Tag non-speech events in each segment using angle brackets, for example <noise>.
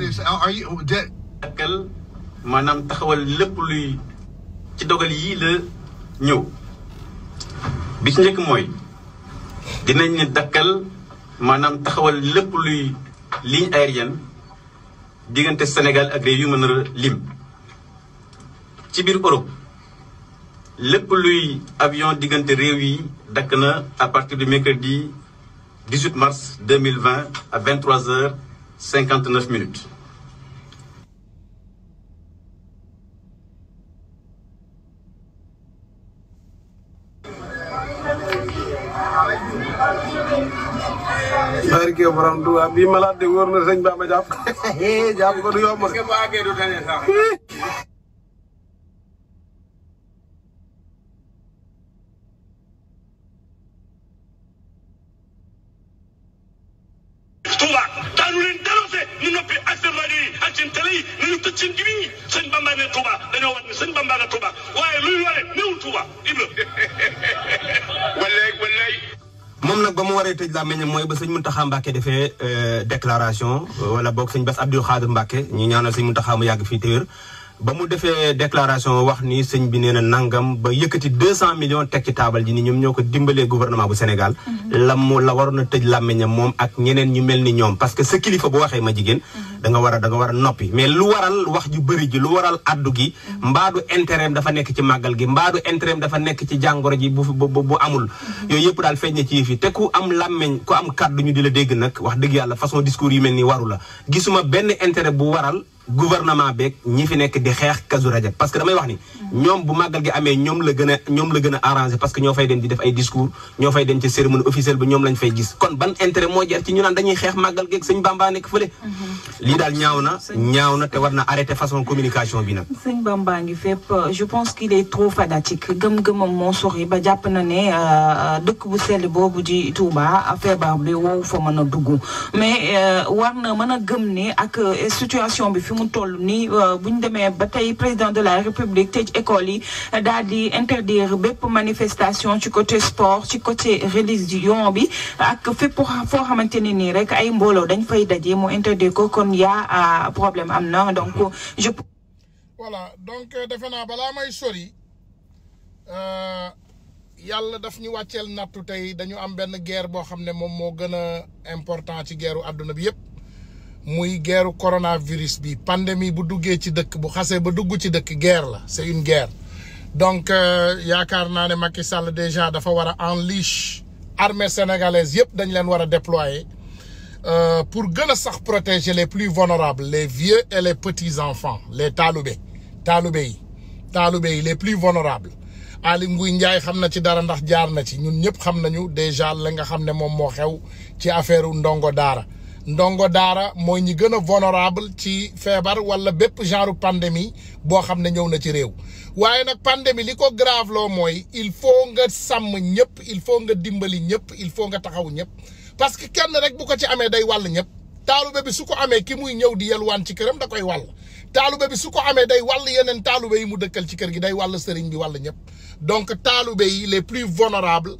this? Are you did? dakkal maanaam taxawal lépp luy ci dogal yi la ñëw bi ci njëkk mooy dinañ ne dakkal maanaam taxawal lépp luy ligne aérienne diggante Sénégal ak réew yu mën a lim ci biir Europe lépp luy avion diggante réew yi dakk na à partir du mercredi 18 mars 2020 à 23 heures cinquante neuf minutes. barke borom Tuuba bi malade wóor na sëñ Bamba jàpp <laughs> jàpp ko du yomb. <laughs> waree tëj laa meññ mooy ba sëñ Mountakha Mbacké defee euh, déclaration euh, wala boog sëñ Bass Abdou Khadre Mbacké ñu ñaanal sëñ Mountakha mu yàgg fii téer ba mu defee déclaration wax ni sëñ bi nee na nangam ba yëkkati 200 millions teg ci taabal ji ni ñoom ñoo ko dimbalee gouvernement bu Sénégal. Mhm. la mu la waroon a tëj làmmiñam moom ak ñeneen ñu mel ni ñoom parce que sa kilifa bu waxee ma jigéen. Mhm. da nga war a da war a noppi mais lu waral wax ju bëri ji lu waral addu gi mbaadu intérêt dafa nekk ci màggal gi mbaadu intérêt dafa nekk ci jàngoro ji bu bu amul yooyu yëpp daal feeñ na ci yëf yi am làmmeñ ku am kàddu ñu di la dégg nag wax dëgg yàlla façon discours yu mel ni waru la gisuma benn intérêt bu waral gouvernement beeg ñi fi nekk di xeex kazu rajab parce que damay wax ni ñoom bu màggal gi amee ñoom la gën a ñoom la gën a arrangé parce que ñoo fay dem di def ay discours ñoo fay dem ci cérémonie officielle bi ñoom lañ fay gis kon ban intérêt moo jar dañuy xeex màggal geeg sëñ Bamba nekk fële lii daal ñaaw na ñaaw na te war na arrêter façon communication bi nag. sëñ Bamba ngi fépp je pense qu'il est trop fanatique gëm-gëmam moo yi ba jàpp na ne euh, euh, dëkk bu sell boobu ji di Touba feebar bi wow fa mën a dugg mais euh, war na mën a gëm ni ak situation bi fi mu toll nii bu ñu demee ba tey président de la république tëj école yi daal di interdire bépp manifestation ci côté sport ci coté religion bi ak fépp foo xamante ne nii rek ay mbooloo dañ fay y a euh, problème am na donc je. voilà donc euh, defe naa balaa may sori euh, yàlla daf ñu wàcceel nattu tey dañu am benn guerre boo xam ne moom moo gën a important ci guerru àdduna bi yëpp muy guerru coronavirus bi pandémie bu duggee ci dëkk bu xasee ba dugg ci dëkk guerre la c'est une guerre donc yaakaar naa ne Macky Sall déjà dafa war a en liche armée sénégalaise yëpp dañ leen war a déployer Euh, pour gën a sax protéger les plus vulnérables les vieux et les petits enfants les taalibe taalibe yi taalibe yi les plus vulnérables Ali Nguy Ndiaye xam na ci dara ndax jaar na ci ñun ñëpp xam nañu déjà la nga xam ne moom moo xew ci affaire ndongo daara ndongo daara mooy ñi gën a vulnérable ci feebar wala bépp genre pandémie boo xam ne ñëw na ci réew waaye nag pandémie li ko grave loo mooy il faut nga sàmm ñëpp il faut nga dimbali ñëpp il faut nga taxaw ñëpp parce que kenn rek bu ko ci amee day wàll ñëpp taalube bi su ko amee ki muy ñëw di yelwaan ci këram da koy wàll taalube bi su ko amee day wàll yeneen taalube yi mu dëkkal ci kër gi day wàll sëriñ bi wàll ñëpp donc taalube yi les plus vulnérables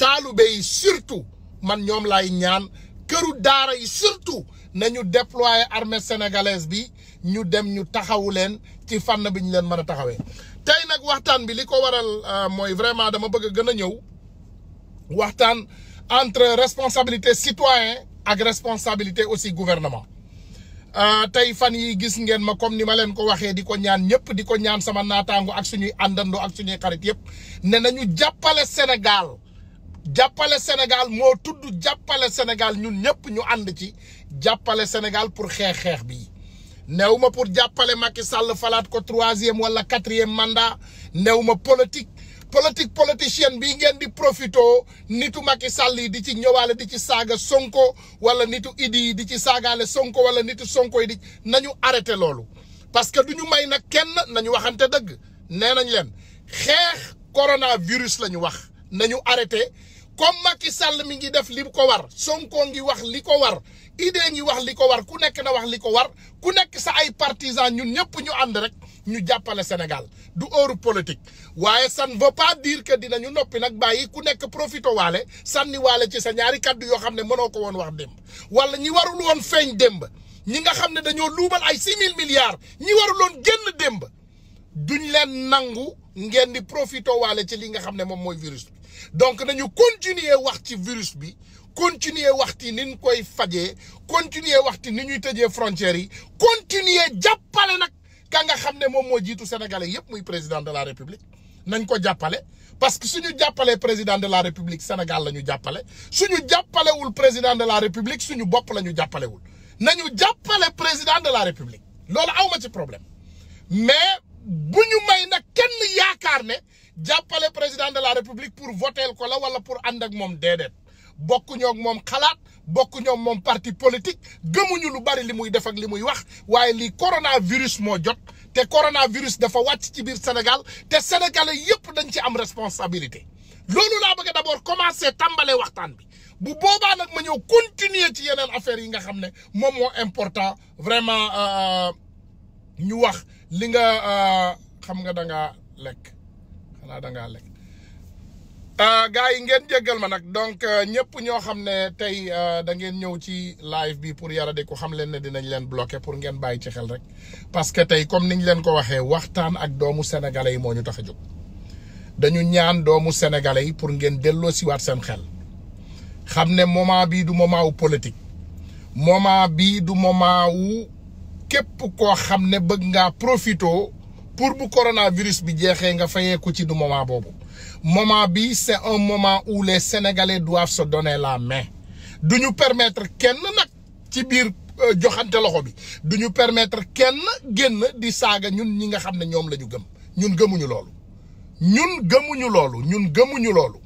taalube yi surtout man ñoom laay ñaan këru daara yi surtout nañu déployer armée sénégalaise bi ñu dem ñu taxawu leen ci fànn bi ñu leen mën a taxawee tey nag waxtaan bi li ko waral euh, mooy vraiment dama bëgg a gën a ñëw entre responsabilité citoyen ak responsabilité aussi gouvernement euh, tey fan yi gis ngeen ma comme ni ma leen ko waxee di ko ñaan ñëpp di ko ñaan sama naataango ak suñuy àndandoo ak suñuy xarit yëpp ne nañu jàppale Sénégal jàppale Sénégal moo tudd jàppale Sénégal ñun ñëpp ñu ànd ci jàppale Sénégal pour xeex xeex bi néew ma pour jàppale Macky Sall falaat ko troisième wala quatrième mandat néew ma politique politique politicienne bi ngeen di profito nitu Macky Sall yi di ci ñëwaale di ci saaga Sonko wala nitu Idi yi di ci saagaale Sonko wala nitu Sonko yi di nañu arrêté loolu parce que du ñu may nag kenn nañu waxante dëgg nee nañ leen xeex coronavirus la ñu wax nañu arrêté comme Macky Sall mi ngi def li ko war Sonko ngi wax li ko war idée ngi wax li ko war ku nekk na wax li ko war ku nekk sa ay partisans ñun ñëpp ñu ànd rek ñu jàppale Sénégal du heure politique waaye san ne biir pas dina ñu dinañu noppi nag bàyyi ku nekk profito waale sànni ci sa ñaari kàddu yoo xam ne mënoo ko woon wax démb wala ñi warul woon feeñ démb ñi nga xam ne dañoo luubal ay six mille milliards ñi warul woon génn démb duñ leen nangu ngeen di profito waale ci li nga xam ne moom mooy virus bi donc nañu continuer wax ci virus bi wax waxti ni ñu koy fajee continuer waxti ni ñuy tëjee frontières yi continuer jàppale nag kaa nga xam ne moom moo jiitu sénégalais yépp muy président de la république nañ ko jàppale parce que suñu jàppalee président de la république Sénégal la ñu jàppale suñu jàppalewul président de la république suñu bopp la ñu jàppalewul nañu jàppale président de la république loolu awma ci problème mais bu ñu may nag kenn yaakaar ne jàppale président de la république pour voter ko la wala pour ànd ak moom déedéet bokkuñoo moom xalaat bokkuñoo moom parti politique gëmuñu lu bari li muy def ak li muy wax waaye lii coronavirus moo jot te coronavirus dafa wàcc ci biir Sénégal te sénégalais yëpp dañ ci am responsabilité loolu laa bëgg d'abord commencer tàmbalee waxtaan bi bu boobaa nag ma ñëw continuer ci yeneen affaires yi nga xam ne moom moo important vraiment euh, euh, ñu wax li nga euh, xam nga da ngaa lekk xanaa da lekk Euh, gars yi ngeen jéggal ma nag donc euh, ñëpp ñoo xam ne tey euh, da ngeen ñëw ci live bi pour yarade ko xam leen ne dinañ leen bloqué pour ngeen bàyyi ci xel rek parce que tey comme niñ leen ko waxee waxtaan ak doomu sénégalais yi moo ñu tax a jóg dañu ñaan doomu sénégalais yi pour ngeen delloo siwaat seen xel xam ne moment bii du moment wu politique moment bi du moment wu képp koo xam ne bëgg ngaa profito pour bu coronavirus bi jeexee nga fayeeku ci du moment boobu moment bi c'est un moment où les sénégalais doivent sa donné la main du ñu permettre kenn nag ci biir euh, joxante loxo bi du ñu permettre kenn génn di saaga ñun ñi nga xam ne ñoom la ñu gëm ñun gëmuñu loolu ñun gëmuñu loolu ñun gëmuñu loolu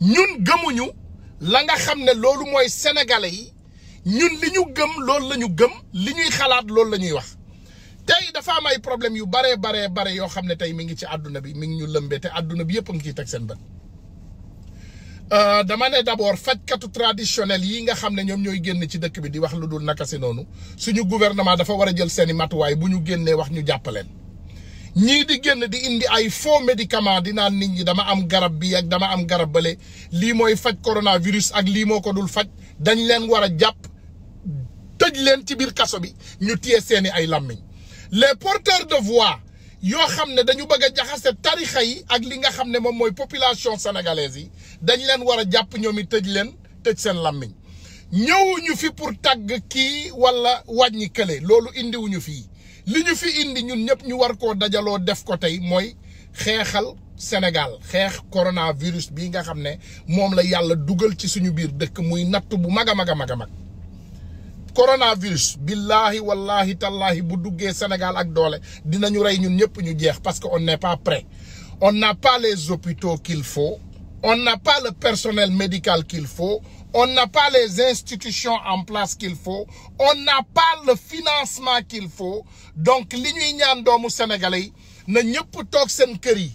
ñun gëmuñu la nga xam ne loolu mooy sénégalais yi ñun li ñu gëm loolu la ñu gëm li ñuy xalaat loolu la ñuy wax tey dafa am ay problème yu baree baree bare yoo xam ne tey mi ngi ci àdduna bi mi ngi ñu lëmbee te àdduna bi yëpp a ngi ciy teg seen bët euh, dama ne d'abord fajkatu traditionnel yi nga xam ne ñoom ñooy génn ci dëkk bi di wax lu dul naka si noonu suñu gouvernement dafa war a jël seeni matuwaay bu ñu génnee wax ñu jàppaleen ñii di génn di indi ay faux médicament dinaa nit ñi dama am garab bi ak dama am garab bële lii mooy faj coronavirus ak lii moo ko dul faj dañ leen war a jàpp tëj leen ci biir kaso bi ñu téye seeni ay làmmiñ les porteurs de voix yoo xam ne dañu bëgg a jaxase tarixa yi ak li nga xam ne moom mooy population sénégalaise yi dañu leen war a jàpp ñoom i tëj leen tëj seen làmmiñ ñëwuñu fi pour tàgg kii walla wàññi kële loolu indiwuñu fii li ñu fi indi ñun ñëpp ñu war koo dajaloo def ko tey mooy xeexal Sénégal xeex coronavirus bii nga xam ne moom la yàlla dugal ci suñu biir dëkk muy natt bu mag a mag a mag a mag coronavirus billahi wallahi tallahi bu duggee Sénégal ak doole dinañu rey ñun ñëpp ñu jeex parce que on n'est pas prêt on n'a pas les hôpitaux qu'il on n'a pas le personnel médical qu'il faut on n'a pas les institutions en place qu'il faut on n'a pas le financement qu'il faut donc li ñuy ñaan doomu sénégalais yi na ñëpp toog seen kër yi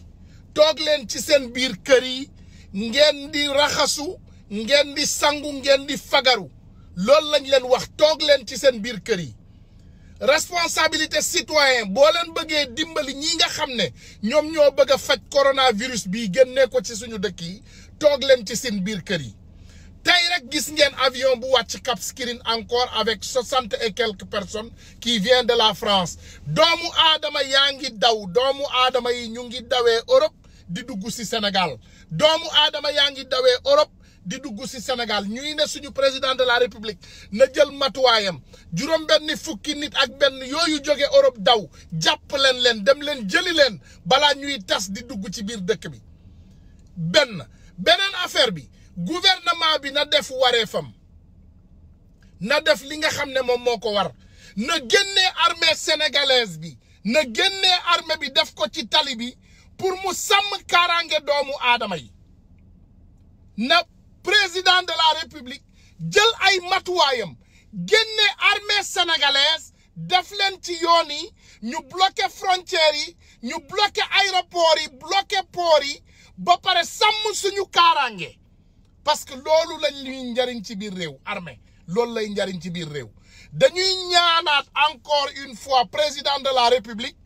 toog leen ci seen biir kër yi ngeen di raxasu ngeen di sangu ngeen di fagaru loolu lañ leen wax toog leen ci seen biir kër yi responsabilité citoyen boo leen bëggee dimbali ñii nga xam ne ñoom ñoo bëgg a faj virus bii génnee ko ci suñu dëkk yi toog leen ci seen biir kër yi tey rek gis ngeen avion bu wàcc Cap Skirring encore avec soixante et quelques personnes qui viennent de la France doomu aadama yaa ngi daw doomu aadama yi ñu ngi dawee Europe di dugg ci Sénégal doomu aadama yaa ngi dawee Europe di dugg ci Sénégal ñuy ne suñu président de la république na jël matuwaayam juróom benn fukki nit ak benn yooyu jóge Europe daw jàpp leen leen dem leen jëli leen balaa ñuy tas di dugg ci biir dëkk bi benn beneen affaire bi gouvernement bi na def wareefam na def li nga xam ne moom moo ko war na génne armée sénégalaise bi na génne armée bi def ko ci tali bi pour mu sàmm kaaraange doomu aadama yi président de la république jël ay matuwaayam génne armée sénégalaise def leen ci yoon yi ñu bloqué frontières yi ñu bloqué aéroport yi bloqué port yi ba pare sàmm suñu kaaraange parce que loolu lañ ñuy njariñ ci biir réew armée loolu lay njariñ ci biir réew dañuy ñaanaat encore une fois président de la république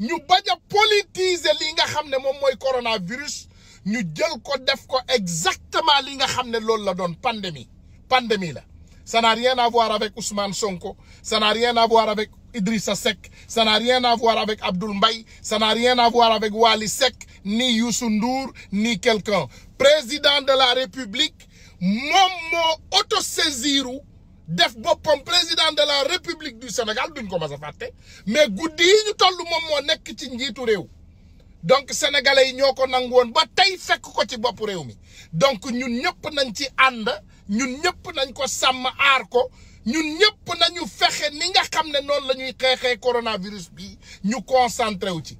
ñu bañ a politiser li nga xam ne moom mooy coronavirus ñu jël ko def ko exactement li nga xam ne loolu la doon pandemi pandémie la ça n'a rien à voir avec Ousmane Sonko ça n'a rien à voir avec Idrissa Seck ça n'a rien à voir avec Abdoul Mbaye ça n'a rien à voir avec Wali Seck ni Youssou Ndour ni quelqu'un président de la République moom moo autosaisiru def boppam président de la République du Sénégal duñ ko mas a fàtte mais guddi yi ñu toll moom moo nekk ci njiitu réew donc sénégalais yi ñoo ko nangu woon ba tey fekk ko ci bopp réew mi donc ñun ñëpp nañ ci ànd ñun ñëpp nañ ko sàmm aar ko ñun ñëpp nañu fexe ni nga xam ne noonu la ñuy xeexee coronavirus bi ñu concentré wu ci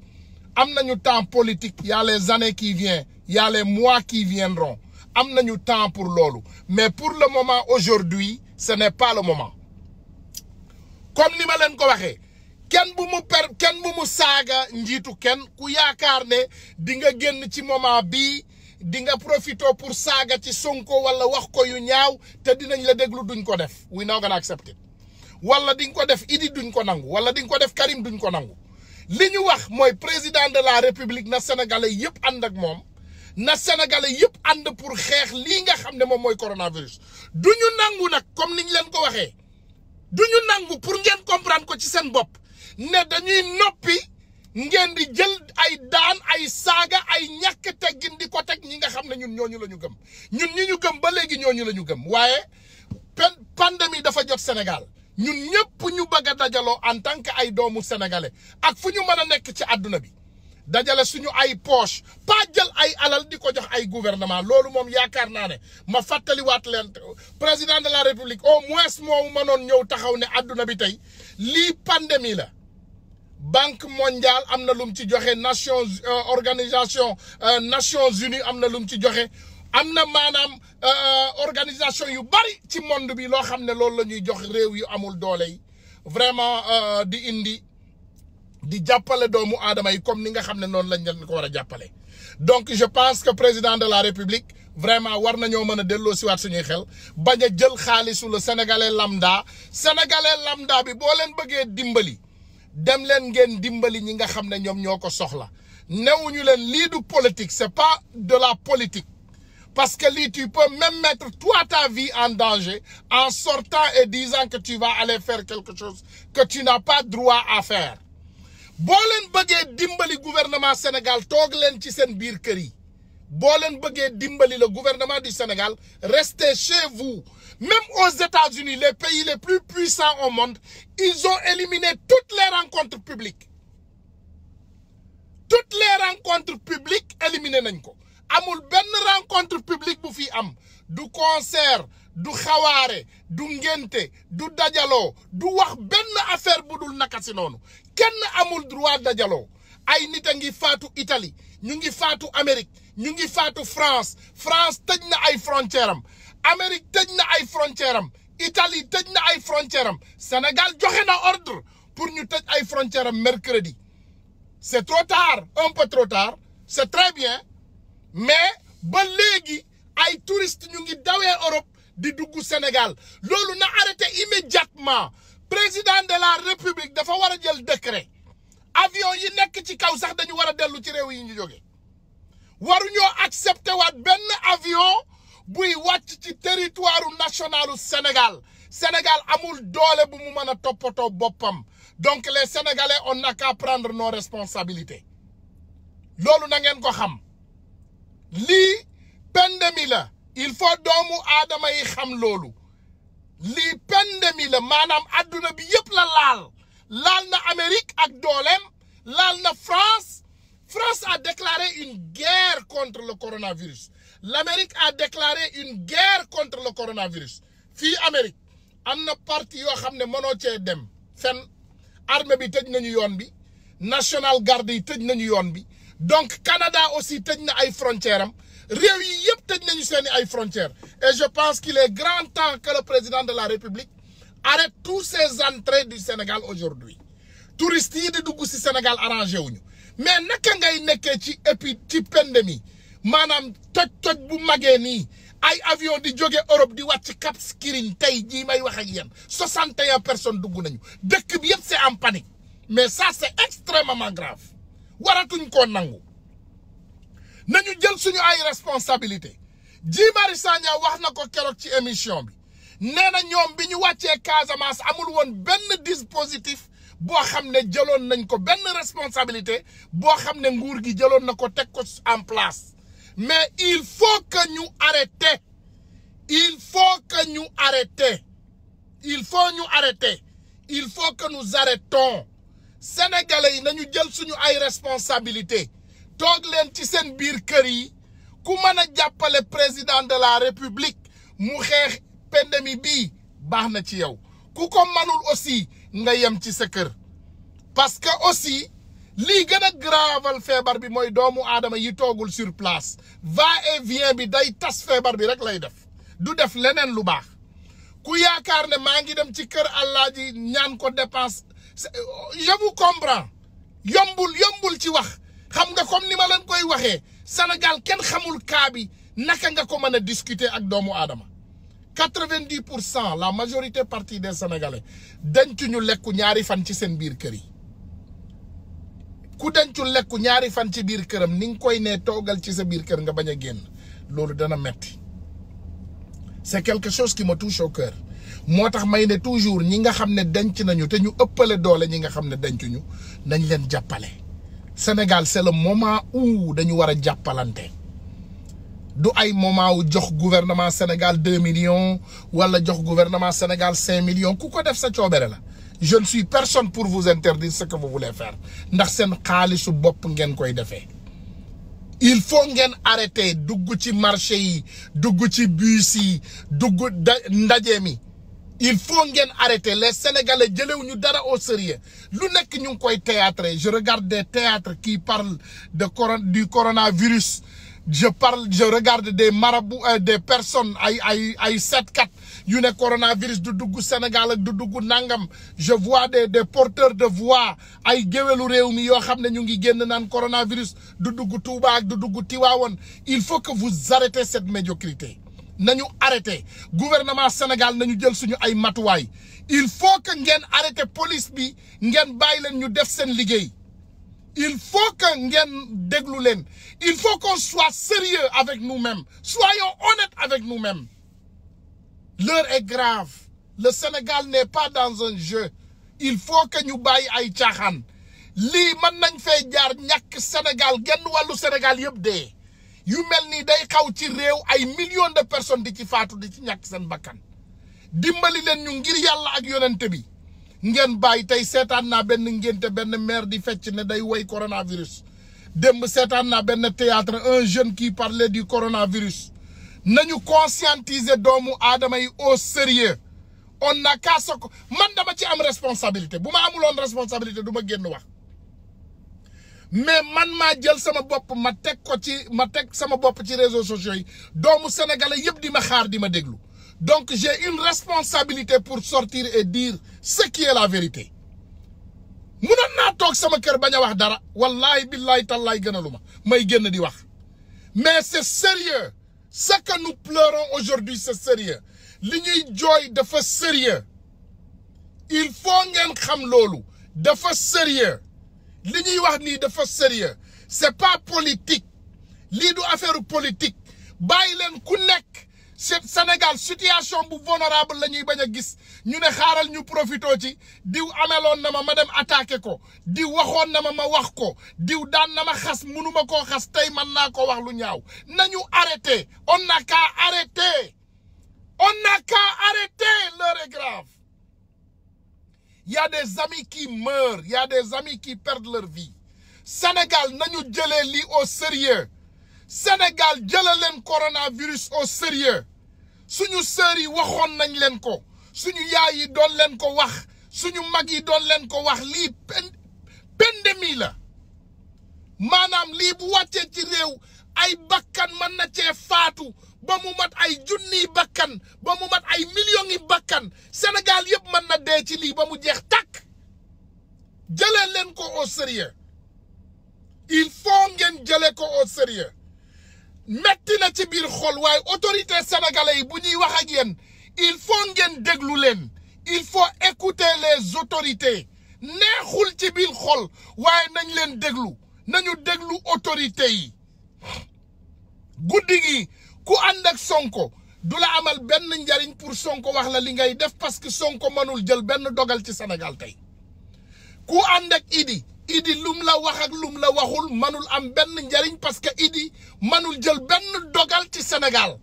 am nañu temps politique y a les années qui viennent y a les mois qui viendront am nañu temps pour loolu mais pour le moment aujourd'hui ce n'est pas le moment comme ni ma leen ko waxee kenn bu mu per kenn bu mu saaga njiitu kenn ku yaakaar ne di nga génn ci moment bii di nga profito pour saaga ci Sonko wala wax ko yu ñaaw te dinañ la déglu duñ ko def we now gonna accept it wala di ko def Idi duñ ko nangu wala di nga ko def Karim duñ ko nangu li ñu wax mooy président de la république na sénégalais yëpp ànd ak moom na sénégale yëpp ànd pour xeex lii nga xam ne moom mooy coronavirus du nangu nag comme niñ leen ko waxee du nangu pour ngeen comprendre ko ci seen bopp ne dañuy noppi ngeen di jël ay daan ay saaga ay te teggin di ko teg ñi nga xam ne ñun ñooñu lañu ñu gëm ñun ñi ñu gëm ba léegi ñooñu la ñu gëm waaye pandémie dafa jot Sénégal ñun ñëpp ñu bëgg a dajaloo en tant que ay doomu sénégalais ak fu ñu mën a nekk ci àdduna bi dajale suñu ay poche pas jël ay alal di ko jox ay gouvernement loolu moom yaakaar naa ne ma fàttaliwaat leen président de la république au moins moom mënoon ñëw taxaw ne àdduna bi tey lii pandémie la banque mondial am na lu mu ci joxe nations euh, organisation euh, nations unies am na lu mu ci joxe am na maanaam euh, organisation yu bari ci monde bi loo xam ne loolu la ñuy jox réew yu amul doole yi vraiment di indi di jàppale doomu adama yi comme ni nga xam ne noonu lañ leen ko war a jàppale donc je pense que président de la république vraiment war nañoo mën a delloo siwaat suñuy xel bañ a jël xaalisu la sénégalais lambda sénégalais lambda bi boo leen bëggee dimbali dem leen ngeen dimbali ñi nga xam ne ñoom ñoo ko soxla newuñu leen lii du politique c'est pas de la politique parce que lii tu peux même mettre toi ta vie en danger en sortant et disant que tu vas aller faire quelque chose que tu n'as pas droit à faire boo leen bëggee dimbali gouvernement Sénégal toog leen ci seen biir kër yi boo leen bëggee dimbali la gouvernement du Sénégal restez chez vous même aux États-Unis les pays les plus puissants au monde ils ont éliminé toutes les rencontres publiques toutes les rencontres publiques éliminé nañ ko amul benn rencontre publique bu fi am du concert du xawaare du ngénte du dajaloo du wax benn affaire bu dul naka si noonu kenn amul droit dajaloo ay nit a ngi faatu itali ñu ngi faatu Amérique ñu ngi faatu France France tëj na ay frontière am Amérique tëj na ay frontière am Italie tëj na ay frontière am Sénégal joxe na ordre pour ñu tëj ay frontière am mercredi c'est trop tard un peu trop tard c'est bien mais ba léegi ay touristes ñu ngi dawee Europe di dugg Sénégal loolu na arrêté immédiatement président de la République dafa war a jël décret avion yi nekk ci kaw sax dañu war a dellu ci réew yi ñu jóge waruñoo accepté waat benn avion buy wàcc ci territoire nationalu Sénégal Sénégal amul doole bu mu mën a toppatoo boppam donc les Sénégalais on n'a qu'à prendre nos loolu na ngeen ko xam lii pandémie il faut doomu aadama yi xam loolu lii pandémie maanaam adduna bi yëpp la laal laal na Amérique ak dooleem laal na France France a déclaré une guerre contre le coronavirus l'Amérique a déclaré une guerre contre le coronavirus fii Amérique am na parti yoo xam ne mënoo cee dem fenn armée bi tëj nañu yoon bi national garde yi tëj nañu yoon bi donc Canada aussi tëj na ay frontières am réew yi yëpp tëj nañu seeni ay frontières et je pense qu'il est grand temps que le président de la République arrête tous ces entrées du Sénégal aujourd'hui touristes yi di dugg ci Sénégal arrangé wuñu mais naka ngay nekkee ci épi ci mi maanaam toj toj bu magee nii ay avion di jóge Europe di wàcc Cap Skirring tey jii may wax ak yéen soixante et dugg nañu dëkk bi yëpp c'est en panique mais ça c'est extrêmement grave waratuñ koo nangu nañu jël suñu ay responsabilité Guy Marius Sagna wax na ko keroog ci émission bi nee na ñoom bi ñu wàccee Casamance amul woon benn dispositif boo xam ne jëloon nañ ko benn responsabilité boo xam ne nguur gi jëloon na ko teg ko en place mais il faut que ñu arrêter il faut que ñu arrêter il faut ñu arrêter il faut que nous arrêtons sénégalais yi nañu jël suñu ay responsabilité toog leen ci seen biir kër yi ku mën a jàppale président de la république mu xeex pandémie bi baax na ci yow ku ko mënul aussi nga yem ci sa kër parce que aussi lii gën a graval feebar bi mooy doomu aadama yi toogul sur place va et vient bi day tas feebar bi rek lay def du def leneen lu baax ku yaakaar ne maa ngi dem ci kër allaaji ñaan ko dépense je vous yombul yombul ci wax xam nga comme ni ma leen koy waxee Sénégal kenn xamul kaa bi naka nga ko mën a discuter ak doomu aadama quatre-vingt-dix pour cent la majorité partie des sénégalais dencu ñu lekku ñaari fan ci seen biir kër yi ku dencu lekku ñaari fan ci biir këram ni nga koy nee toogal ci sa biir kër nga bañ a génn loolu dana metti c'est quelque chose qui me touche au cœur moo tax may ne toujours ñi nga xam ne denc nañu te ñu ëppale doole ñi nga xam ne ñu nañ leen jàppale Sénégal c'est le moment où dañu war a jàppalante du ay moment wu jox gouvernement Sénégal deux millions wala jox gouvernement Sénégal cinq millions ku ko def sa coobere la je ne suis personne pour vous interdire ce que vous voulez ndax seen xaalisu bopp ngeen koy defee il faut ngeen arrêter dugg ci marché yi dugg ci bus yi dugg ndaje mi il faut ngeen arrêter les sénégalais ñu dara au sérieux lu nekk ñu ngi koy théâtre je regarde des théâtres qui parlent de du coronavirus je parle je regarde des marabouts euh, des personnes ay ay ay seetkat yu ne coronavirus du dugg Sénégal ak du dugg nangam je vois de des porteur de voix ay géwélu réew mi yoo xam ne ñu ngi génn naan coronavirus du dugg Touba ak du dugg Tiwaawoon il faut que vous arrêtez cette médiocrité nañu arrêté gouvernement Sénégal na ñu jël suñu ay matuwaay il faut que ngeen arrêté police bi ngeen bàyyi leen ñu def seen liggéey Il faut que ngeen déglu leen il faut que soit sérieux avec nous-mêmes soyons honnêtes avec nous-mêmes l'heure est grave le Sénégal n'est pas dans un jeu il faut que ñu bàyyi ay caaxaan lii mën nañ fay jaar ñàkk Sénégal genn wàllu Sénégal yëpp dee yu mel nii day xaw ci réew ay millions de personnes di ci faatu di ci ñàkk seen bakkan dimbali leen ñu ngir yàlla ak yonente bi ngeen bàyyi tey seetaan naa benn ngénte benn maire di fecc ne day woy coronavirus démb seetaan naa benn théâtre un jeune qui parlait du coronavirus nañu conscientiser doomu aadama yi au sérieux on n'a qu'à se man dama ci am responsabilité bu ma amuloon responsabilité du ma génn wax mais man maa jël sama bopp ma teg ko ci ma teg sama bopp ci réseaux sociaux yi doomu sénégalais yëpp di ma xaar di ma déglu Donc j'ai une responsabilité pour sortir et dire ce qui est la vérité munoon naa toog sama kër bañ a wax dara wallahi billahi tallaay gën a lu ma may génn di wax mais c'est sérieux ce que nous pleurons aujourd'hui c'est sérieux li ñuy jooy dafa sérieux il faut ngeen xam loolu dafa sérieux li ñuy wax nii dafa sérieux c'est pas politique lii du affaire politique bàyyi leen ku nekk Sénégal situation bu vulnérable la ñuy bañ a gis ñu ne xaaral ñu profité ci diw ameloon na ma ma dem attaqué ko diw waxoon na ma ma wax ko diw daan na ma xas mënuma koo xas tey man naa ko wax lu ñaaw nañu arrêté on n'a qu'à arrêter on n'a qu'à arrêter l'heure est grave y des amis qui meurent y des amis qui perdent leur vie Sénégal nañu jële lii au sérieux Sénégal jëlee leen coronavirus au sérieux suñu sœurs yi waxoon nañ leen ko suñu yaay yi doon leen ko wax suñu mag yi doon leen ko wax lii pandémie la maanaam lii bu wàccee ci réew ay bakkan mën na cee faatu ba mu mat ay junniy bakkan ba mu mat ay millions yi bakkan Sénégal yëpp mën na dee ci lii ba mu jeex tàkk jëlee leen ko au il faut ngeen jëlee ko au metti na ci biir xol waaye autorité sénégalais yi bu ñuy wax ak yéen il faut ngeen déglu leen il faut écouter les autorités neexul ci biir xol waaye nañ leen déglu nañu déglu autorité yi guddi gi ku ànd ak Sonko du la amal benn njariñ pour Sonko wax la li ngay def parce que Sonko mënul jël benn dogal ci Sénégal tey ku ànd ak Idi idi lum la wax ak lum la waxul manul am benn njariñ parce que idi manul jël benn dogal ci Sénégal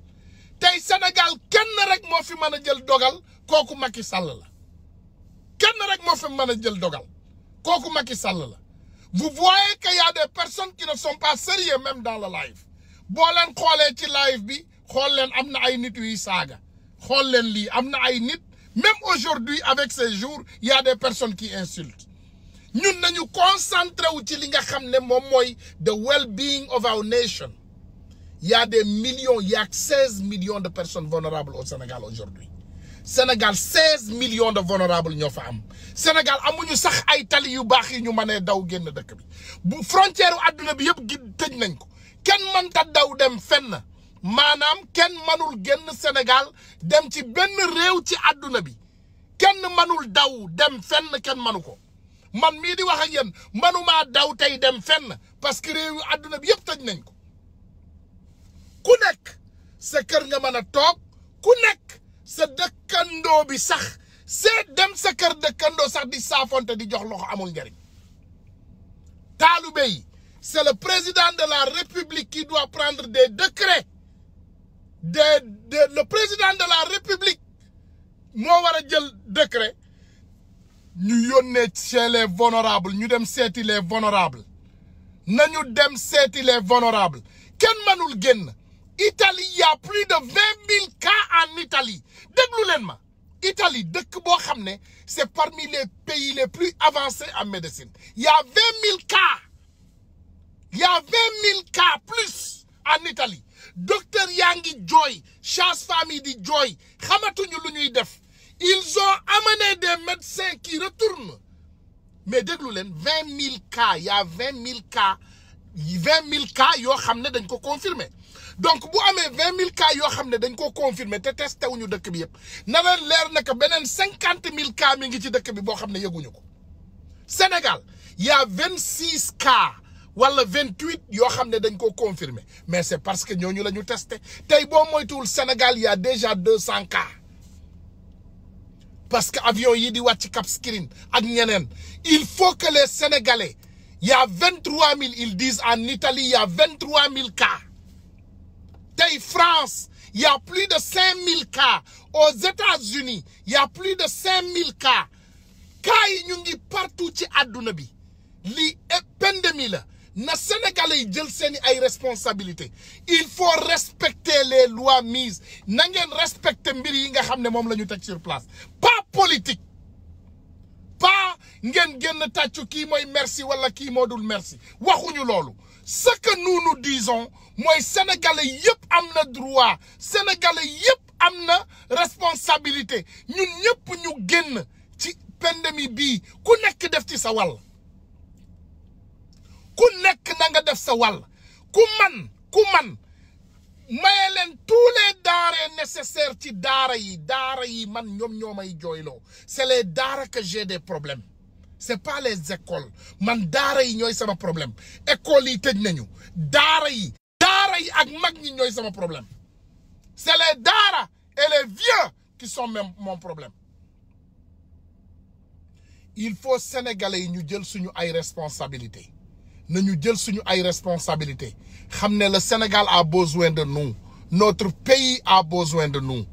tey Sénégal kenn rek moo fi mën a jël dogal kooku Macky Sall la kenn rek moo fi mën a jël dogal kooku Macky Sall la vous voyez que y a des personnes qui ne sont pas sérieux même dans le live boo xoolee ci live bi xool leen am na ay nit yuy saaga xool leen lii am na ay nit même aujourd'hui avec ces jours y a des personnes qui insultent ñun nañu concentré wu ci li nga xam ne moom mooy the well being of our nation il y a des millions il y a seize millions de personnes vulnérables au Sénégal aujourd'hui Sénégal seize de vonorable ñoo fa am Sénégal amuñu sax ay tali yu baax yi ñu mënee daw génn dëkk bi bu frontière àdduna bi yëpp gi tëj nañ ko kenn mënta daw dem fenn maanaam kenn mënul génn Sénégal dem ci benn réew ci àdduna bi kenn mënul daw dem fenn kenn mënu ko man mii di wax ak yéen manumaa daw tey dem fenn parce que àdduna bi yëpp tëj nañ ko ku nekk sa kër nga mën a toog ku nekk sa dëkkandoo bi sax seet dem sa kër dëkkandoo sax di saafonte di jox loxo amul njariñ taalibe yi c'est le président de la république qui doit prendre des décrets de de le président de la république moo war a jël décret ñu yónnee chez les ñu dem seeti les vulnérables nañu dem seeti les vulnérables kenn mënul génn Italie y a plus de vingt en Italie déglu leen ma Italie dëkk boo xam ne c'est parmi les pays les plus avancés en médecine y a vingt mille cas y a vingt plus en Italie docteur yaa ngi jooy sage-femme di jooy xamatuñu lu ñuy def ils ont amené des médecins qui retournent mais déglu leen vingt mille cas y' a vingt mille cas mille cas yoo xam ne dañ ko confirmer donc bu amee vingt mille cas yoo xam ne dañ ko confirmer te testé wuñu dëkk bi yëpp na leen leer na beneen cinquante mille cas mi ngi ci dëkk bi boo xam ne yëguñu ko Sénégal yaa a vingt cas wala vingt huit yoo xam ne dañ ko confirmer mais c' parce que ñooñu la ñu testé tey boo moytuwul Sénégal y' a déjà deux cent cas. parce que avion yi di wàcc Cap Skirring ak ñeneen il faut que les Sénégalais il y mille ils disent en Italie il y a vingt trois mille cas tey France il y plus de cinq mille cas aux États-Unis il plus de cinq mille cas cas yi ñu ngi partout ci àdduna bi lii pandémie la na Sénégalais yi jël seeni ay responsabilités il faut respecter les lois mises na ngeen respecter mbir yi nga xam ne moom la ñu teg sur place. politique pas ngeen génn tàccu kii mooy merci wala kii moo dul mersi waxuñu loolu ce que nous nous disons mooy sénégalais yëpp am na droit sénégalais yëpp am na responsabilité ñun ñëpp ñu génn ci pandémie bii ku nekk def ci sa wàll ku nekk na def sa wàll ku man ku man maye leen tous les daare nécessaires ci daara yi daara yi man ñoom ñoo may jooyloo c'est les daara que j'ai des problèmes c'est pas les écoles man daara yi ñooy sama problème école yi tëj nañu daara yi daara yi ak mag ñi ñooy sama problèmes c'est les daara et les vieux qui sont même mon problème il faut sénégalais yi ñu jël suñu ay responsabilité nañu jël suñu ay responsabilité xam ne le Sénégal a besoin de nous notre pays a besoin de nou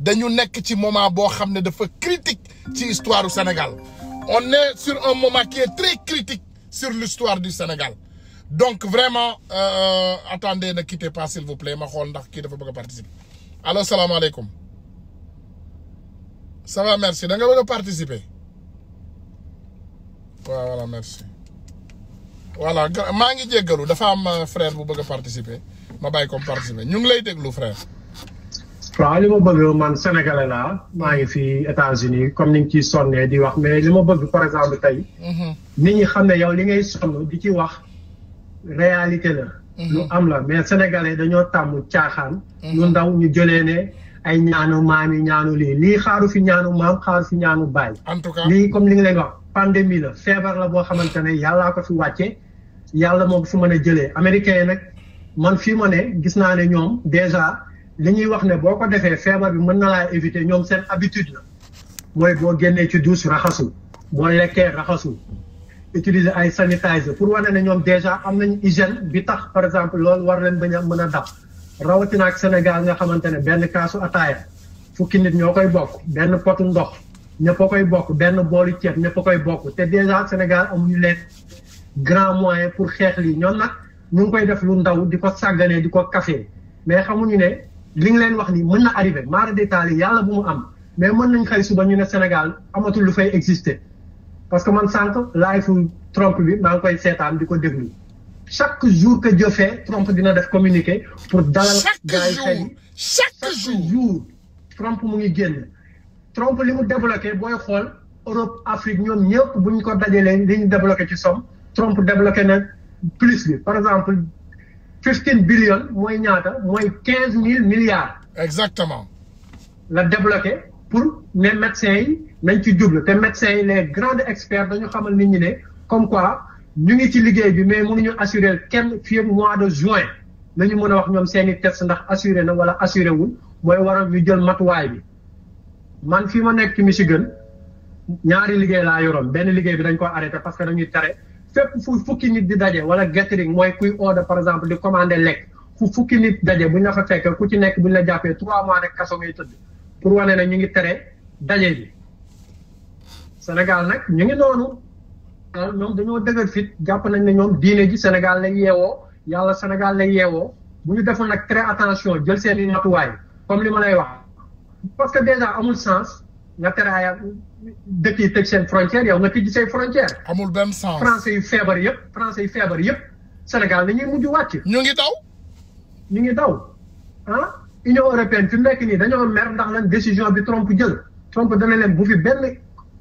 dañu nekk ci moment boo xam ne dafa critique ci histoire du Sénégal on est sur un moment qui est très critique sur l'histoire du Sénégal donc vraiment euh, na ne quittez pas s'il vous plaît ma xool ndax kii dafa bëgg a participer allo salaamaaleykum ça va merci da nga bëgg a participer waaw voilà merci voilà maa ngi jéggalu dafa am euh, frère bu bëgg a participer ma bàyyi ko participer ñu ngi lay déglu frère. waaw li ma bëgg man sénégalais laa maa ngi fi États-Unis comme ni nga ciy sonnee di wax mais li ma bëgg par exemple tay mhm. nit ñi xam ne yow li ngay sonn di ci wax réalité la. Mhm. lu am la mais sénégalais dañoo tàmm caaxaan. Mhm. lu ndaw ñu jëlee ne ay ñaanu maam yi ñaanu lii lii xaaru fi ñaanu maam xaaru fi ñaanu baay. en tout cas lii comme li nga leen wax. pandémie la feebar la boo xamante ne yàllaa ko fi wàcce yàlla moo ko fi mën a jëlee américains yi nag man fii ma ne gis naa ne ñoom déjà li ñuy wax ne boo ko defee feebar bi mën na laa éviter ñoom seen habitude la mooy boo génnee ci douche raxasu boo lekkee raxasu utiliser ay sanitizer pour wane ne ñoom déjà am nañ hygiène bi tax par exemple loolu war leen bañ a mën a dab rawatina ak Sénégal nga xamante ne benn kaasu ataaya fukki nit ñoo koy bokk benn potu ndox ñëpp a koy bokk benn boolu ceeb ñëpp a koy bokk te déjà Sénégal amuñu les grands moyens pour xeex lii ñoom nag ñu ngi koy def lu ndaw di ko sàgganee di ko kafee mais xamuñu ne li nga leen wax ni mën na arrivé mara détaillé yàlla bu mu am mais mën nañ xëy suba ñu ne Sénégal amatul lu fay exister parce que man sànq live Trump bi maa ngi koy seetaan di ko déglu chaque jour que Dieu fait Trump dina def communiqué pour dalal. chaque jour chaque Trump mu ngi génn. Trump li mu débloqué booy xool Europe Afrique ñoom ñëpp bu ñu ko dajalee li ñu débloqué ci somme Trump débloqué na plus bi par exemple fifteen billion mooy ñaata mooy quinze mille milliards. exactement. la débloqué pour ne médecins yi nañ ci jublu te médecins yi les grande experts dañu xamal nit ñi ne comme quoi ñu ngi ci liggéey bi mais ñu assurer kenn fii ak mois de juin nañu mën a wax ñoom seen i test ndax assuré na wala assuré wul mooy waral ñu jël matuwaay bi. man fii ma nekk ci Michigan ñaari liggéey laa yoroon benn liggéey bi dañ koy arrêté parce que dañuy tere fépp fu fukki nit di daje wala gathering mooy kuy order par exemple di commander lekk fu fukki nit daje bu ñu la fa fekk ku ci nekk bu ñu la jàppee trois mois rek kaso ngay tëdd pour wane ne ñu ngi tere daje bi Sénégal nag ñu ngi noonu ñoom dañoo dëgër fit jàpp nañ ne ñoom diine ji Sénégal lay yeewoo yàlla Sénégal lay yeewoo bu ñu defoon nag très attention jël seen i natuwaay comme li ma lay wax. parce que déjà amul sens nga teraaya dëkk yi tëj seen frontière yow nga tijji say frontière amul benn sens français yu feebar yëpp français yu feebar yëpp Sénégal dañuy mujj wàcc. ñu ngi daw. ñu ngi daw ah Union européenne fi mu nekk nii dañoo mer ndax lan décision bi Trump jël Trump dana leen bu fi benn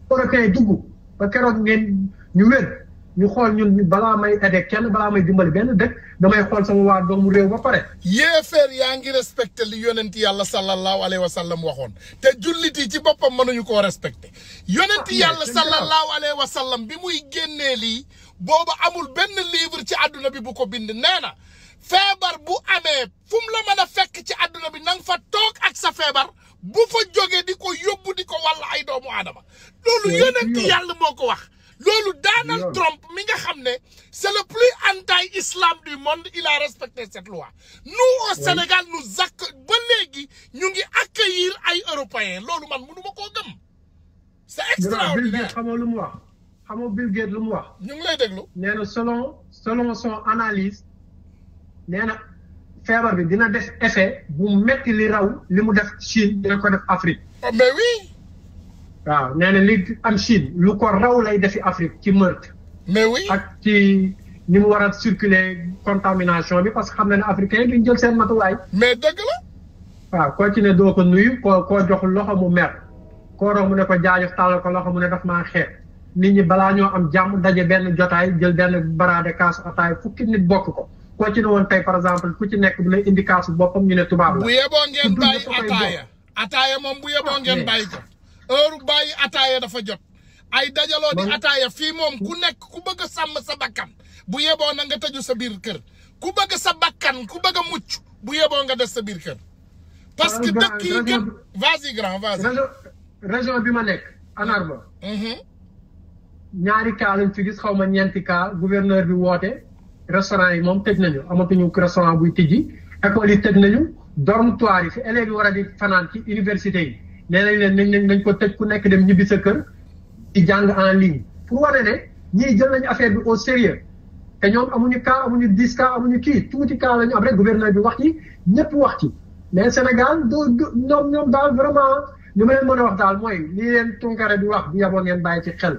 européen dugg ba keroog ngeen ñu wér. ñu xool ñun ñu balaa may aidé kenn balaa may dimbali benn dëkk damay xool sama waa doomu réew ba pare. yéeféer yaa ngi respecté li yonent yàlla sallallahu alayhi wa sallam waxoon te jullit yi ci boppam mënuñu ko respecté. yonent ah, yàlla sallallahu alayhi wa sallam bi muy génnee lii booba amul benn livre ci àdduna bi bu ko bind nee na feebar bu amee fu mu la mën a fekk ci àdduna bi na nga fa toog ak sa feebar bu fa jógee di ko yóbbu di ko wàll ay doomu aadama loolu yonent ko wax. loolu Donald Trump mi nga xam ne c' est le plus anti-islam du monde il a respecté cette loi nous au Sénégal nous acc ba léegi ñu ngi accueillir ay européens loolu man mënu ma koo gëm c' est ah, extraordinaire lu mu wax xamoo Bill Gates lu mu wax ñu ngi lay déglu nee na selon selon son analyse nee na feebar bi dina def effet bu metti li raw li mu def Chine dina ko def Afrique ah, waaw nee na li am Chine lu ko raw lay defi Afrique ci meurtre. mais oui ak ci ni mu war a circuler contamination bi parce que xam na ne africain duñ jël seen matuwaay. mais dëgg la. waaw koo ci ne doo ko nuyu koo jox loxo mu mer koo rox mu ne ko jaajëf tàllal ko loxo mu ne daf naa xeet nit ñi balaa ñoo am jàmm daje benn jotaay jël benn baraade kaasu ataay fukki nit bokk ko. koo ci ne woon tey par exemple ku ci nekk bu lay indi kaasu boppam ñu ne tubaab la. bu heure bàyyi ataaya dafa jot. ay dajaloo di ataaya fii moom ku nekk ku bëgg sàmm sa bakkan bu yeboo na nga tëju sa biir kër ku bëgg sa bakkan ku bëgg mucc bu yeboo nga des sa biir kër. parce que dëkk yi gën vas-y grand région bi ma nekk Anarba. Mhm. ñaari cas lañ fi gis xaw ma ñeenti cas gouverneur bi woote restaurant yi moom tëj nañu amatuñu restaurant buy tijji école yi tëj nañu dormitoire yi fi élèves war a di fanaan ci université yi. nee nañ leen nañ nañ ko tëj ku nekk dem ñibbi sa kër ci jàng en ligne pour wane ne ñii jël nañu affaire bi au sérieux te ñoom amuñu cas amuñu dix cas amuñu kii tuuti cas la ñu am rek gouverneur bi wax ci ñëpp wax ci mais Sénégal doo ñoom ñoom daal vraiment ñu ma leen mën a wax daal mooy lii leen Tunkara bi wax bu yaboo ngeen bàyyi ci xel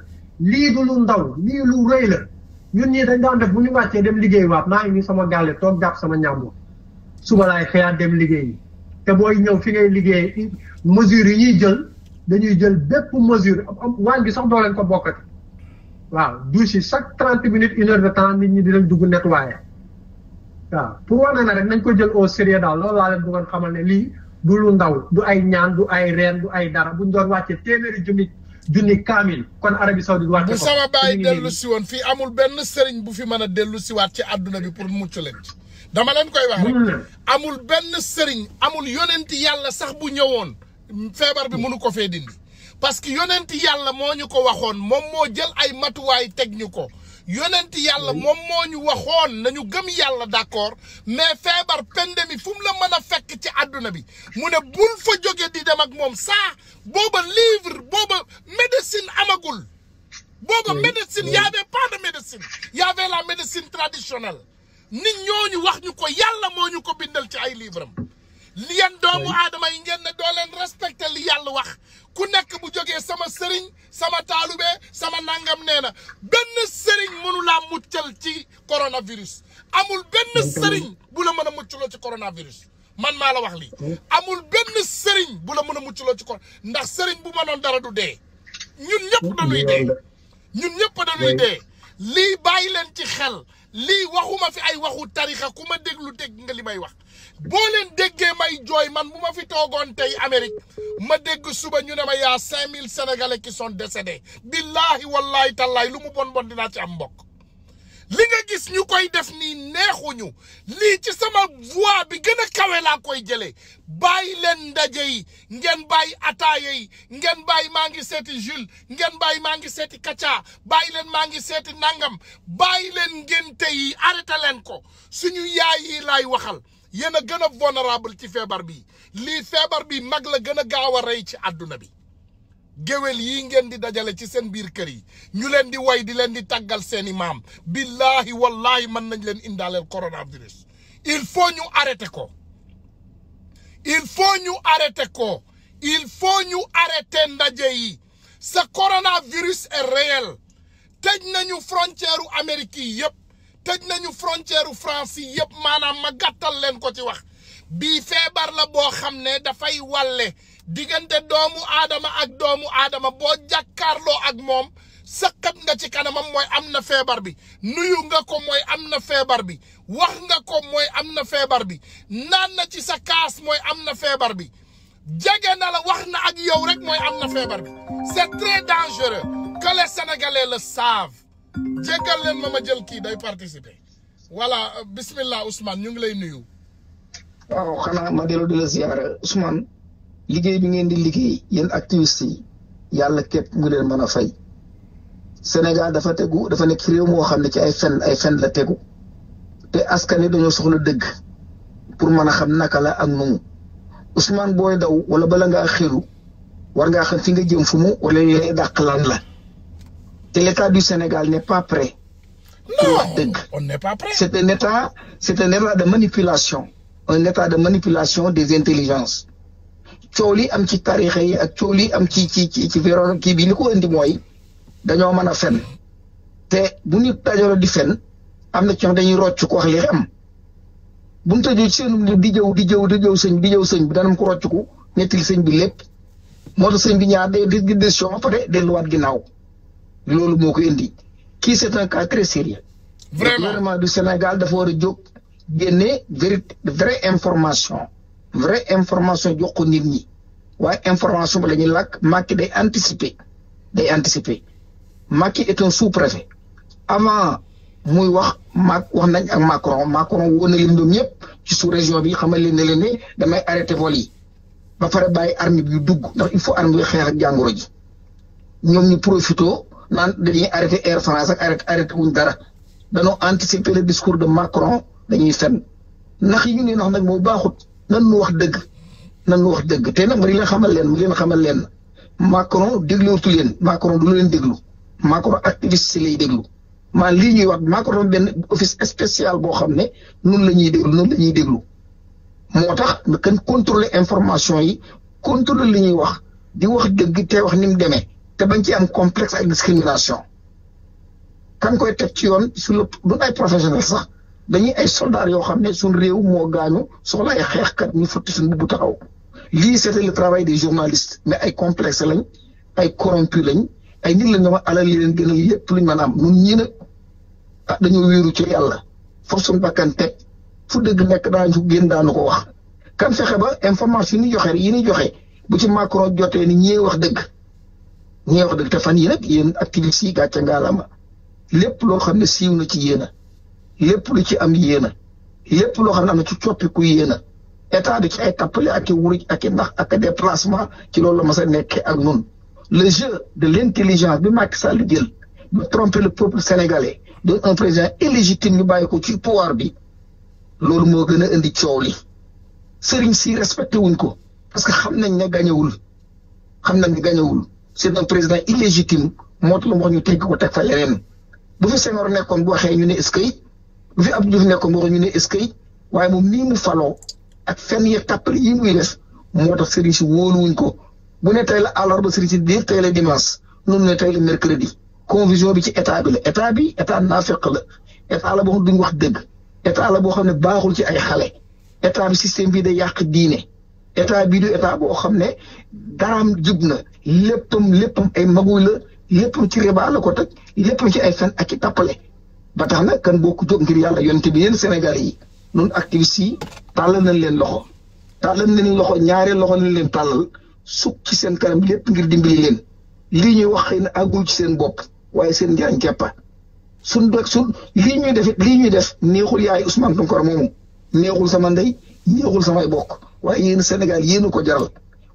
lii du lu ndaw lii lu rëy la ñun ñii dañ daan def bu ñu wàccee dem liggéey waat maa ngi sama gàlle toog jàpp sama ñàmbur suba laay xëyaat dem liggéey te booy ñëw fi ngay liggéeye mesures yi ñuy jël dañuy jël bépp mesure am waañ bi sax doo leen ko bokkati waaw du yi chaque trente minutes une heure de temps nit ñi dinañ dugg nettoyer waaw pour wane na rek nañ ko jël au sérieux daal loolu laa leen bëggoon xamal ne lii du lu ndaw du ay ñaan du ay reen du ay dara buñ doon wàccee téeméeri junni junni kaamil kon Arabie Saoudite wàcce ko bu sama baay dellu si woon fii amul benn sëriñ bu fi mën a dellu si waat ci àdduna bi pour mucc leen dama leen koy wax amul benn sëriñ amul yonenti yàlla sax bu ñëwoon feebar bi mënu ko fee dindi parce que yonenti yàlla moo ñu ko waxoon moom moo jël ay matuwaay teg ñu ko yonenti yàlla moom moo ñu waxoon nañu gëm yàlla d'accord mais feebar pandémie fu mu la mën a fekk ci àdduna bi mu ne bul fa jóge di dem ak moom saa booba livre booba médecine amagul booba médecine y avait pas de médecine y avait la médecine traditionnelle nit ñooñu wax ñu ko yàlla moo ñu ko bindal ci ay livre am li yeen doomu aadama yi ngeen ne doo leen respecté li yàlla wax ku nekk bu jógee sama sëriñ sama taalube sama nangam nee na benn sëriñ mënu laa muccal ci coronavirus amul benn sëriñ bu la mën a muccloo ci coronavirus man maa la wax li amul benn sëriñ bu la mën a muccloo ci corona ndax sëriñ bu mënoon dara du dee ñun ñëpp dañuy dee ñun ñëpp dañuy dee lii bàyyi leen ci xel lii waxuma fi ay waxu tarixa ku ma déglu dégg nga li may wax boo leen déggee may jooy man bu ma fi toogoon tey Amérique ma dégg suba ñu ne ma yaa cinq mille sénégalais qui sont décédés billaahi wallaahi tallaay lu mu bon bon dinaa ci am mbokk li nga gis ñu koy def nii neexuñu lii ci sama voix bi gën a kawe laa koy jëlee bàyyi leen ndaje yi ngeen bàyyi ataaya yi ngeen bàyyi maa ngi seeti Jules ngeen bàyyi maa ngi seeti Kacha bàyyi leen maa ngi seeti nangam bàyyi leen ngénte yi arrêté leen ko suñu yaay yi laay waxal yéen a gën a vulnérable ci feebar bi lii feebar bi mag la gën a gaaw a rey ci àdduna bi. géwél yi ngeen di dajale ci seen biir kër yi ñu leen di woy di leen di tàggal seeni maam billaahi wallaahi mën nañ leen indaaleel coronavirus il faut ñu arrêté ko il faut ñu arrêté ko il faut ñu arrêté ndaje yi sa coronavirus est réel tëj nañu frontière u Amérique yi yëpp tëj nañu frontière u France yi yëpp maanaam ma gàttal leen ko ci wax bii feebar la boo xam ne dafay wàlle diggante doomu aadama ak doomu aadama boo jàkkaarloo ak moom sëqat nga ci kanamam mooy am na feebar bi nuyu nga ko mooy am na feebar bi wax nga ko mooy am na feebar bi naan na ci sa kaas mooy am na feebar bi jege na la wax na ak yow rek mooy am na feebar bi c'est très dangereux que les Sénégalais le savent ma ma jël kii day participer voilà euh, bismillah Ousmane ñu ngi lay nuyu. waaw xanaa ma dellu di la ziyaara Ousmane. liggéey bi ngeen di liggéey yéen activistes yi yàlla képp mu leen mën a fay Sénégal dafa tegu dafa nekk réew moo xam ne ci ay fen ay fen la tegu te askan wi dañoo soxla dëgg pour mën a xam naka la ak noonu Ousmane booy daw wala bala ngaa xiru war ngaa xam fi nga jëm fu mu wala lay dàq lan la te l'état du Sénégal n'est pas prêt. non on n'est pas prêt c'est un état c'est un état de manipulation un état de manipulation des intelligences. coow li am ci tarixa yi ak coow li am ci ci ci ci véron kii bi li ko indi mooy dañoo mën a fen te bu ñu dajaloo di fen am na ci wax dañuy rocc ko wax li am bu ñu tëjee ci seen di jëw di jëw di jëw sëñ di jëw sëñ bi danañ ko rocc ko nettali sëñ bi lépp moo tax sëñ bi ñaar day di décision ba pare delluwaat ginnaaw loolu moo ko indi kii c'est un cas très sérieux vraiment gouvernement du Sénégal dafa war a jóg génne vrai information vraie information jox nit ñi waaye information bi la ñuy làkk Macky day anticiper day anticiper Macky est un sous-préfet avant muy wax Mac wax nañ ak Macron Macron woo na leen ñoom ñëpp ci suu région bi xamal leen ne leen damay arrêté vol yi ba pare bàyyi armée bi dugg ndax il faut armée bi xeex ak jàngoro ji ñoom ñu profité naan dañuy arrêté Air France ak arrêté arrêté wuñ dara danoo anticiper le discours de Macron dañuy fenn ndax yu ne nax nag moo baaxut. nan nu wax dëgg nan nu wax dëgg te nag ma di leen xamal leen mu leen xamal leen Macron dégluwutu leen Macron du leen déglu Macron activiste si lay déglu maanaam lii ñuy wax Macron benn office spécial boo xam ne noonu la ñuy déglu noonu la ñuy déglu moo tax nga kenn contrôler information yi contrôler li ñuy wax di wax dëgg te wax ni mu demee te bañ ci am complexe ak discrimination kan koy teg ci yoon sur le du ay professionnel sax. dañuy ay soldats yoo xam ne suñ réew moo gaañu soxla ay xeexkat ñu fotti suñ bu taxaw lii c'était le travail des journalistes mais ay complexe lañ ay corrompu lañ ay nit lañ ñoo alal li leen gënal yëpp luñ a am ñun ñii nag ah dañoo wéeru yàlla foofu suñ bakkan teg dëgg nekk daañu génn daanu ko wax. kan fexe ba information yi ñu joxe yi joxe bu ci Macron jotee ni ñee wax dëgg wax dëgg te fan nag yéen activistes yi gàcce ngaalama lépp loo xam ne siiw na ci yéen a lépp lu ci am yéen a lépp loo xam ne am na ci coppiku yéen a état bi ci ay tappale ak i wuruj ak i ndax ak déplacement ci loolu la mas a nekkee ak nun le jeu de l' intelligence bi Macky Sall jël de tromper le peuple sénégalais de un président illégitime ñu bàyyi ko ci pouvoir bi loolu moo gën a indi coow li sëriñ si respecté wuñ ko parce que xam nañ ne gañewul xam nañ ne gañewul c' est un président illégitime moo tax lu wax ñu teg ko teg fa leneen bu fi Senghor nekkoon bu waxee ñu ne est-ce bu fi Abdou Diouf nekkoon waroon ñu ne est-ce que waaye moom nii mu faloo ak fenn yeeg tàppale yi muy def moo tax sëriñ si wóoluwuñ ko bu ne tey la àllarba sëriñ si di tey la dimanche noonu ne tey la mercredi confusion bi ci état bi la état bi état naafeq la état la boo duñ wax dëgg état la boo xam ne baaxul ci ay xale état bi système bi day yàq diine état bii du état boo xam ne daraam jub na léppam léppam ay maguy la léppam ci riba la ko teg léppam ci ay fen ak i tàppale ba tax na kan bokk ko jóg ngir yàlla yonte bi yéen Sénégal yi nun activistes yi tàllal nañ leen loxo tàllal leen loxo ñaaree loxo nañ leen tàllal sukk ci seen kanam lépp ngir dimbili leen li ñuy wax xëy na àggul ci seen bopp waaye seen njariñ keppa su doog suñ lii ñuy def lii ñuy def neexul yaay Ousmane Tounkara moomu neexul sama ndey neexul samay bokk waaye yéen Sénégal yéen ko jaral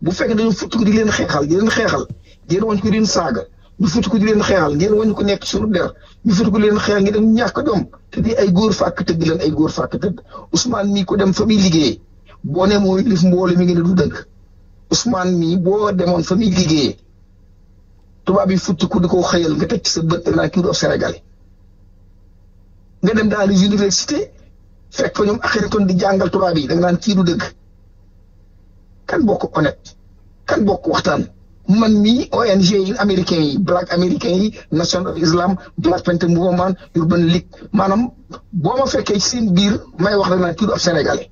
bu fekkee dañu futti ko di leen xeexal di xeexal ngeen wañ ko di leen saaga ñu futti ko di leen xeexal ngeen wañ ko nekk suñu der gisatuko leen xeex ngi dem ñàkk doom te ay góor fàkk tëgg leen ay góor fàkk tëgg Ousmane mii ko dem fa muy liggéeyee boo mooy lif mbooloo mi ngi ne du dëgg Ousmane mii boo demoon fa muy liggéeyee tubaab yi futtiku di ko xëyal nga teg ci sa bët naa kii du ab sénégalais nga dem daal les universités fekk fa ñoom axiratoon di jàngal tubaab yi da nga naan kii du dëgg kan bokk honnête kan bokk waxtaan man mii ONG yi américains yi black américains yi national islam black panther movement urban league maanaam boo ma fekkee ci seen biir may wax la naan kii du ab sénégalais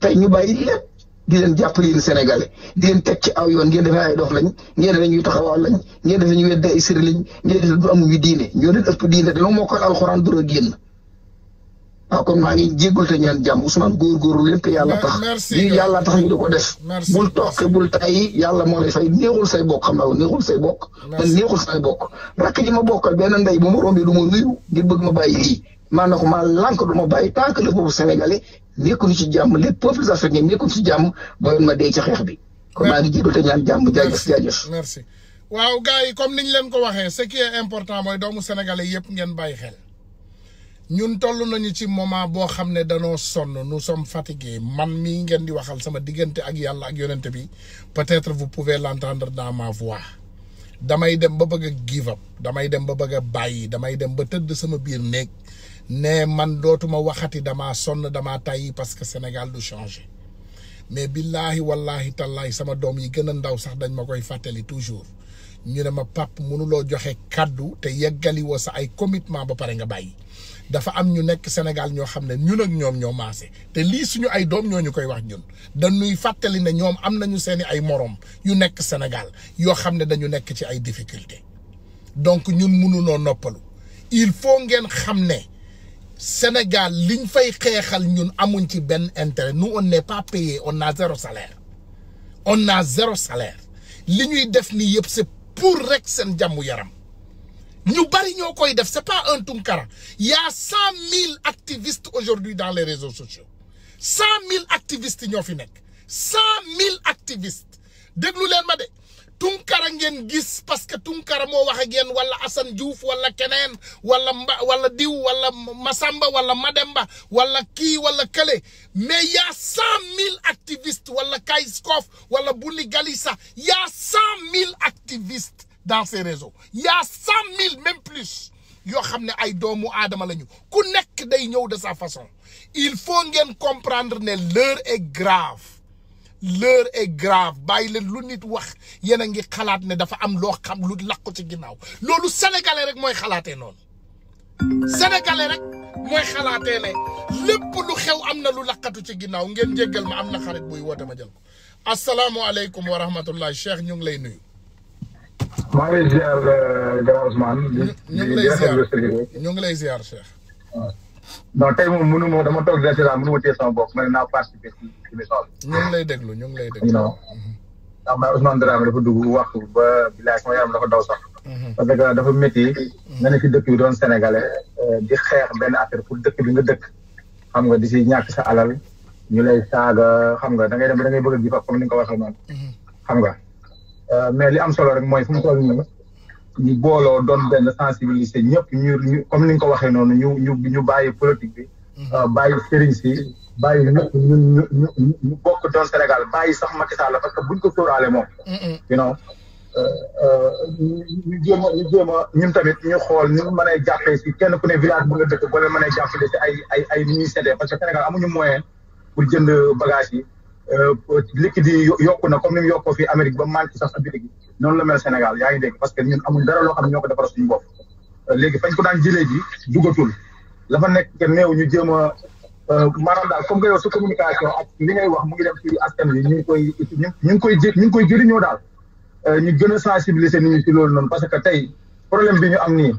tey ñu bàyyi lépp di leen jàppale yéen sénégalais di leen teg ci aw yoon ngeen defee ay dox lañ ngeen defee ñuy taxawaal lañ ngeen defee ñu wedde ay sëri lañ ngeen defee du amuñu diine ñoo leen ëpp diine dañoo mokkal alxuraan dura waaw ah, kon maa ngi jéggul te ñaan jàmm Ousmane góorgóorlu lépp yàlla tax yàlla tax ñu di ko def bul toog yàlla moo lay fay néexul say bokk xam nga néexul say bokk man néexul say bokk rakk ji ma bokkal benn ndey bu ma rombee du ma nuyu ngir bëgg ma bàyyi lii maa na ko maa lànk du ma bàyyi tant que le peuple jàmm les peuples africains nekkuñu jàmm bayoon ma xeex bi kon maa ngi jéggul te ñaan jàmm jaajëf jaajëf waaw gars yi comme niñ leen ko waxee ce qui est important mooy doomu sénégalais yëpp ngeen bàyyi xel ñun toll nañu ci moment boo xam ne danoo sonn nu sommes fatigués man mii ngeen di waxal sama diggante ak yàlla ak yonent bi peut-être vous pouvez l'entendre dans ma voix damay dem ba bëgg a give damay dem ba bëgg bàyyi damay dem ba tëdd sama biir néeg ne man dootuma waxati damaa sonn damaa tàyyi parce que Sénégal du changer mais billaahi wallaahi tallaahi sama doom yi gën a ndaw sax dañ ma koy fàttali toujours ñu ne ma pap mënuloo joxe kàddu te yeggali sa ay commitment ba pare nga bàyyi dafa am ñu nekk Sénégal ñoo xam ne ñun ak ñoom ñoo maase te lii suñu ay doom ñoo ñu koy wax ñun dañuy fàttali na ñoom am nañu seeni ay moroom yu nekk Sénégal yoo xam ne dañu nekk ci ay difficulté donc ñun mënunoo noppalu il faut ngeen xam ne Sénégal liñ fay xeexal ñun amuñ ci benn intérêt nous on n'est pas payé on a zéro on a zéro li ñuy def nii yëpp c'est pour rek seen jàmmu yaram ñu bari ñoo koy def c'est pas un Tounkara y a cent mille activistes aujourd'hui dans les réseaux sociaux cent mille activistes ñoo fi nekk cent mille activistes déglu leen ma de Tounkara ngeen gis parce que Tounkara moo wax ak yéen wala Assane Diouf wala keneen wala mba wala diw wala Masamba wala Mademba wala kii wala kële mais y a cent mille activistes wala Kayz Kof wala Bouly Galissa y cent mille activistes dans ces réseaux y a même plus yoo xam ne ay doomu aadama lañu ku nekk day ñëw de sa façon il faut ngeen comprendre ne l'heure est grave l'heure est grave bàyyi leen lu nit wax yéen a ngi xalaat ne dafa am loo xam lu làqu ci ginnaaw loolu sénégalais rek mooy xalaatee noonu sénégalais rek mooy xalaatee ne lépp lu xew am na lu laqatu ci ginnaaw ngeen jéggal ma am na xarit buy woote ma jël ko asalaamualeykum wa rahmatullah Cheikh ñu ngi lay nuyu. maa ngi lay ziar euh, grand Ousmane. ñu ngi lay ziar ñu ngi moom mënu ma dama toog di ma téye sama bopp ma ne naa participer ci émission bi. ñu ngi lay déglu ñu ngi lay déglu. non mhm. ndax man Ousmane Dramé dafa dugg wax ba bilaay sama yaram dafa daw sax. Mhm. parce que dafa métti. Mhm. nga ne ci dëkk bi doon sénégalais. Euh, di xeex benn affaire pour dëkk bi nga dëkk. xam nga di si ñàkk sa alal ñu lay saaga xam nga da ngay dem da ngay bëgg a ji fa comme ni nga ko waxee noonu. xam nga. Euh, mais li am solo rek mooy fu mu toll nii ñu booloo doon benn sensibiliser ñëpp ñu comme ni nga ko waxee noonu ñu ñu ñu bàyyi politique bi. Mhm. Euh, bàyyi sëriñ si bàyyi ñëpp ñu bokk doon Sénégal bàyyi sax Macky Sall parce que buñ ko sóoraale moom. Mhm. you know euh, ñu jéem a ñu jéem a ñun tamit ñu xool ñu mën a jàppee si kenn ku ne village bu nga dëkk wala mën a jàppale si ay ay ay ministères parce que Sénégal amuñu moyen pour jënd bagage yi. Euh, liquide yi yokku na comme ni yokkoo fii Amérique ba manqué sax sa bitig noonu la mel Sénégal yaa ngi dégg parce que ñun amuñ dara loo xam ñoo ko defar suñu bopp euh, léegi fañ ko daan jëlee ji dugatul la fa nekk néew ñu jéem a euh, maanaam daal comme que yow sa communication ak li ngay wax mu ngi dem ci askan wi ñu ngi ñu ngi koy jë ñu ngi koy jëriñoo daal ñu gën a sensibiliser nit ñi ci loolu noonu parce que tey problème bi ñu am nii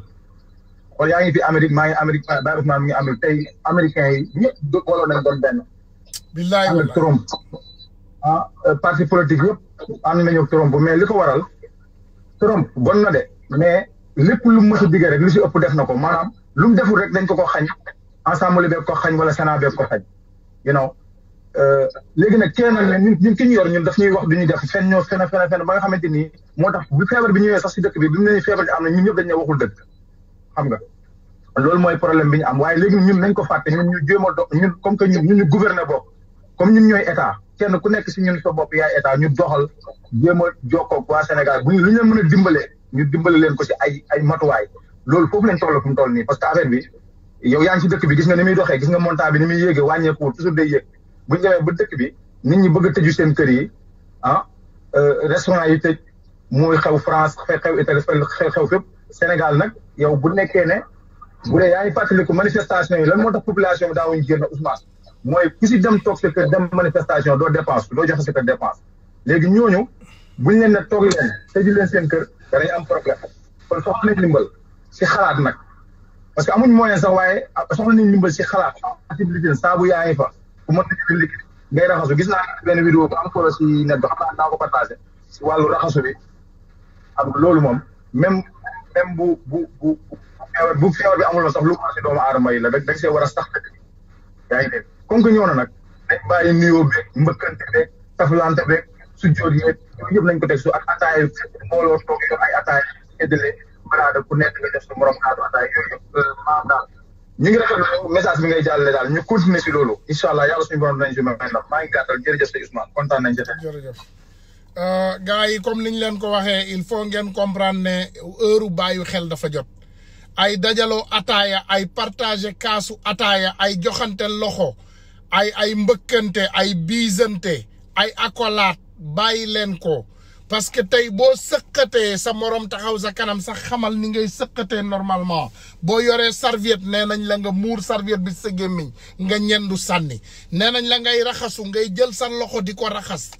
xool yaa ngi fi Amérique maa ngi Amérique Baye Ousmane mi ngi Amérique tey américains yi ñëpp booloo nañ doon benn billaay ak Trump ah euh, parti politique yëpp ànd nañu ak Trump mais li ko waral Trump bon na de mais lépp lu mu mës a digee rek lu si ëpp def na ko maanaam lu mu deful rek dañ ko ko xañ ensemble beeg ko xañ wala Sénat beeg ko xañ you know euh, léegi nag kenn ne ñun ñun ki ñu yor ñun daf ñuy wax du def fen ñoo fenn fenn fenn ba nga xamante ni moo tax bu feebar bi ñëwee sax si dëkk bi bi mu ne feebar bi am na ñu ñëpp dañ ne waxul dëkk xam nga loolu mooy problème bi ñu am waaye léegi ñun nañ ko fàtte ñun ñu jéem a dox ñun comme que ñun ñu gouverner bopp comme ñun ñooy état kenn ku nekk si ñun sa bopp yaay état ñu doxal jéem a jokkoo waa Sénégal bu ñu lu ñu mën a dimbalee ñu dimbale leen ko ci ay ay matuwaay loolu foofu lañ toll fu mu toll nii parce que affaire yaa ngi ci dëkk bi gis nga ni muy doxee gis nga montant bi ni muy yéegee wàññeekuwul toujours day yéeg bu ñu demee ba dëkk bi nit ñi bëgg a tëju seen kër yi ah euh, restaurant yi tëj muy xew France xew Italie xew fépp Sénégal nag yow bu nekkee ne bu dee yaa ngi ku manifestation yi lan moo tax population bi daawuñu génn Ousmane mooy ku si dem toog sa dem manifestation doo dépense doo jox sa kër dépense léegi ñooñu ñu leen ne toog leen tëj leen seen kër danañ am problème kon soxla nañ ndimbal si xalaat nag parce que amuñ moyen sax waaye a soxla nañ ndimbal si xalaat activité saabu yaa ngi fa bu mot a lik ngay raxasu gis naa benn vidéo bu am solo si net bi xam naa ko partagé si wàllu raxasu bi ak loolu moom même même feebar bu feebar bi amul sax lu marché doomu aadama yi la rek dañ war a sax dëkk yaa ngi dégg comme na nag dañ bàyyi nuyoo beeg mbëkkante beeg taflante be su jóot yeeg yooyu yëpp nañ ko teg su ak ataaya mbooloo toog yor ay ataaya séddale balaa ku nekk def su morom xaatu ataaya yooyu euh, maam daal ñu ngi rafetlu message bi ngay jàllale daal ñu continuer si loolu incha allah yàlla suñu borom dinañ si may ndax maa ngi si Ousmane kontaan nañ jëfe jërëjëf euh, yi comme ni ñu leen ko waxee il faut ngeen comprendre ne heure bàyyi xel dafa jot ay dajaloo ataaya ay partager kaasu ataaya ay joxante loxo ay ay mbëkkante ay biisante ay accolade bàyyi leen ko parce que tey boo sëqatee sa morom taxaw sa kanam sax xamal ni ngay sëqatee normalement boo yoree serviette nee nañ la nga muur serviette bi sa gémmiñ nga ñendu sànni nee nañ la ngay raxasu ngay jël sa loxo di ko raxas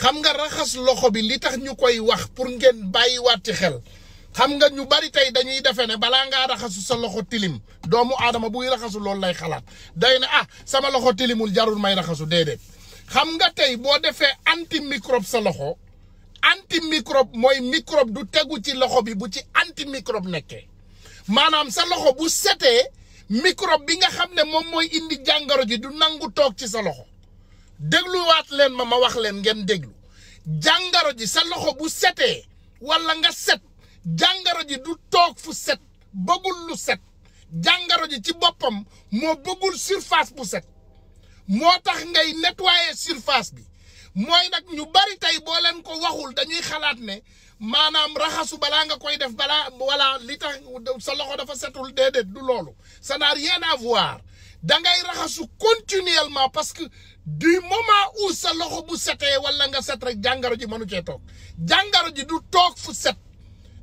xam nga raxas loxo bi li tax ñu koy wax pour ngeen bàyyiwaat ci xel xam nga ñu bari tey dañuy defee ne balaa ngaa raxasu sa loxo tilim doomu aadama buy raxasu loolu lay xalaat day ne ah sama loxo tilimul jarul may raxasu déedéet xam nga tey boo defee antimicrobe sa loxo antimicrobe mooy microbe du tegu ci loxo bi bu ci antimicrobe nekkee maanaam sa loxo bu setee microbe bi nga xam ne moom mooy indi jàngaro ji du nangu toog ci sa loxo dégluwaat leen ma ma wax leen ngeen déglu jàngaro ji sa loxo bu setee walla nga set jàngaro ji du toog fu set bëggul lu set jàngaro ji ci boppam moo bëggul surface bu set moo tax ngay nettoyer surface bi mooy nag ñu bari tey boo leen ko waxul dañuy xalaat ne maanaam raxasu balaa nga koy def balaa wala li tax sa loxo dafa setul déedéet du loolu ça n'a rien à voir da ngay raxasu continuellement parce que du moment où sa loxo bu setee wala nga set rek jàngaro ji mënu cee toog jàngaro ji du toog fu set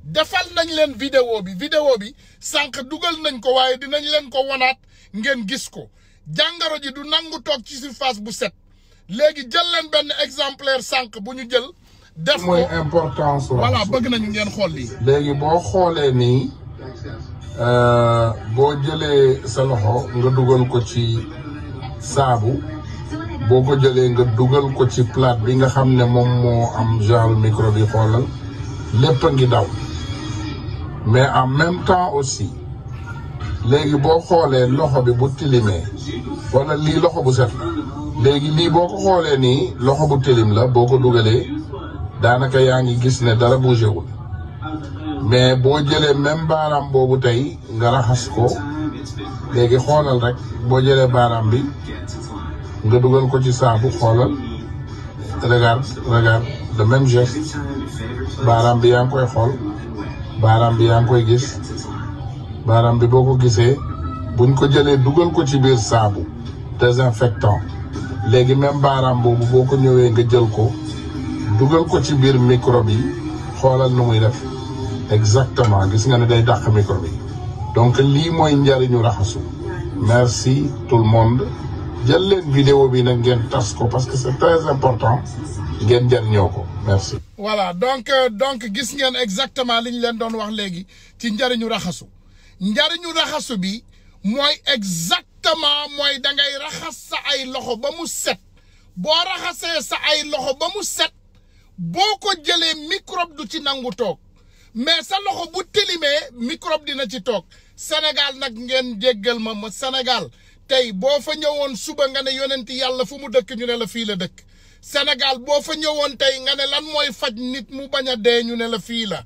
defal nañ leen vidéo bi vidéo bi sànq dugal nañ ko waaye dinañ leen ko wanaat ngeen gis ko jàngoro ji du nangu toog ci surface bu set léegi jël leen benn exemplaire sànq bu ñu jël. def ko mooy importance voilà bëgg nañu ngeen xool lii. léegi boo xoolee nii euh, boo jëlee sa loxo nga dugal ko ci saabu boo ko jëlee nga dugal ko ci plate bi nga xam ne moom moo am genre micro bi xoolal lépp a ngi daw. mais en même temps aussi léegi boo xoolee loxo bi bu tilimee wala lii loxo bu set léegi lii boo ko xoolee nii loxo bu tilim la boo ko dugalee daanaka yaa ngi gis ne dara bougé wul mais boo jëlee même baaraam boobu tey nga raxas ko léegi xoolal rek boo jëlee baaraam bi nga dugal ko ci saabu xoolal regarde regarde le même geste baaraam bi yaa ngi koy xool. baaraam bi yaa ngi koy gis baaraam bi boo ko gisee buñ ko jëlee dugal ko ci biir saabu désinfectant léegi même baaraam boobu boo ko ñëwee nga jël ko dugal ko ci biir microbe yi xoolal nu muy def exactement gis nga ne day dàq microbe yi donc lii mooy njariñu raxasu merci tout le monde jël leen vidéo bi nag ngeen tas ko parce que c'est très important ngeen njëriñoo ko merci. voilà donc euh, donc gis ngeen exactement li ñu leen doon wax léegi ci njëriñu raxasu njariñu raxasu bi mooy exactement mooy da ngay raxas sa ay loxo ba mu set boo raxasee sa ay loxo ba set boo ko jëlee microbe du ci nangu toog mais sa loxo bu tilimee microbe dina ci toog Sénégal nag ngeen jéggal ma ma Sénégal tey boo fa ñëwoon suba nga ne yonenti yàlla fu mu dëkk ñu ne la fii la dëkk. Sénégal boo fa ñëwoon tey nga ne lan mooy faj nit mu bañ a dee ñu ne la fii la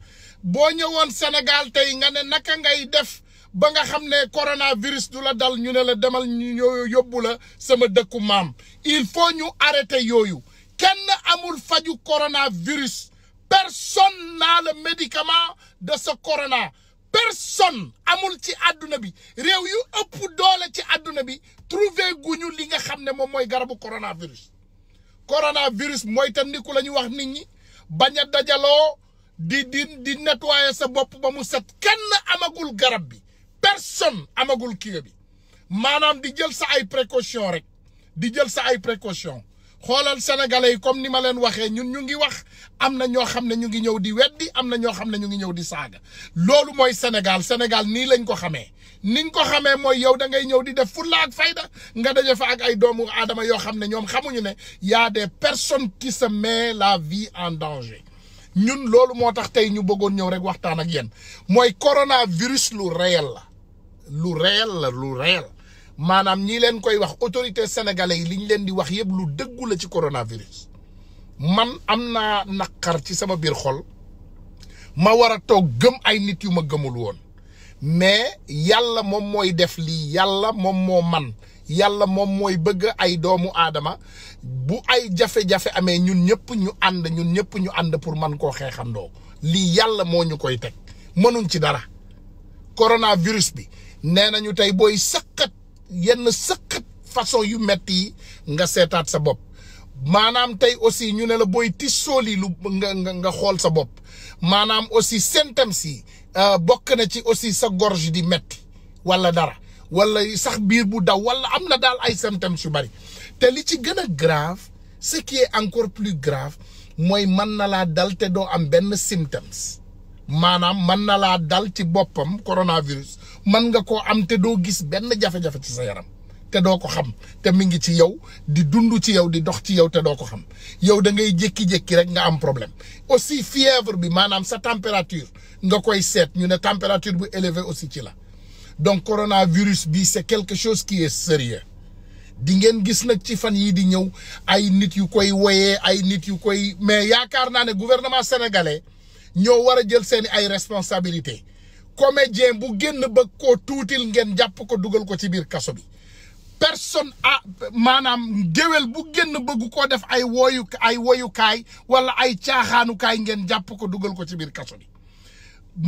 boo ñëwoon Sénégal tey nga ne naka ngay def ba nga xam ne coronavirus du la dal ñu ne la demal ñu yóbbu la sama dëkku maam il faut ñu arrêter yooyu kenn amul faju coronavirus personne n'a le médicament de ce corona personne amul ci àdduna bi réew yu ëpp doole ci àdduna bi trouver guñu li nga xam ne moom mooy garabu coronavirus coronavirus mooy te niku la ñu wax nit ñi bañ a dajaloo di di di nettoyer sa bopp ba mu set kenn amagul garab bi personne amagul kii bi maanaam di jël sa ay précaution rek di jël sa ay précaution xoolal sénégalais yi comme ni ma leen waxee ñun ñu ngi wax am na ñoo xam ne ñu ngi ñëw di weddi am na ñoo xam ne ñu ngi ñëw di saaga loolu mooy Sénégal Sénégal nii lañ ko xamee ni nga ko xamee mooy yow da ngay ñëw di def fulla ak fayda nga daje fa ak ay doomu aadama yoo xam ne ñoom xamuñu ne y a des personnes qui se mettent la vie en danger ñun loolu moo tax tey ñu bëggoon ñëw rek waxtaan ak yéen mooy coronavirus lu reyel la lu réel la lu réel maanaam ñii leen koy wax autorité sénégalais yi li leen di wax yëpp lu dëggu la ci coronavirus man am naa naqar ci sama biir xol ma war a toog gëm ay nit yu ma gëmul woon mais yàlla moom mooy def lii yàlla moom moo man yàlla moom mooy bëgg ay doomu aadama bu ay jafe-jafe amee ñun ñëpp ñu ànd ñun ñëpp ñu ànd pour man koo xeexandoo lii yàlla moo ñu koy teg mënuñ ci dara coronavirus bi nee nañu tey booy sëqat yenn sëqat façon yu metti yi nga seetaat sa bopp maanaam tey aussi ñu ne la booy tissooli lu nga nga xool sa bopp maanaam aussi symptômes yi Euh, bokk na ci aussi sa gorge di metti wala dara wala sax biir bu daw wala am na daal ay symptômes yu bari te li ci gën a grave ce qui est encore plus grave mooy mën na laa dal te doo am benn symptômes maanaam mën na laa dal ci boppam coronavirus mën nga koo am te doo gis benn jafe-jafe ci sa yaram te doo ko xam te mi ngi ci yow di dund ci yow di dox ci yow te doo ko xam yow da ngay jékki-jékki rek nga am problème aussi fièvre bi maanaam sa température nga koy seet ñu ne température bu élevée aussi ci la donc coronavirus bi c'est quelque chose qui est sérieux di ngeen gis nag ci fan yii di ñëw ay nit yu koy woyee ay nit yu koy mais yaakaar naa ne gouvernement sénégalais ñoo war a jël seeni ay responsabilité comédien bu génn bëgg ko tuutil ngeen jàpp ko dugal ko ci biir kaso bi personne ah maanaam géwél bu génn bëgg koo def ay woyu ay woyukaay wala ay caaxaanukaay ngeen jàpp ko dugal ko ci biir kaso bi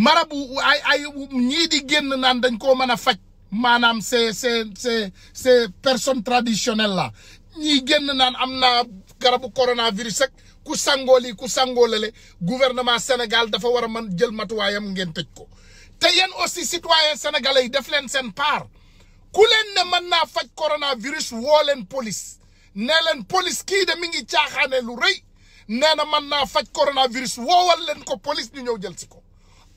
marabu ay ay ñii di génn naan dañ ko mën a faj maanaam c'est c'est c'est c'est personne traditionnelle la ñii génn naan am na garabu coronavirus ak ku sangoo lii ku sangoo lale gouvernement Sénégal dafa war a mën jël matuwaayam ngeen tëj ko te yenn aussi citoyen sénégalais yi def leen seen part ku leen ne mën naa faj coronavirus woo leen police nee leen police kii de mi ngi caaxaane lu rëy nee na mën naa faj coronavirus woowal leen ko police ñu ñëw jël si ko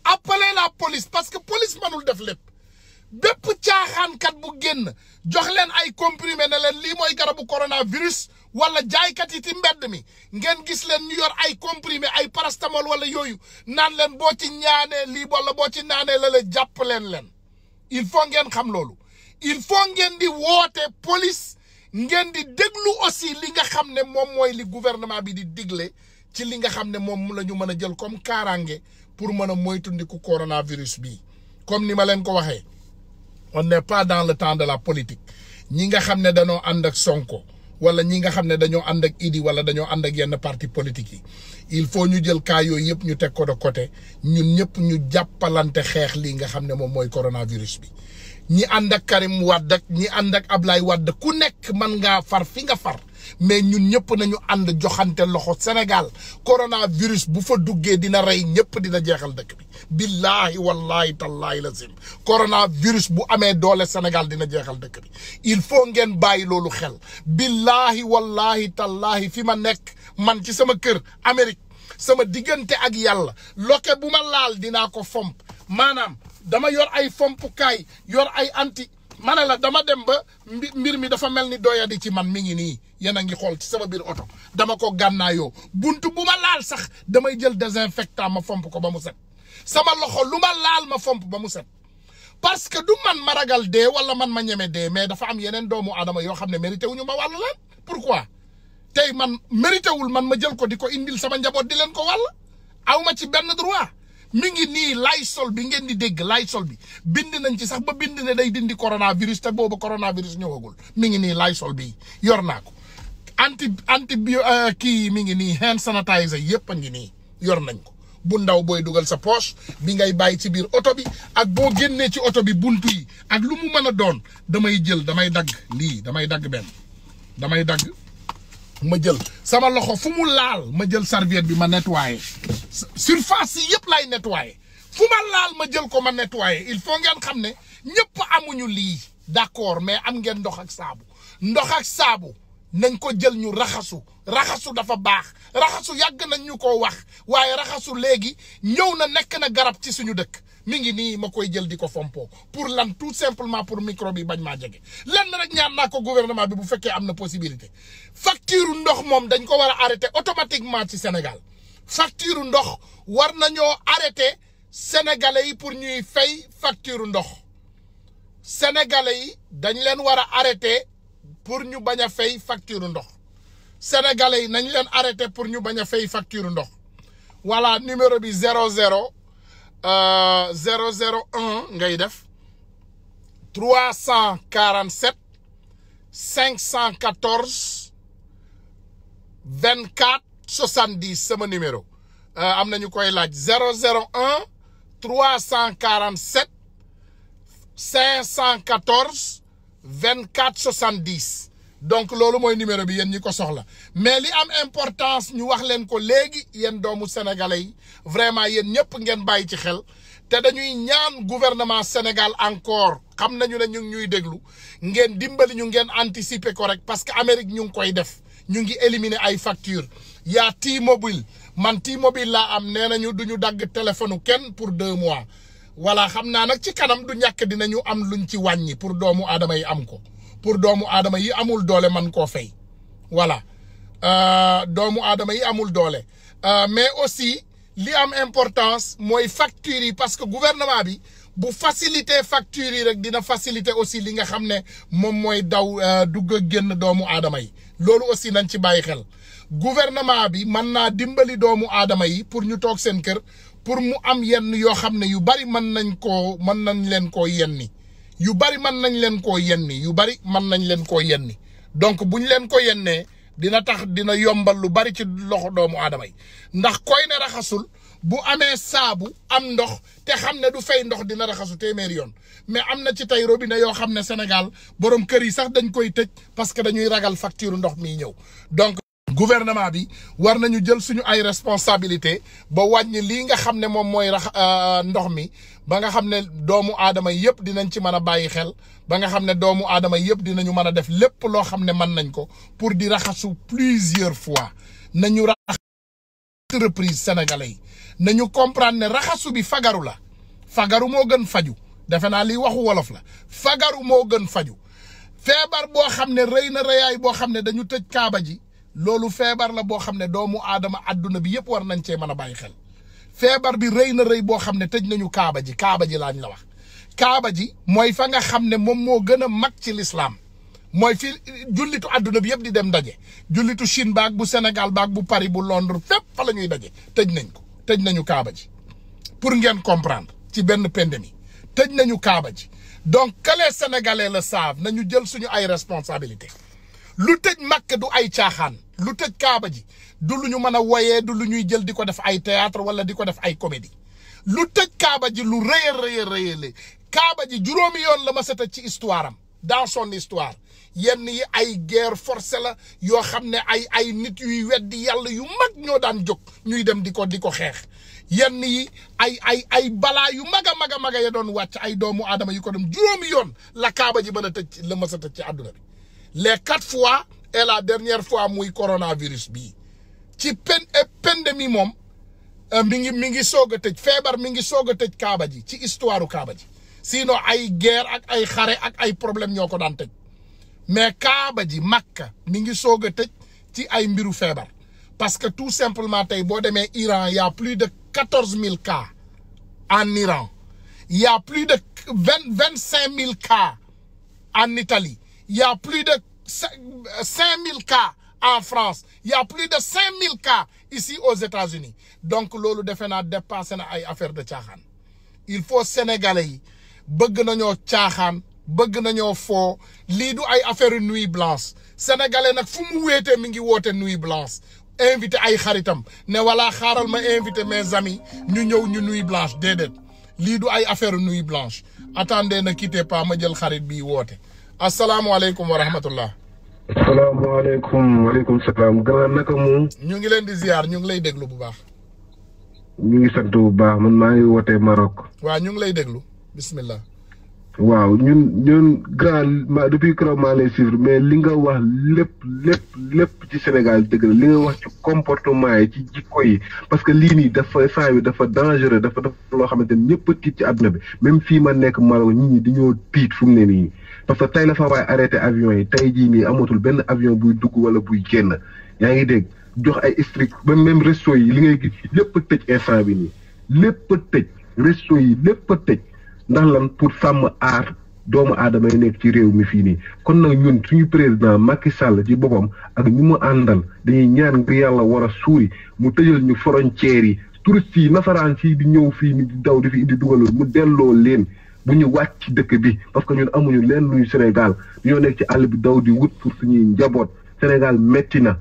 appelez la police parce que police mënul def lépp bépp caaxaankat bu génn jox leen ay comprimé ne leen lii mooy garabu coronavirus wala jaaykat yi ci mbedd mi ngeen gis leen ñu yor ay comprimé ay parastamol wala yooyu naan leen boo ci ñaanee lii wala boo ci naanee la jàpp leen leen il faut ngeen xam loolu il faut ngeen di woote police ngeen di déglu aussi li nga xam ne moom mooy li gouvernement bi di digle ci li nga xam ne moom la ñu mën a jël comme kaaraange pour mën a moytundiku coronavirus bi comme ni ma leen ko waxee on n'est pas dans le temps de la politique ñi nga xam ne dañoo ànd ak Sonko wala ñi nga xam ne dañoo ànd ak Idi wala dañoo ànd ak yenn parti politique yi il faut ñu jël cas yooyu yëpp ñu teg ko de côté ñun ñëpp ñu jàppalante xeex lii nga xam ne moom mooy coronavirus bi ñi ànd ak Karim Wade ak ñi ànd ak Ablaye Wade ku nekk man ngaa far fi nga far mais ñun ñëpp nañu ànd joxante loxo Sénégal coronavirus bu fa duggee dina rey ñëpp dina jeexal dëkk bi billaahi wallaahi tallaahi lazim coronavirus bu amee doole Sénégal dina jeexal dëkk bi il faut ngeen bàyyi loolu xel billaahi wallaahi tallaahi fi ma nekk man ci sama kër Amérique sama diggante ak yàlla loke bu ma laal dinaa ko fomp maanaam dama yor ay fompukaay yor ay anti ma ne la dama dem ba mbir mi dafa mel ni doyadi ci man mi ngi nii yéen a ngi xool ci sama biir oto dama ko gànnaayoo bunt bu ma laal sax damay jël désinfectant ma fomp ko ba mu set sama loxo lu ma laal ma fomp ba mu set parce que du man ma ragal dee wala man ma ñeme dee mais dafa am yeneen doomu aadama yoo xam ne mérité wuñu ma wàll leen pourquoi tey man mérité wul man ma jël ko di ko indil sama njaboot di leen ko wàll aw ma ci benn droit mi ngi nii Lysol bi ngeen di dégg Lysol bi bind nañ ci sax ba bind ne day dindi coronavirus te boobu coronavirus ñëwagul mi ngi nii Lysol bi yor naa ko anti anti bio euh, kii mi ngi nii hand sanitizer yëpp a ngi nii yor nañ ko bu ndaw booy dugal sa poche bi ngay bàyyi ci biir oto bi ak boo génnee ci oto bi buntu yi ak lu mu mën a doon damay jël damay dagg lii damay dagg benn damay dagg. ma jël sama loxo fu mu laal ma jël serviette bi ma nettoyé surface yi yëpp lay nettoyé fu ma laal ma jël ko ma nettoyé il faut ngeen xam ne ñëpp amuñu lii d'accord mais am ngeen ndox ak saabu ndox ak saabu nañ ko jël ñu raxasu raxasu dafa baax raxasu yàgg nañ ñu ko wax waaye raxasu léegi ñëw na nekk na garab ci suñu dëkk mi ngi nii ma koy jël di ko fompo pour lan tout simplement pour micro bi bañ maa jege lenn rek ñaan naa ko gouvernement bi bu fekkee am na possibilité facture ndox moom dañ ko war a arrêté automatiquement ci Sénégal facture ndox war nañoo arrêté sénégalais yi pour ñuy fay facture ndox sénégalais yi dañ leen war a arrêté pour ñu bañ a fay facture ndox sénégalais yi nañ leen arrêté pour ñu bañ a fay facture ndox voilà numéro bi 00. Euh, zéro zéro un ngay def trois cent quarante sept cinq cent quatorze vingt quatre soixante sama numéro euh, am na ñu koy laaj zéro zéro un trois cent quarante sept cinq cent quatorze vingt quatre soixante dix donc loolu mooy numéro bi yéen ñu ko soxla mais li am importance ñu wax leen ko léegi yéen doomu sénégalais yi vraiment yéen ñëpp ngeen bàyyi ci xel te dañuy ñaan gouvernement Sénégal encore xam nañu ne ñu ñuy déglu ngeen dimbali ñu ngeen anticiper ko rek parce que Amérique ñu ngi koy def ñu ngi éliminer ay facture yaa T-Mobile man T-Mobile laa am nee nañu du ñu dagg téléphone kenn pour deux mois voilà xam naa nag ci kanam du ñàkk dinañu am luñ ci wàññi pour doomu aadama yi am ko pour doomu aadama yi amul doole man koo fay voilà euh, doomu aadama yi amul doole euh, mais aussi li am importance mooy factures yi parce que gouvernement bi bu faciliter factures yi rek dina faciliter aussi li nga xam ne moom mooy daw euh, dugg ak génn doomu aadama yi loolu aussi nañ ci bàyyi xel gouvernement bi mën naa dimbali doomu aadama yi pour ñu toog seen kër pour mu am yenn yoo xam ne yu bari mën nañ ko mën nañ leen ko yenni yu bari mën nañ leen ko yenni yu bari mën nañ leen koo yenni donc buñ leen ko yennee dina tax dina yombal lu bari ci loxo doomu aadama yi ndax koy ne raxasul bu amee saabu am ndox te xam ne du fay ndox dina raxasu téeméeri yoon mais am na ci tey robinet yoo xam ne Sénégal borom kër yi sax dañ koy tëj parce que dañuy ragal facture ndox mi ñëw donc gouvernement bi war nañu jël suñu ay responsabilité ba wàññi lii nga xam ne moom mooy rax euh, ndox mi ba nga xam ne doomu aadama yëpp dinañ ci mën a bàyyi xel ba nga xam ne doomu aadama yëpp dinañu mën a def lépp loo xam ne man nañ ko pour di raxasu plusieurs fois na ñu reprise sénégalais yi nañu comprendre ne raxasu bi fagaru la fagaru moo gën faju defe naa li waxu wolof la fagaru moo gën faju feebar boo xam ne rëy na reyaay boo xam ne dañu tëj kaaba ji loolu feebar la boo xam ne doomu aadama àdduna bi yëpp war nañ cee mën a bàyyi xel feebar bi rëy na rëy boo xam ne tëj nañu kaaba ji kaaba ji laañ la wax kaaba ji mooy fa nga xam ne moom moo gën a mag ci lislaam mooy fi jullitu àdduna bi yëpp di dem ndaje jullitu Chine baag bu Sénégal baag bu Paris bu Londres fépp fa la ñuy daje tëj nañ ko tëj nañu kaaba ji pour ngeen comprendre ci benn pandémie tëj nañu kaaba ji donc que les Sénégalais le nañu jël suñu ay responsabilité lu tëj Makka du ay caaxaan lu tëj kaaba ji du lu ñu mën a woyee du lu ñuy jël di ko def ay théâtre wala di ko def ay comédie lu tëj kaaba ji lu rëy a rëy kaaba ji juróomi yoon la ma sa tëj ci histoire am dans son histoire yenn yi ay guerre force la yoo xam ne ay ay nit yuy weddi yàlla yu mag ñoo daan jóg ñuy dem di ko di ko xeex yenn yi ay ay ay balaa yu mag a mag a mag ya doon wàcc ay doomu aadama yu ko dem juróomi yoon la kaaba ji mën a tëj la mës a tëj ci àdduna bi les quatre fois et la dernière fois muy coronavirus bii ci pen e pandémie moom euh, mi ngi mi ngi soog a tëj feebar mi ngi soog a tëj kaaba ji ci histoire kaaba ji sinon ay guerre ak ay xare ak ay problème ñoo ko daan tëj mais kaaba ji makka mi ngi soog a tëj ci ay mbiru feebar parce que tout simplement tey boo demee Iran y' plus de quatorze mille cas en Iran y' a plus de vingt vingt cinq mille cas en Italie y' a de euh, cinq mille cas. en France il y plus de 5000 cas ici aux États-Unis donc loolu defe naa dépassé na ay affaire de caaxaan il faut sénégalais yi bëgg nañoo caaxaan bëgg nañoo foo lii du ay affaire nuit blanche sénégalais nag fu mu wéetee mi ngi woote nuit blanche invité ay xaritam ne wala xaaral ma invité mes amis ñu ñëw ñu nuit blanche déedéet lii du ay affaire nuit blanche attendez na quittez pas ma jël xarit bi woote asalaamualeykum wa rahmatullah salaamaaleykum waaleykum salaam grand naka moom. ñu ngi leen di ziar ñu ngi lay déglu bu baax. ñu ngi sant bu baax man maa ngi wootee Maroc. waa ñu ngi lay déglu bismillah. waaw ñun ñun grand ma depuis keroog maa lay suivre mais li nga wax lépp lépp lépp ci Sénégal dëgg la li nga wax ci comportement yi ci jikko yi parce que lii nii dafa saa yu dafa dangereux dafa dafa loo xamante ni ñëpp a tiit ci àdduna bi même fii ma nekk Maroc nit di dañoo tiit fu mu ne nii. parce que tey la fa waaye arrêté avion yi tey jii nii amatul benn avion buy dugg wala buy génn yaa ngi dégg jox ay strict ba même resto yi li ngay gis lépp a tëj instant bi nii lépp a tëj resto yi lépp a tëj ndax lan pour sàmm aar doomu aadama yi nekk ci réew mi fii nii kon nag ñun suñu président Macky Sall ci boppam ak ñu mu àndal dañuy ñaan ngir yàlla war a suuri mu tëjal ñu frontières yi touristes yi nafaraan si di ñëw fii ni daw di fi indi dugalul mu delloo leen bu ñu wàcc dëkk bi parce que ñun amuñu leen luy Sénégal ñoo nekk ci àll bi daw di wut pour suñuy njaboot Sénégal métti na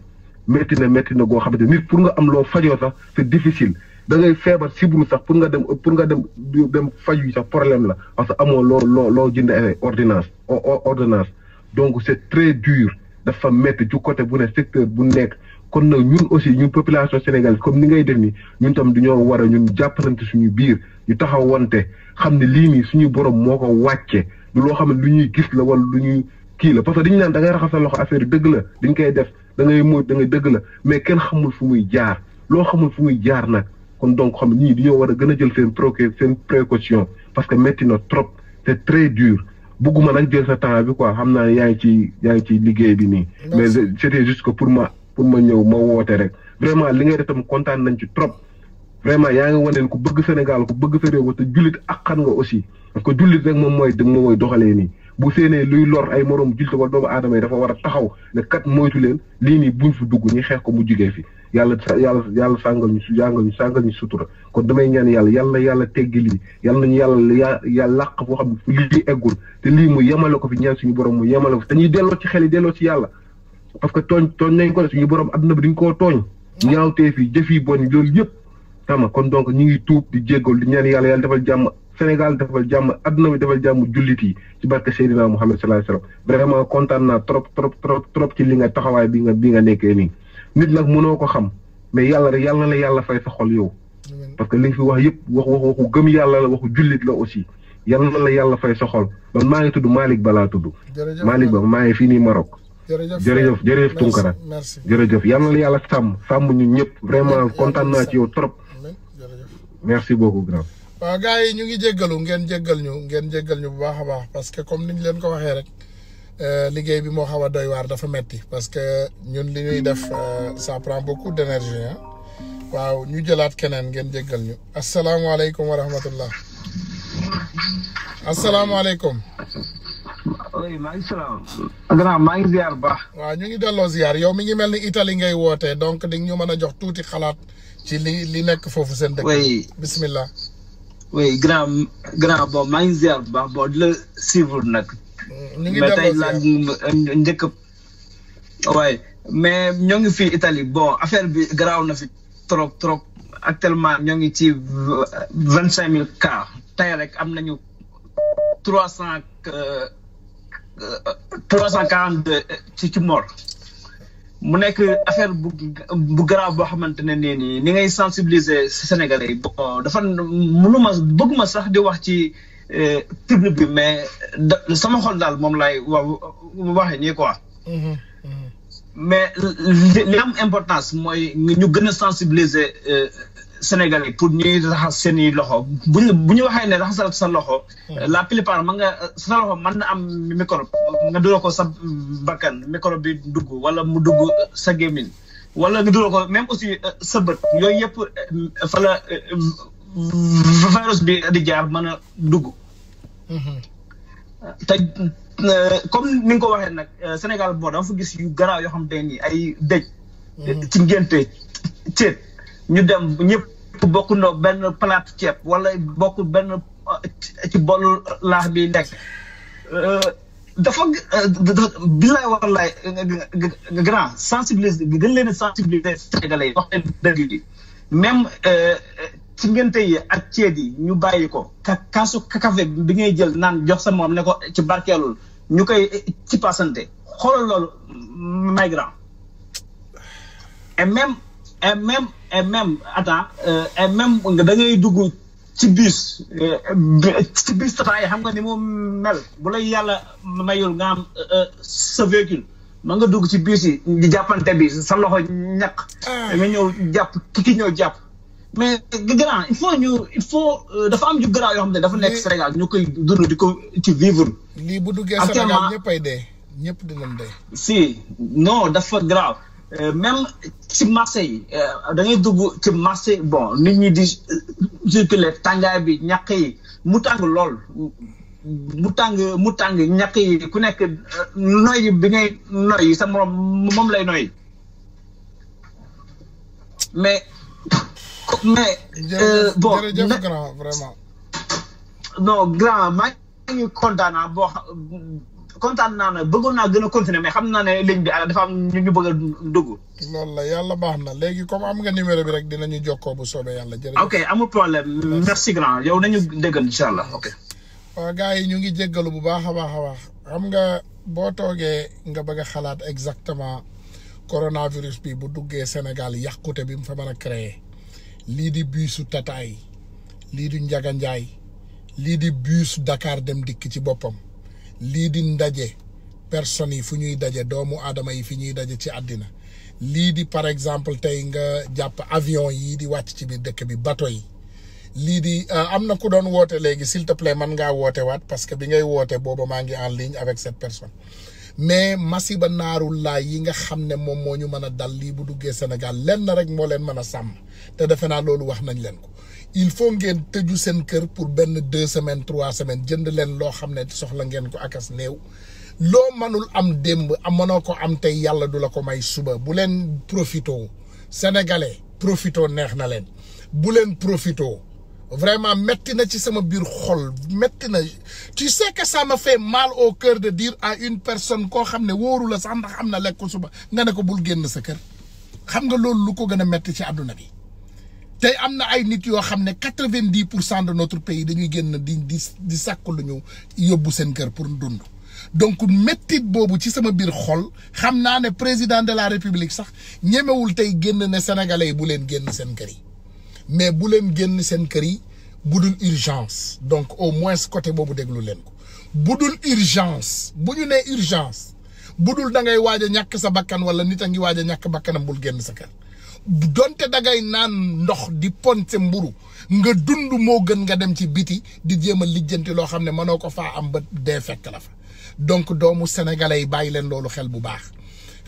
métti na métti na goo xamante nit pour nga am loo fajoo sax c'est difficile da ngay feebar sibru sax pour nga dem pour nga dem dem faj faju sax problème la parce que amoo loo loo loo jënd ordonnance ordonnance donc c'est très dur dafa métti ci côté bu ne secteur bu nekk kon nag ñun aussi ñun population sénégalaise comme ni ngay def nii ñun tam dañoo war a ñun jàppalante suñu biir ñu taxaw wante xam ne lii nii suñu borom moo ko wàcce du loo xam ne lu ñuy gis la wala lu ñuy kii la parce que dañu naan da ngay raxas sa loxo affaire dëgg la dañ koy def dangay ngay dangay da dëgg la mais kenn xamul fu muy jaar loo xamul fu muy jaar nag kon donc xam ne ñii dañoo war a gën a jël seen pro seen précaution parce que métti na trop c'est très dur bëgguma nag jël sa temps bi quoi xam naa yaa ngi ci yaa ngi ci liggéey bi nii mais c'était juste pour moi pour ma ñëw ma woote rek vraiment li ngay def tam kontaan nañ ci trop vraiment yaa ngi wane ko bëgg Sénégal ko bëgg sa réew te jullit ak xan nga aussi parce que jullit rek moom mooy da mooy doxalee nii bu seenee luy lor ay moroom jullit wala doomu aadama yi dafa war a taxaw ne kat moytu leen lii nii buñ fu dugg ñu xeex ko mu jugee fi yàlla yàlla yàlla sàngal ñu sàngal ñu sàngal ñu sutura kon damay ñaan yàlla yàlla yàlla teggi lii yàlla nañu yàlla yàlla làq foo xam ne lii eggul te lii mu yemale ko fi ñaan suñu borom mu yemale ko fi ci xel yi delloo ci parce que tooñ tooñ nañ ko suñu borom àdduna bi duñ koo tooñ. ñaawteef yi jëf yi bon loolu yëpp. xam nga kon donc ñu ngi tuub di jéggal di ñaan yàlla yàlla defal jàmm Sénégal defal jàmm àdduna bi defal jàmm jullit yi ci barke Seydina Mouhamed sallallahu alayhi wa sallam vraiment trop trop trop trop ci li nga taxawaay bi nga bi nga nekkee nii. nit nag mënoo ko xam mais yàlla rek yàlla la yàlla fay sa xol yow. parce que li nga fi wax yëpp wax wax waxu gëm la waxu jullit la aussi. yàlla la yàlla fay sa xol man maa ngi tudd Malick Ba laa tudd. Malick maa ngi fii nii Maroc. jërëjëf jërëjëf Tunkara jërëjëf yal na la yàlla sàmm sàmm ñu ñëpp vraiment kontaan naa ci yow trop merci beaucoup grand waaw gars yi ñu ngi jéggalu ngeen jéggal ñu ngeen jéggal ñu bu baax a baax parce que comme niñ leen ko waxee rek euh, liggéey bi moo xaw a doy waar dafa metti parce que ñun li ñuy def euh, ça prend beaucoup d'énergie ah waaw ñu jëlaat keneen ngeen jéggal ñu asalaamaaleykum wa rahmatullah asalaamaaleykum oui maa ngi salaam. gannaaw maa ngi ziar baax. waaw ñu ngi delloo ziar yow mi ngi mel ni Italie ngay wootee donc di ñu mën a jox tuuti xalaat ci li li nekk foofu seen dëkk. oui bisimilah. oui gannaaw gannaaw maa ngi ziar bu baax bon di la suivre nag. Mm, ñu delloo ziar mais tey euh, njëkk. waaye mais ñoo ngi fii Italie bon affaire bi garaaw na fi trop trop actuellement ñoo ngi ci vingt cinq mille cas tey rek am nañu trois cent. Euh, trois cent quarante deux euh, ci ci mort mu nekk affaire bu bu grave boo xamante ne nii nii ni ngay sensibiliser Sénégalais yi. bon ma mënuma ma sax di wax ci euh, public bi mais sama xol daal moom lay wax waxee nii quoi. Mm-hmm, mm-hmm. mais li am importance mooy ñu gën a Sénégal pour ñuy raxas seen loxo bu ñu bu ñu waxee ne raxasal sa loxo. Hmm. la plupart man nga sa loxo mën na am microbe nga dugal ko sa bakkan microbe bi dugg wala mu dugg sa gémmiñ wala nga dugal ko même aussi euh, sa bët yooyu yëpp euh, fa euh, virus bi di jaar mën a dugg. Hmm. te comme ni ko waxee nag Sénégal boo dafa gis yu garaaw yoo xam te ni ay dëj. Hmm. ci ngénte ñu dem ñëpp bokkundoo benn palaat ceeb wala bokk benn uh, ci bolu laax bi nekk uh, dafa uh, billaay wallaay grand sensibiliser gën leen a sensibiliser sénégalais yi wax leen dëgg yi même ci ngénte yi ak ceet yi ñu bàyyi ko kasu kaasu bi ngay jël naan jox sa moom ne ko ci barkeelul ñu koy ci passante xoolal loolu migrant et même et même et même attends euh, et même da ngay dugg ci bus euh, ci bus tata yi xam nga ni mu mel bu lay yàlla mayul nga am euh, sa véhicule ma nga dugg ci bus yi di jàppante bi sa loxo ñàkk ah. nga ñëw jàpp ki ki ñëw jàpp mais grand il faut ñu il faut dafa am ju grand yoo xam ne dafa nekk Sénégal ñu koy dund di ko ci vivre lii bu duggee Sénégal ñëppay de ñëpp dinañ si non dafa grave Euh, même ci marché yi euh, da ngay dugg ci marché bon ni ñi di circuler tàngaay bi ñàkk yi mu tàng lool mu tàng mu tàng ñàkk yi ku nekk euh, noyyi bi ngay noyyi sa morom moom lay noy mais mais bon jërëjëf grand vraiment non grand maa ngi kontaan ah, kontaan naa ne bëggoon naa gën a continuer mais xam naa ne ligne bi ah, dafa am ñu bëgg a dugg. loolu la yàlla baax na léegi comme am nga numéro bi rek dinañu jokkoo bu soobee yàlla. jërëjëf ok amul problème merci grand yow nañu déggal incha allah ok. waaw yi ñu ngi jéggalu bu baax a baax a baax xam nga boo toogee nga bëgg xalaat exactement coronavirus bi bu duggee Sénégal yàqute bi mu fa mën a créer lii di biisu tataay lii di njaganjaay lii di bus dakaar dem dikk ci boppam. lii di ndaje personnes yi fu ñuy daje doomu aadama yi fi ñuy daje ci àddina lii di par exemple tey nga jàpp avion yi di wàcc ci biir dëkk bi bateau yi lii di euh, am na ku doon woote léegi s'il te plaît mën ngaa woote waat parce que bi ngay woote booba maa ngi en ligne avec cette personne mais masiba naarul laay yi nga xam ne moom moo ñu mën a dal lii bu duggee Sénégal lenn rek moo leen mën a sàmm te defe naa loolu wax nañ leen ko il faut ngeen tëju seen kër pour benn deux semaines trois semaine jënd leen loo xam ne soxla ngeen ko akas néew loo mënul am démb mënoo ko am tey yàlla du la ko may suba bu leen profito sénégalais profito neex na leen bu leen profito vraiment metti na ci sama biir xol metti na tu sais que ça me fait mal au cœur de dire à une personne koo xam ne wóoru la sax ndax am na lekk suba nga ne ko bul génn sa kër xam nga loolu lu ko gën a metti ci àdduna bi tey am na ay nit yoo xam ne quatre-vingt-dix pour cent de notre pays dañuy génn di di di sàkk lu yóbbu seen kër pour dund donc méttit boobu ci sama biir xol xam naa ne président de la république sax ñemewul tey génn ne sénégalais yi bu leen génn seen kër yi mais bu leen génn seen kër yi bu dul urgence donc au moins côté boobu déglu leen ko bu dul urgence bu ñu nee urgence bu dul da ngay waaj ñàkk sa bakkan wala nit a ngi waaj a ñàkk bakkanam bul génn sa kër donte dangay naan ndox di ponse mburu nga dund moo gën nga dem ci biti di jéem a lijjanti loo xam ne mënoo ko faa am ba dee fekk la fa donc doomu sénégalais yi bàyyi leen loolu xel bu baax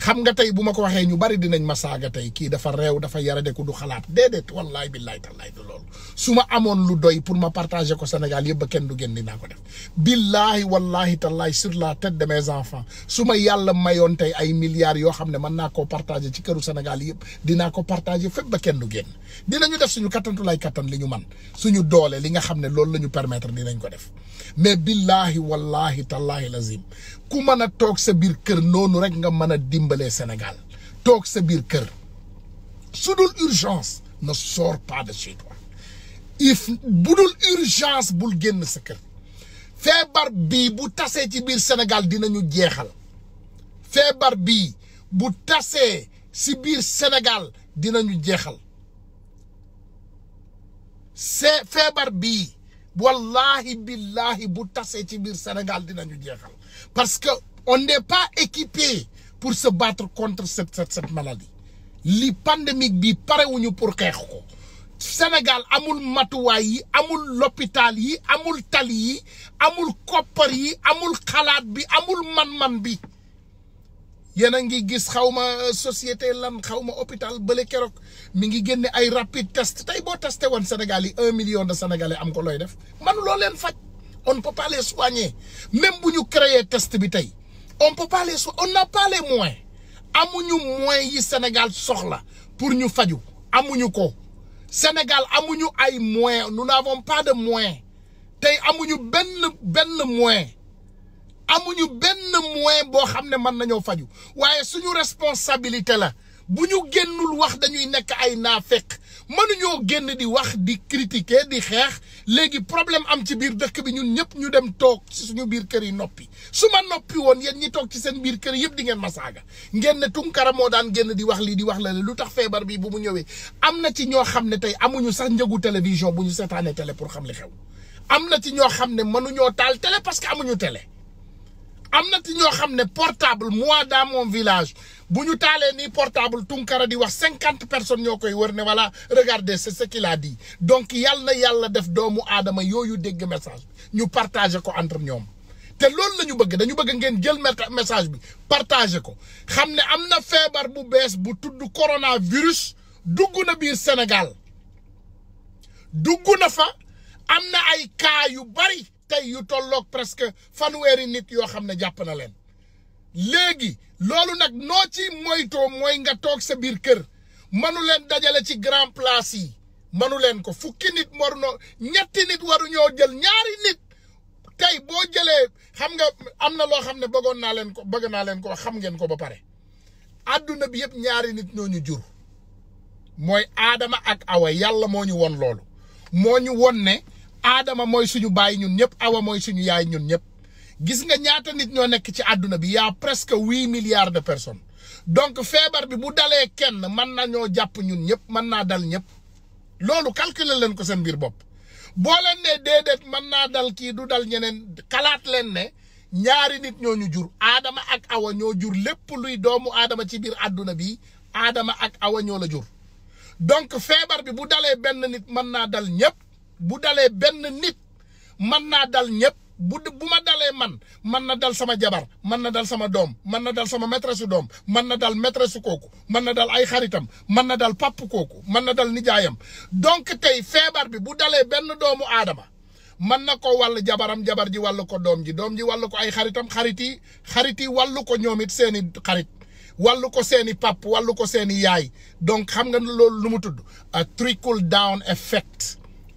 xam nga tey bu ma ko waxee ñu bari dinañ ma saaga tey kii dafa réew dafa yaradeku du xalaat déedéet wallaay billaay tallaay du loolu su ma amoon lu doy pour ma partager ko Sénégal yëpp ba kenn du génn dinaa ko def billaahi wallahi tallaay sur la tête de mes enfants su ma yàlla mayoon tey ay milliards yoo xam ne mën naa koo partager ci këru Sénégal yëpp dinaa ko partager kenn du génn dinañu def suñu kattantu lay kattan li ñu man suñu doolee li nga xam ne loolu la ñu permettre dinañ ko def mais billahi wallahi tallahi lazim ku mën a toog sa biir kër noonu rek nga mën a dimbalee senegal toog sa biir kër su dul urgence ne sors pas de if bu dul urgence bul génn sa kër feebar bii bu tasee ci biir Sénégal dinañu jeexal feebar bii bu tasee ci biir Sénégal dinañu jeexal c'est feebar bii wallahi billahi bu tasee ci biir Sénégal dinañu jeexal parce que on n'est pas équipé pour se battre contre cette cette maladie li pandémique bi parewuñu pour xeex ko Sénégal amul matuwaay yi amul l'hôpital yi amul tali yi amul koppar yi amul xalaat bi amul man-man bi yéen a ngi gis xaw ma euh, société lan xaw ma hôpital bële keroog mi ngi génne ay rapide test tey boo testé woon Sénégal yi un million de sénégalais am ko looy def man loo leen faj on ne peut pas même bu ñu créer test bi tey on peut pas les soigner on n'a pas les amuñu moyens yi Sénégal soxla pour ñu faju amuñu ko Sénégal amuñu ay moyens nous n'avons pas de moyens tey amuñu benn benn moyen amuñu benn moyen boo xam ne mën nañoo faju waaye suñu responsabilité la bu ñu génnul wax dañuy nekk ay naafeq mënuñoo génn di wax di critiquer di xeex léegi problème am ci biir dëkk bi ñun ñëpp ñu dem toog ci suñu biir kër yi noppi su ma noppi woon yéen ñi toog ci seen biir kër yëpp di ngeen ma saaga ngeen ne Tunkara moo daan génn di wax lii di wax la lu tax feebar bi bu mu ñëwee am na ci ñoo xam ne tey amuñu sax njëgu télévision bu ñu seetaanee télé pour xam li xew am na ci ñoo xam ne mënuñoo taal télé parce que amuñu télé am na ci ñoo xam ne portable moi dans mon village bu ñu taalee ni portable Tunkara di wax cinquante personnes ñoo koy wër ne voilà regardez c'est ce qu'il a donc yal na yàlla def doomu aadama yooyu dégg message bi ñu partagé ko entre ñoom te loolu la ñu bëgg dañu bëgg ngeen jël message bi partagé ko xam ne am na feebar bu bees bu tudd korona coronavirus dugg na biir Sénégal dugg na fa am na ay cas yu bari tey yu tollook presque fanweeri nit yoo xam ne jàpp na leen léegi loolu nag noo ci moytoo mooy nga toog sa biir kër mënu leen dajale ci grand place yi mënu leen ko fukki nit waru noo ñetti nit waru ñoo jël ñaari nit tey boo jëlee xam nga am na loo xam ne bëggoon naa leen ko bëgg naa leen ko xam ngeen ko ba pare àdduna bi yëpp ñaari nit ñoo ñu jur mooy aadama ak awa yàlla moo ñu won loolu moo ñu won ne aadama mooy suñu baay ñun ñëpp awa mooy suñu yaay ñun ñëpp gis nga ñaata nit ñoo nekk ci àdduna bi y'a presque huit milliards de personnes donc feebar bi bu dalee kenn mën nañoo jàpp ñun ñëpp mën naa dal ñëpp loolu calculer leen ko seen biir bopp boo leen ne déedéet mën naa dal kii du dal ñeneen kalaat leen ne ñaari nit ñooñu jur aadama ak awa ñoo jur lépp luy doomu aadama ci biir àdduna bi aadama ak awa ñoo la jur donc feebar bi bu dalee benn nit mën naa dal ñëpp bu dalee benn nit mën naa dal ñëpp bu bu ma dalee man mën na dal sama jabar mën na dal sama doom mën na dal sama maîtresse doom mën na dal maîtresse su kooku mën na dal ay xaritam mën na dal papp kooku mën na dal nijaayam donc tey feebar bi bu dalee benn doomu aadama mën na ko wàll jabaram jabar ji wàll ko doom ji doom ji wàll ko ay xaritam xarit yi xarit yi wall ko ñoom it seeni xarit wall ko seeni papp wall ko seeni yaay donc xam nga loolu lu mu tudd a trickle down effect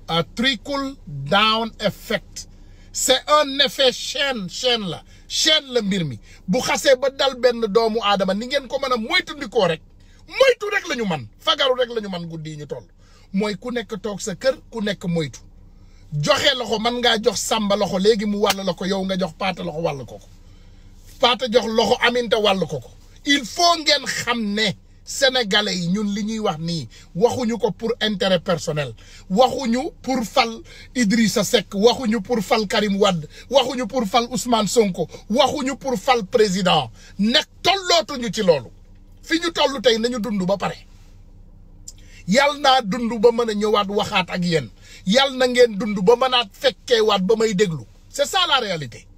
a trickle down effect c'est un effet chaîne chaîne la chaîne la mbir mi bu xasee ba dal benn doomu aadama ni ngeen ko mën a moytandikoo rek moytu rek la man fagaru rek la ñu man guddi yi ñu toll mooy ku nekk toog sa kër ku nekk moytu joxe loxo man ngaa jox sàmba loxo léegi mu wàll la ko yow nga jox paata loxo wàll ko ko paata jox loxo aminte wàll ko ko il faut ngeen xam ne sénégalais yi ñun li ñuy wax nii waxuñu ko pour intérêt personnel waxuñu pour fal idri sa Seck waxuñu pour fal Karim Wade waxuñu pour fal Ousmane Sonko waxuñu pour fal président nekk tollootuñu ci loolu fi ñu toll tey nañu dund ba pare yal naa dund ba mën a ñëwaat waxaat ak yéen yal na ngeen dund ba mën mënaat fekkeewaat ba may déglu c'est la réalité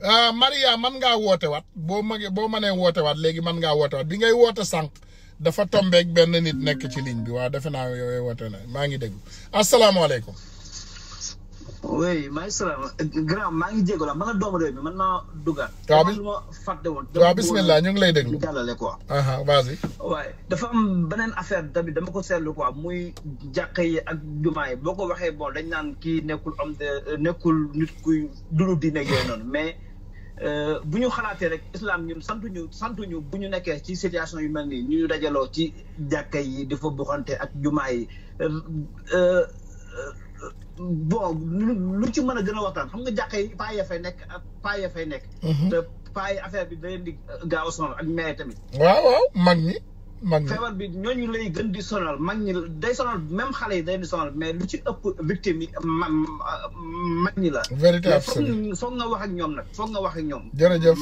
Ah, mariya man ngaa woote waat boo magee boo mënee woote waat léegi man ngaa woote waat bi ngay woote sànq dafa tombeek benn nit nekk ci ligne bi waaw defe naa yooyu woote na maa ngi déglu asalaamaaleykum. oui maa ngi salaam maa ngi jéego la ma nga doomu réew mi mën naa duggaat. waaw bi ma fàtte bismillah ñu ngi lay déglu jàllale quoi. vas-y. waaye dafa am beneen affaire tamit dama ko seetlu quoi muy jàkka yi ak jumaa yi boo ko waxee bon dañ naan kii nekkul homme nekkul nit kuy dundu diine yooyu noonu mais. Euh, bu ñu xalaatee rek islam ñun santuñu santuñu bu ñu nekkee ci situation yu mel nii ñu dajaloo ci jàkka yi di fa buxante ak jumaa yi euh, euh, bon lu lu ci mën a gën a waxtaan xam nga jàkka yi paa ya fay nekk ak paa ya fay nekk. Mhm. te paa yi affaire bi da di gaaw a sonal ak maire tamit. waaw waaw mag ñi. mag ñi feebar bi ñooñu lay gën di sonal mag ñi day sonal xale yi day di sonal mais lu ci ëpp victime yi mag ñi la. vérité absolue foog nga wax ak ñoom nag foog nga wax ak ñoom. jërëjëf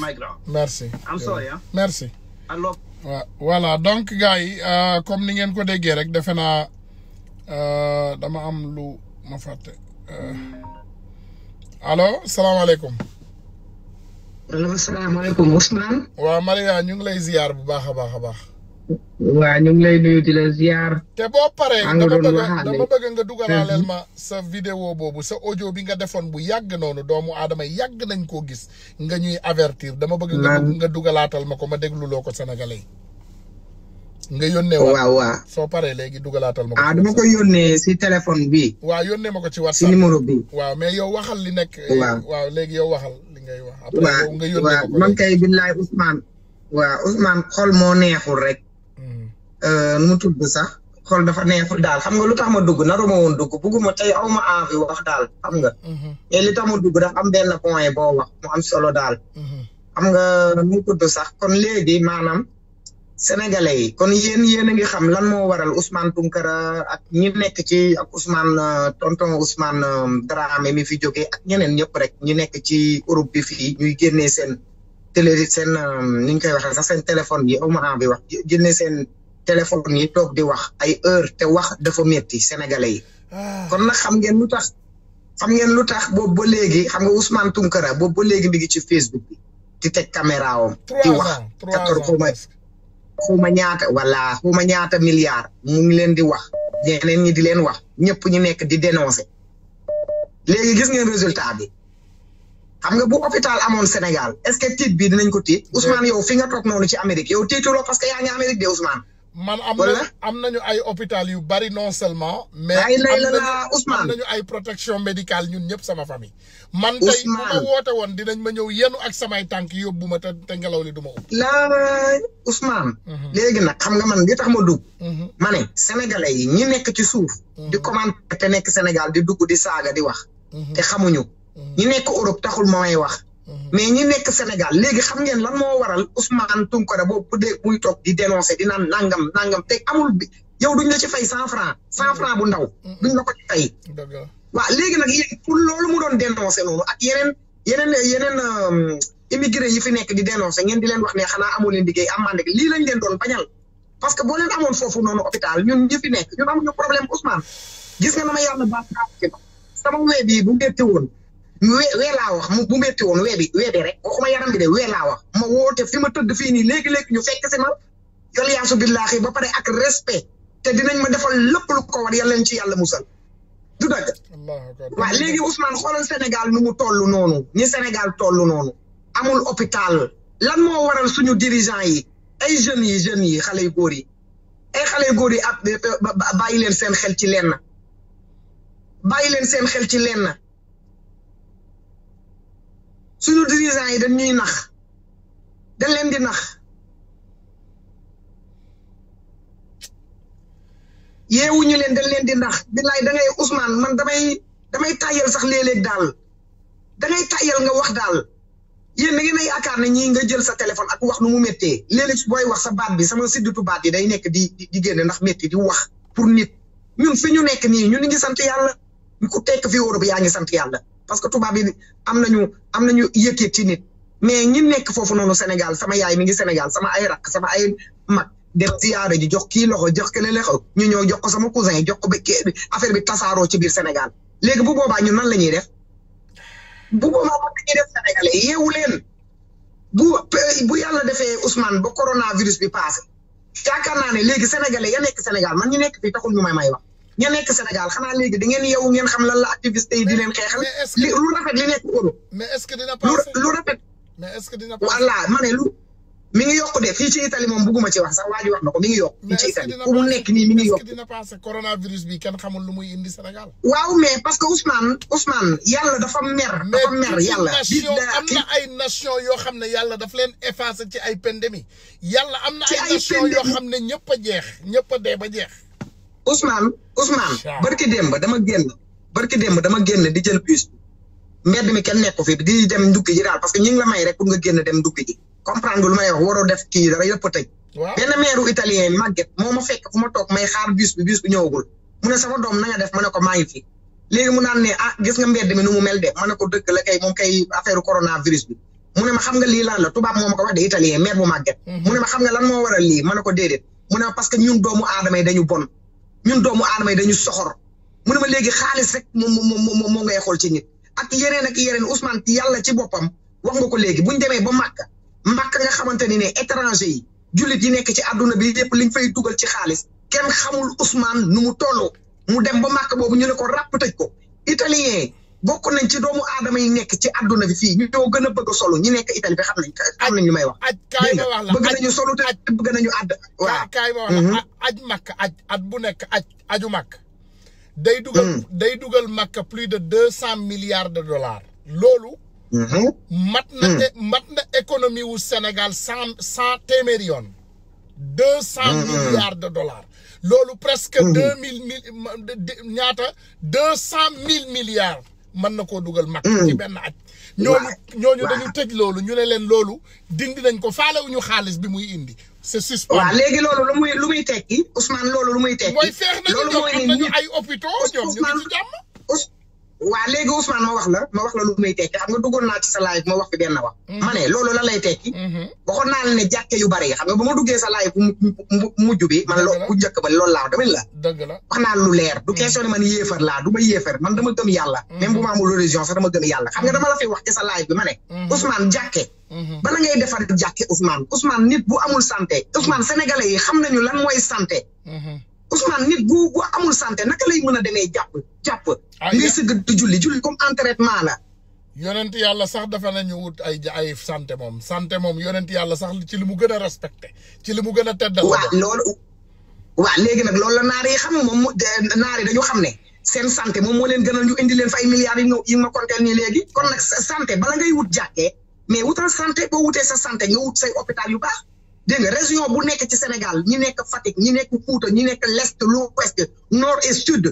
merci. am sorry ah merci. alors. waaw voilà donc gars yi euh, comme ni ngeen ko déggee rek defe naa euh, dama am lu ma fàtte euh. allo salaamaaleykum. allo salaamaaleykum Ousmane. waaw Maria ñu ngi lay ziar bu baax a baax a baax. waa ñu ngi lay nuyu di la te boo paree dama bëgg nga dugalaaleel mhm. ma sa vidéo boobu sa audio bi nga defoon bu yàgg noonu doomu aadama yàgg nañ koo gis nga ñuy avertir dama bëgg nga dugalaatal ma ko ma dégluloo ko sénégalais nga yónnee waaw waaw soo paree léegi dugalaatal ma ko ah dama ko yónnee si téléphone bi waaw yónnee ma ko ci whatsapp si numéro bi waaw mais yow waxal li nekk waaw léegi yow waxal li ngay wax après nga yónnee ma ko man kay billaay Ousmane waaw Ousmane xol moo neexul rek Euh, nu tudd sax xool dafa neexul daal xam nga lu tax ma dugg naruma woon dugg bugguma tey aw ma envie wax daal xam nga. mais mhm. li tax ma dugg dafa am benn point boo wax mu am solo daal. Mhm. xam nga nu mu tudd sax kon léegi maanaam sénégalais kon yéen yéen a ngi xam lan moo waral Ousmane Tounkara ak ñi nekk ci ak Ousmane euh, tonton Ousmane euh, Dramé mi fi jógee ak ñeneen ñëpp rek ñi nekk ci Europe bi fii ñuy génnee seen télé seen ni ñu koy waxee sax seen téléphone bi aw ma envie wax génnee seen. téléphone yi toog di wax ay heure te wax dafa métti sénégalais yi ah. kon na xam ngeen lu tax xam ngeen lu tax boobu ba léegi xam nga Ousmane Tounkara boobu ba léegi mi ngi ci Facebook bi di teg caméra wam di wax quatorze xuma xuma ñaata wala xuma ñaata milliards mu ngi leen di wax ñeneen ñi di leen wax ñëpp ñu nekk di dénoncé léegi gis ngeen résultat bi xam nga bu hôpital amoon Sénégal est-ce que tiit bii dinañ ko tiit Ousmane yow fi nga toog noonu ci Amérique yow tiituloo parce que yaa ngi Amérique de man am na am nañu ay hôpital yu bari non seulement. mais am nañu ay protection médicale ñun ñëpp sama famille. man tey ma woote woon dinañ ma ñëw yenu ak samay tànk yóbbu ma te te ngelaw li du ma ëpp. laay mhm. léegi nag xam nga man li tax ma dugg. Mhm. ma ne sénégalais yi ñi nekk ci suuf. Mhm. di commenter te nekk Sénégal di dugg di saaga di wax. te xamuñu. ñi nekk Europe taxul ma may wax. Mm-hmm. mais ñi nekk Sénégal léegi xam ngeen lan moo waral Ousmane Tounkara boobu de muy toog di dénoncer di naan nangam nangam te amul bi yow duñ la ci fay cent franc cent franc bu ndaw. Mm-hmm. duñ la ko ci fay. waaw léegi nag yéen pour loolu mu doon dénoncer noonu ak yeneen yeneen yeneen euh, immigré yi fi nekk di dénoncer ngeen di leen wax ne xanaa amoo leen liggéey amande lii lañ leen doon bañal parce que boo leen amoon foofu noonu hôpital ñun ñi fi nekk ñun amuñu problème Ousmane gis nga na ma yàlla baax naa sama wéy bii bu ngeen teewoon wee wee laa wax mu bu métti woon wee bi wee ko rek waxuma yaram bi de wee laa wax ma woote fi ma tëdd fii nii léegi-léegi ñu fekk si ma yol yaasu billaahi ba pare ak respect te dinañ ma defal lépp lu ko war yàlla nañ ci yàlla musal du dëgg waaw léegi Ousmane xoolal Sénégal nu mu toll noonu ñi Sénégal toll noonu amul hôpital lan moo waral suñu dirigeant yi ay jeunes yi jeunes yi xale yu góor yi ay xale yu góor yi ab leen seen xel ci lenn bàyyi leen seen xel ci lenn suñu dirigeants yi dañ ñuy nax dañ leen di nax yeewuñu leen dañ leen di nax billaay da ngay Ousmane man damay damay tàyyal sax léeg-léeg daal dangay tàyyal nga wax daal yéen da ngeen a yaakaar ne ñii nga jël sa téléphone ak wax nu mu méttee léeg-léeg booy wax sa baat bi sama sidditu baat yi day nekk di di génne ndax métti di wax pour nit ñun fi ñu nekk nii ñun ñu ngi sant yàlla ku tekk fi bi yaa ngi sant yàlla parce que tubaab yi am nañu am na nañu yëkkati ci nit mais ñi nekk foofu noonu Sénégal sama yaay mi ngi Sénégal sama ay rakk sama ay mag dem ziyaare ji jox kii loxo jox kële loxo ñu ñëw jox ko sama cousin jox ko ba kii bi tasaaroo ci biir Sénégal léegi bu boobaa ñu nan la ñuy def bu boobaa man dañuy def Sénégalais yeewu leen bu bu yàlla defee Ousmane ba coronavirus bi passé yaakaar naa ne léegi Sénégalais ya nekk Sénégal man ñu nekk fii taxul ñu may may wax. ña nekk Sénégal xanaa léegi da ngeen yeewu ngeen xam lan la activiste leen xeexal. lu rafet li nekk Europe. mais est-ce que dina passé lu rafet. ngi yokk de fi ci Italie moom bëgguma ci wax sax waa wax na ko mi ngi yokk. fii ci Italie fu mu nekk nii mi ngi yokk. est-ce que coronavirus bi kenn xamul lu muy indi Sénégal. waaw mais parce que Ousmane Ousmane yàlla dafa mer. dafa mer yàlla bi am na ay nation yoo xam ne yàlla daf leen effacé ci ay pandémie yàlla am na ay nation yoo xam ne ñëpp a jeex ñëpp dee ba jeex Ousmane Ousmane barki démb dama génn barki démb dama génn di jël bus bi mbedd mi kenn nekku fi di dem ndugg daal parce que ngi la may rek pour nga génn dem ndugg ji comprendre lu may wax def kii dara yëpp a tëj benn maire italien màgget moo ma fekk fu ma toog may xaar bus bi bus bi ñëwagul mu sama doom na def ma ne ko maa ngi fi léegi mu naan ne ah gis nga mbedd mi nu mu mel de ma ne ko dëkk la kay moom kay affaire coronavirus bi mu ne xam nga lii lan la tubaab moo ma ko wax de italien mhm. doomu aadama yi dañu bon ñun doomu aadama yi dañu soxor mu ma léegi xaalis rek mo moom moo ngay xool ci nit ak yeneen ak yeneen Ousmane yàlla ci boppam wax nga ko léegi bu ñu demee ba Màkka Màkka nga xamante ni ne étranger yi jullit yi nekk ci àdduna bi yëpp liñ fay dugal ci xaalis kenn xamul Ousmane nu mu toll mu dem ba Màkka boobu ñu ne ko ràpp tëj ko italien bokk nañ ci doomu aadama yi nekk ci àdduna bi fii ñoo gën a bëgg solo ñu nekk Italie bi xam nañ xam nañ ñu may wax. aj kaay ma wax la bëgg nañu solo te bëgg nañu àdd. waaw kaay ma wax la mhm. aj makk aj bu nekk aj aju makk. day dugal mhm. day dugal makk plus de deux cent milliards de dollars. loolu. Mhm. mat mat na économie wu Sénégal cent cent téeméeri yoon. deux cent milliards de loolu presque deux mille mille ñaata deux cent mille milliards. mën na koo dugal mag mm. ci benn at ñooñu ñooñu dañu tëj loolu ñu ne leen loolu dindi nañ ko faalewuñu xaalis bi muy indi c'est suspend waaw léegi loolu lu muy lu muy tekki Ousmane loolu lu muy tekki mooy feex nañu ñoom am nañu ay hôpitaux ñoom ñu ngi ci jàmm waa léegi Ousmane ma wax la ma wax la lu muy tekki xam nga duggoon na ci sa live ma wax fi benn wax. Mm-hmm. ma ne loolu lan lay tekki. Mm-hmm. waxoon naa la ne jàkke yu bari xam nga ba ma duggee sa live bu mujj bi njëkk ba loolu laa wax la. dëgg la wax naa lu leer du mm-hmm. question ne man yéefar laa du ma yéefar man dama gëm yàlla. même bu ma amul religion sax dama gëm yàlla xam nga dama la fi wax ci sa live bi ma ne. Ousmane jàkke. bala ngay defar jàkke Ousmane Ousmane nit bu amul santé Ousmane sénégalais yi xam na ñu lan mooy santé. Ousmane nit gu gu amul santé naka lay mën a demee jàpp jàpp. ngay ah, sëgg di julli julli comme entraînement la. yonent yàlla sax dafa nañu wut ay ay santé moom santé moom yonent yàlla sax ci li mu gën a respecté ci mu gën a tedd. a loolu waaw léegi nag loolu la naari yi xam moom naari dañu xam ne seen santé moom moo leen a ñu indi leen fa ay milliards yi nga yi ma konteel nii léegi kon nag santé bala ngay wut jàkkee mais wutal santé boo wutee sa santé nga wut say hôpital yu baax. dégg nga région bu nekk ci Sénégal ñi nekk Fatick ñi nekk Fouta ñi nekk l'est l'ouest nord et sud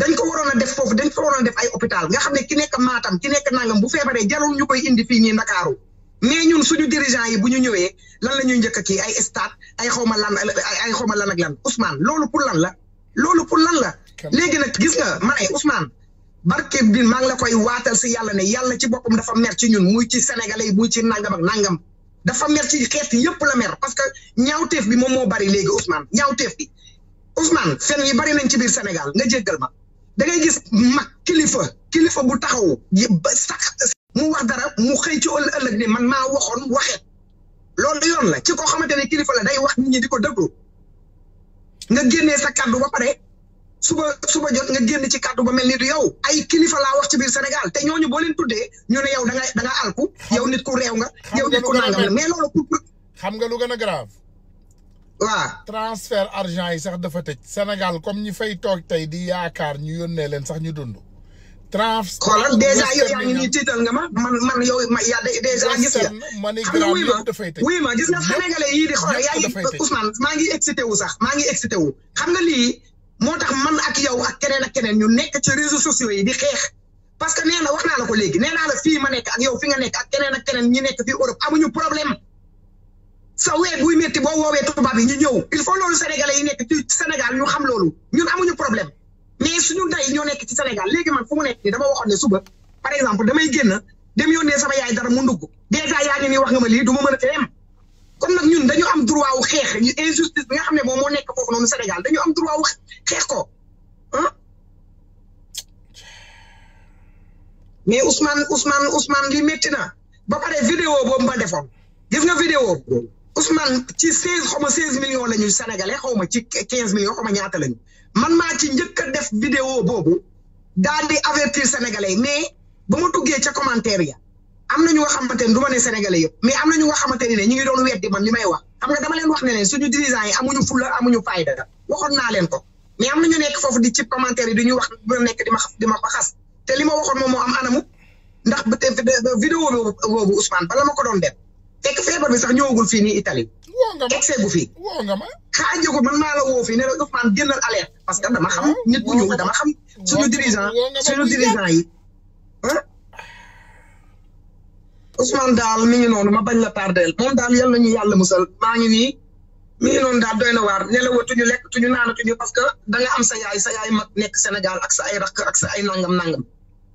dañ ko waroon a def foofu dañ ko waroon a def ay hôpital nga xam ne ki nekk maatam ki nekk Nangam bu feebaree jarul ñu koy indi fii nii Ndakaaru mais ñun suñu dirigeant yi bu ñu ñëwee lan la ñuy njëkk kii ay stade ay xawma lan ay xawma lan ak lan loolu pour lan la loolu pour lan la léegi nag gis nga ma ne Ousmane barke bi maa ngi la koy waatal si yàlla ne yàlla ci boppam dafa mer ci ñun muy ci sénégalais yi ci nangam ak nangam dafa mer ci xeet yëpp la mer parce que ñaawteef bi moom moo bari léegi Ousmane ñaawteef bi Ousmane fen yi bari nañ ci biir Sénégal nga jéggal ma da gis mag kilifa kilifa bu taxaw ba sax mu wax dara mu xëy ci ëllëg ni man maa waxoon waxeet loolu yoon la ci koo xamante ne kilifa la day wax nit ñi di ko déglu nga génnee sa kàddu ba pare suba suba jot nga génn ci kàddu ba mel ni yow ay kilifa la wax ci biir Sénégal te ñooñu boo leen tuddee ñu ne yow da nga da nga alku yow nit ku réew nga yow la mais xam nga lu gën a grave waaw yi sax dafa tëj Sénégal comme ñi fay toog tey di yaakaar ñu yónnee leen sax ñu dund trans xoolal dèjà yow yaa ngi nii ma man man yow ma yaa dèjà gis ma wuy ma gis nga sénégalais yii di maa ngi excité wu sax maa ngi excité wu xam nga lii moo tax man ak yow ak keneen ak keneen ñu nekk ci réseaux sociaux yi di xeex parce que nee na wax naa la ko léegi nee naa la fii ma nekk ak yow fi nga nekk ak keneen ak keneen ñi nekk fii Europe amuñu problème sa buy métti boo woowee tubaab yi ñu ñëw il faut loolu sénégalais yi nekk ci Sénégal ñu xam loolu ñun amuñu problème mais suñu ndey ñoo nekk ci Sénégal léegi man fu mu nekk nii dama waxoon ne suba par exemple damay génn dem yónnee sama yaay dara mu ndugg dèjà yaa ngi nii wax nga ma lii du ma mën a comme nag ñun dañu am droit wu xeex ñu injustice bi nga xam ne moom moo nekk ko foofu noonu Sénégal dañu am droit wu xeex ko ah. mais Ousmane Ousmane Ousmane li métti na ba pare vidéo boobu ma defoon gis nga vidéo Ousmane ci seize xaw ma seize la ñu sénégalais xaw ma ci quinze millions xaw ma ñaata lañu man maa ci njëkk a def vidéo boobu daal di avertir sénégalais mais ba ma duggee ca commentaire ya am na ñu nga xamante ne du ma ne Sénégalais yëpp mais am na ñu nga xamante ne ñu ngi doon weddi man li may wax xam nga dama leen wax ne leen suñu dirigeants yi ko mais am na ñu nekk foofu di ci commentaire ñu wax bu ma di ma ko xas te li ma waxoon moom moo am anamu ndax ba tey vidéo boobu Ousmane ma ko doon def fekk feebar bi sax ñëwagul fii nii Italie. woo nga ma fii. woo nga ma xaajee ko man maa la woo fii ne la Ousmane génnal alerte parce que dama xam nit bu ñëw dama xam suñu dirigeant suñu dirigeant yi ah Ousmane daal mi ngi noonu ma bañ la tardeel moom daal yal nañu yàlla musal maa ngi nii mi ngi noonu daal doy na waar nelawatuñu lekkatuñu naanatuñu parce que danga am sa yaay sa yaay mag nekk Sénégal ak sa ay rakk ak sa ay nangam nangam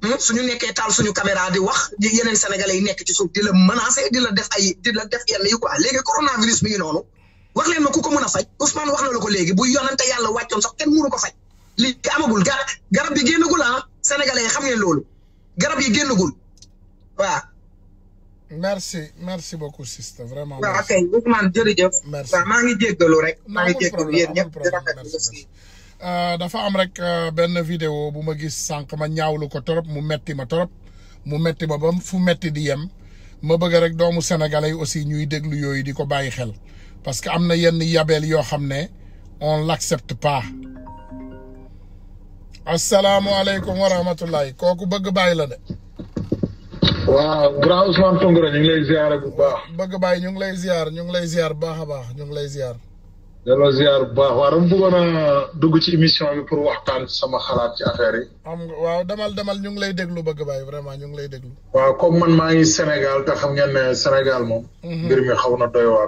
hmm? suñu nekkee taal suñu caméra di wax di yeneen sénégalais i nekk ci suuf di la menacer di la def ay di la def yenn yi quoi léegi coronavirus mi ngi noonu wax leen ma ku ko mën a faj Ousmane wax na la léegi bu yonante yàlla wàccoon sax kenn mënu ko faj li amagul garab garab yi génnagul ah sénégalais yi xam ngeen loolu garab yi génnagul merci merci beaucoup siste vraiment. waaw kay Ousmane euh, dafa am rek euh, benn vidéo bu ma gis sànq ma ñaawlu ko torop mu metti ma torop mu metti ma ba fu metti di yem ma bëgg rek doomu sénégalais yi aussi ñuy déglu yooyu di ko bàyyi xel parce que am na yenn yabeel yoo xam ne on l'accepte pas. asalaamualeykum wa rahmatullahi kooku bëgg bàyyi la de. waa grand Ousmane Tounkara ñu ngi lay ziar bu baax. bëgg bàyyi ñu ngi lay ziar ñu ngi lay ziar baax a baax ñu ngi lay ziar. delloo ziar bu baax waaw dama bëggoon a dugg ci émission bi pour waxtaan sama xalaat ci affaire yi. am nga waaw demal demal ñu ngi lay déglu bëgg bàyyi vraiment ñu ngi lay déglu. waaw comme man maa ngi Sénégal te xam ngeen ne Sénégal moom. Mhm. mbir mi xaw na doy waa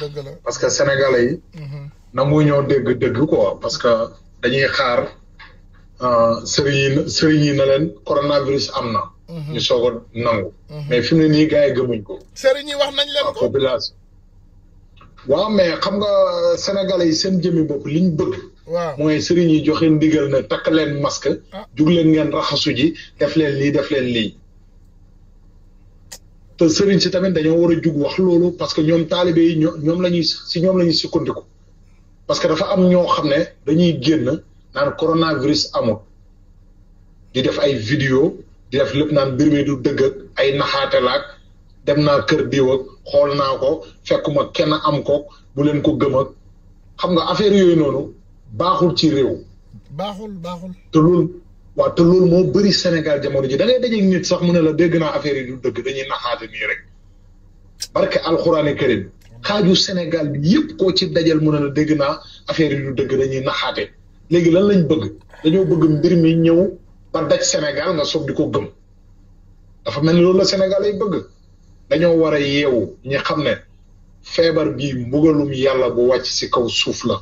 dëgg la parce que sénégalais yi. Mhm. nangu ñoo dégg dëgg quoi parce que dañuy xaar euh, sëriñ yi yi na leen coronavirus am na. Mhm. ñu soog a nangu. Mhm. mais fi mu ne nii gars yi gëmuñ ko. sëriñ wax nañ leen ah, ko population. waaw mais xam nga euh, sénégalais yi seen jëmmi bopp liñ bëgg. waaw mooy sëriñ yi joxe ndigal na takk leen masque. Ah. jug leen ngeen raxasu ji def leen lii def leen lii. te sëriñ si tamit dañoo war a jug wax loolu parce que ñoom taalibe yi ñoom lañuy si ñoom la ñuy sukkandiku. parce que dafa am ñoo xam ne dañuy génn naan coronavirus amul di def ay vidéo di def lépp naan mbir mi du dëgg ay naxaate la dem naa kër diw xool naa ko fekkuma kenn am ko bu leen ko gëm xam nga affaire yooyu noonu baaxul ci réew. baaxul baaxul. te loolu waaw te loolu moo bëri Sénégal jamono ji da ngay dajeeg sax mu ne la dégg naa affaire yi du dëgg dañuy naxaate nii rek barke alxuraani karim xaaju Sénégal bi yëpp koo ci dajal mu ne dégg naa affaire yi du dëgg dañuy naxaate léegi lan lañ bëgg dañoo bëgg mbir mi ñëw. ba daj Sénégal nga soog di ko gëm dafa mel ni loolu la Sénégal ay bëgg dañoo war a yeewu ñi xam ne feebar bi mbugalum yàlla bu wàcc ci kaw suuf la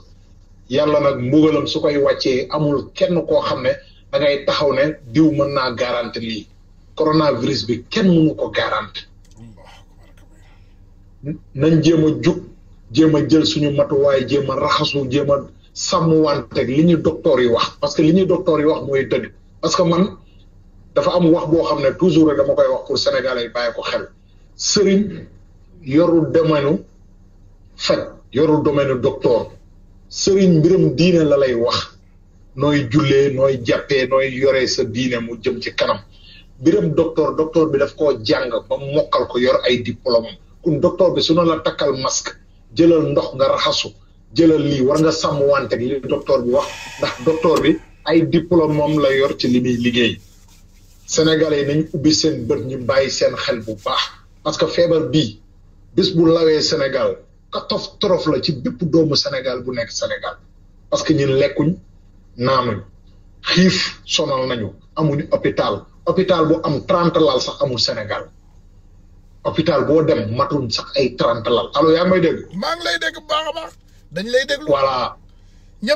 yàlla nag mbugalam su koy wàccee amul kenn koo xam ne dangay taxaw ne diw mën naa garanti lii coronavirus bi kenn mënu ko garanti nañ jéem a jug jéem a jël suñu matuwaay jéem a raxasu jéem a sàmm wanteeg li ñu docteur yi wax parce que li ñu docteur yi wax mooy dëgg parce que man dafa am wax boo xam ne toujours dama koy wax pour sénégalais yi bàyyi ko xel sëriñ yorul domaine faj yorul domaine docteur sëriñ mbiram diine la lay wax nooy jullee nooy jàppee nooy yore sa diine mu jëm ci kanam mbiram docteur docteur bi daf koo jàng ba mokkal ko yor ay diplôme kun docteur bi su na la takkal masque jëlal ndox nga raxasu jëlal lii war nga sàmm wante li docteur bi wax ndax docteur bi ay diplôme moom la yor ci li muy liggéey sénégalais nañ ubbi seen bët ñu bàyyi seen xel bu baax parce que feebar bi bis bu lawee Sénégal katof torof la ci bépp doomu Sénégal bu nekk Sénégal parce que ñun lekkuñ naanuñ xiif sonal nañu amuñu hôpital hôpital bu am trente lal sax amul Sénégal hôpital boo dem matuñ sax ay trente lal allo yaa may dégg. maa ngi lay dégg bu dañ lay déglu. voilà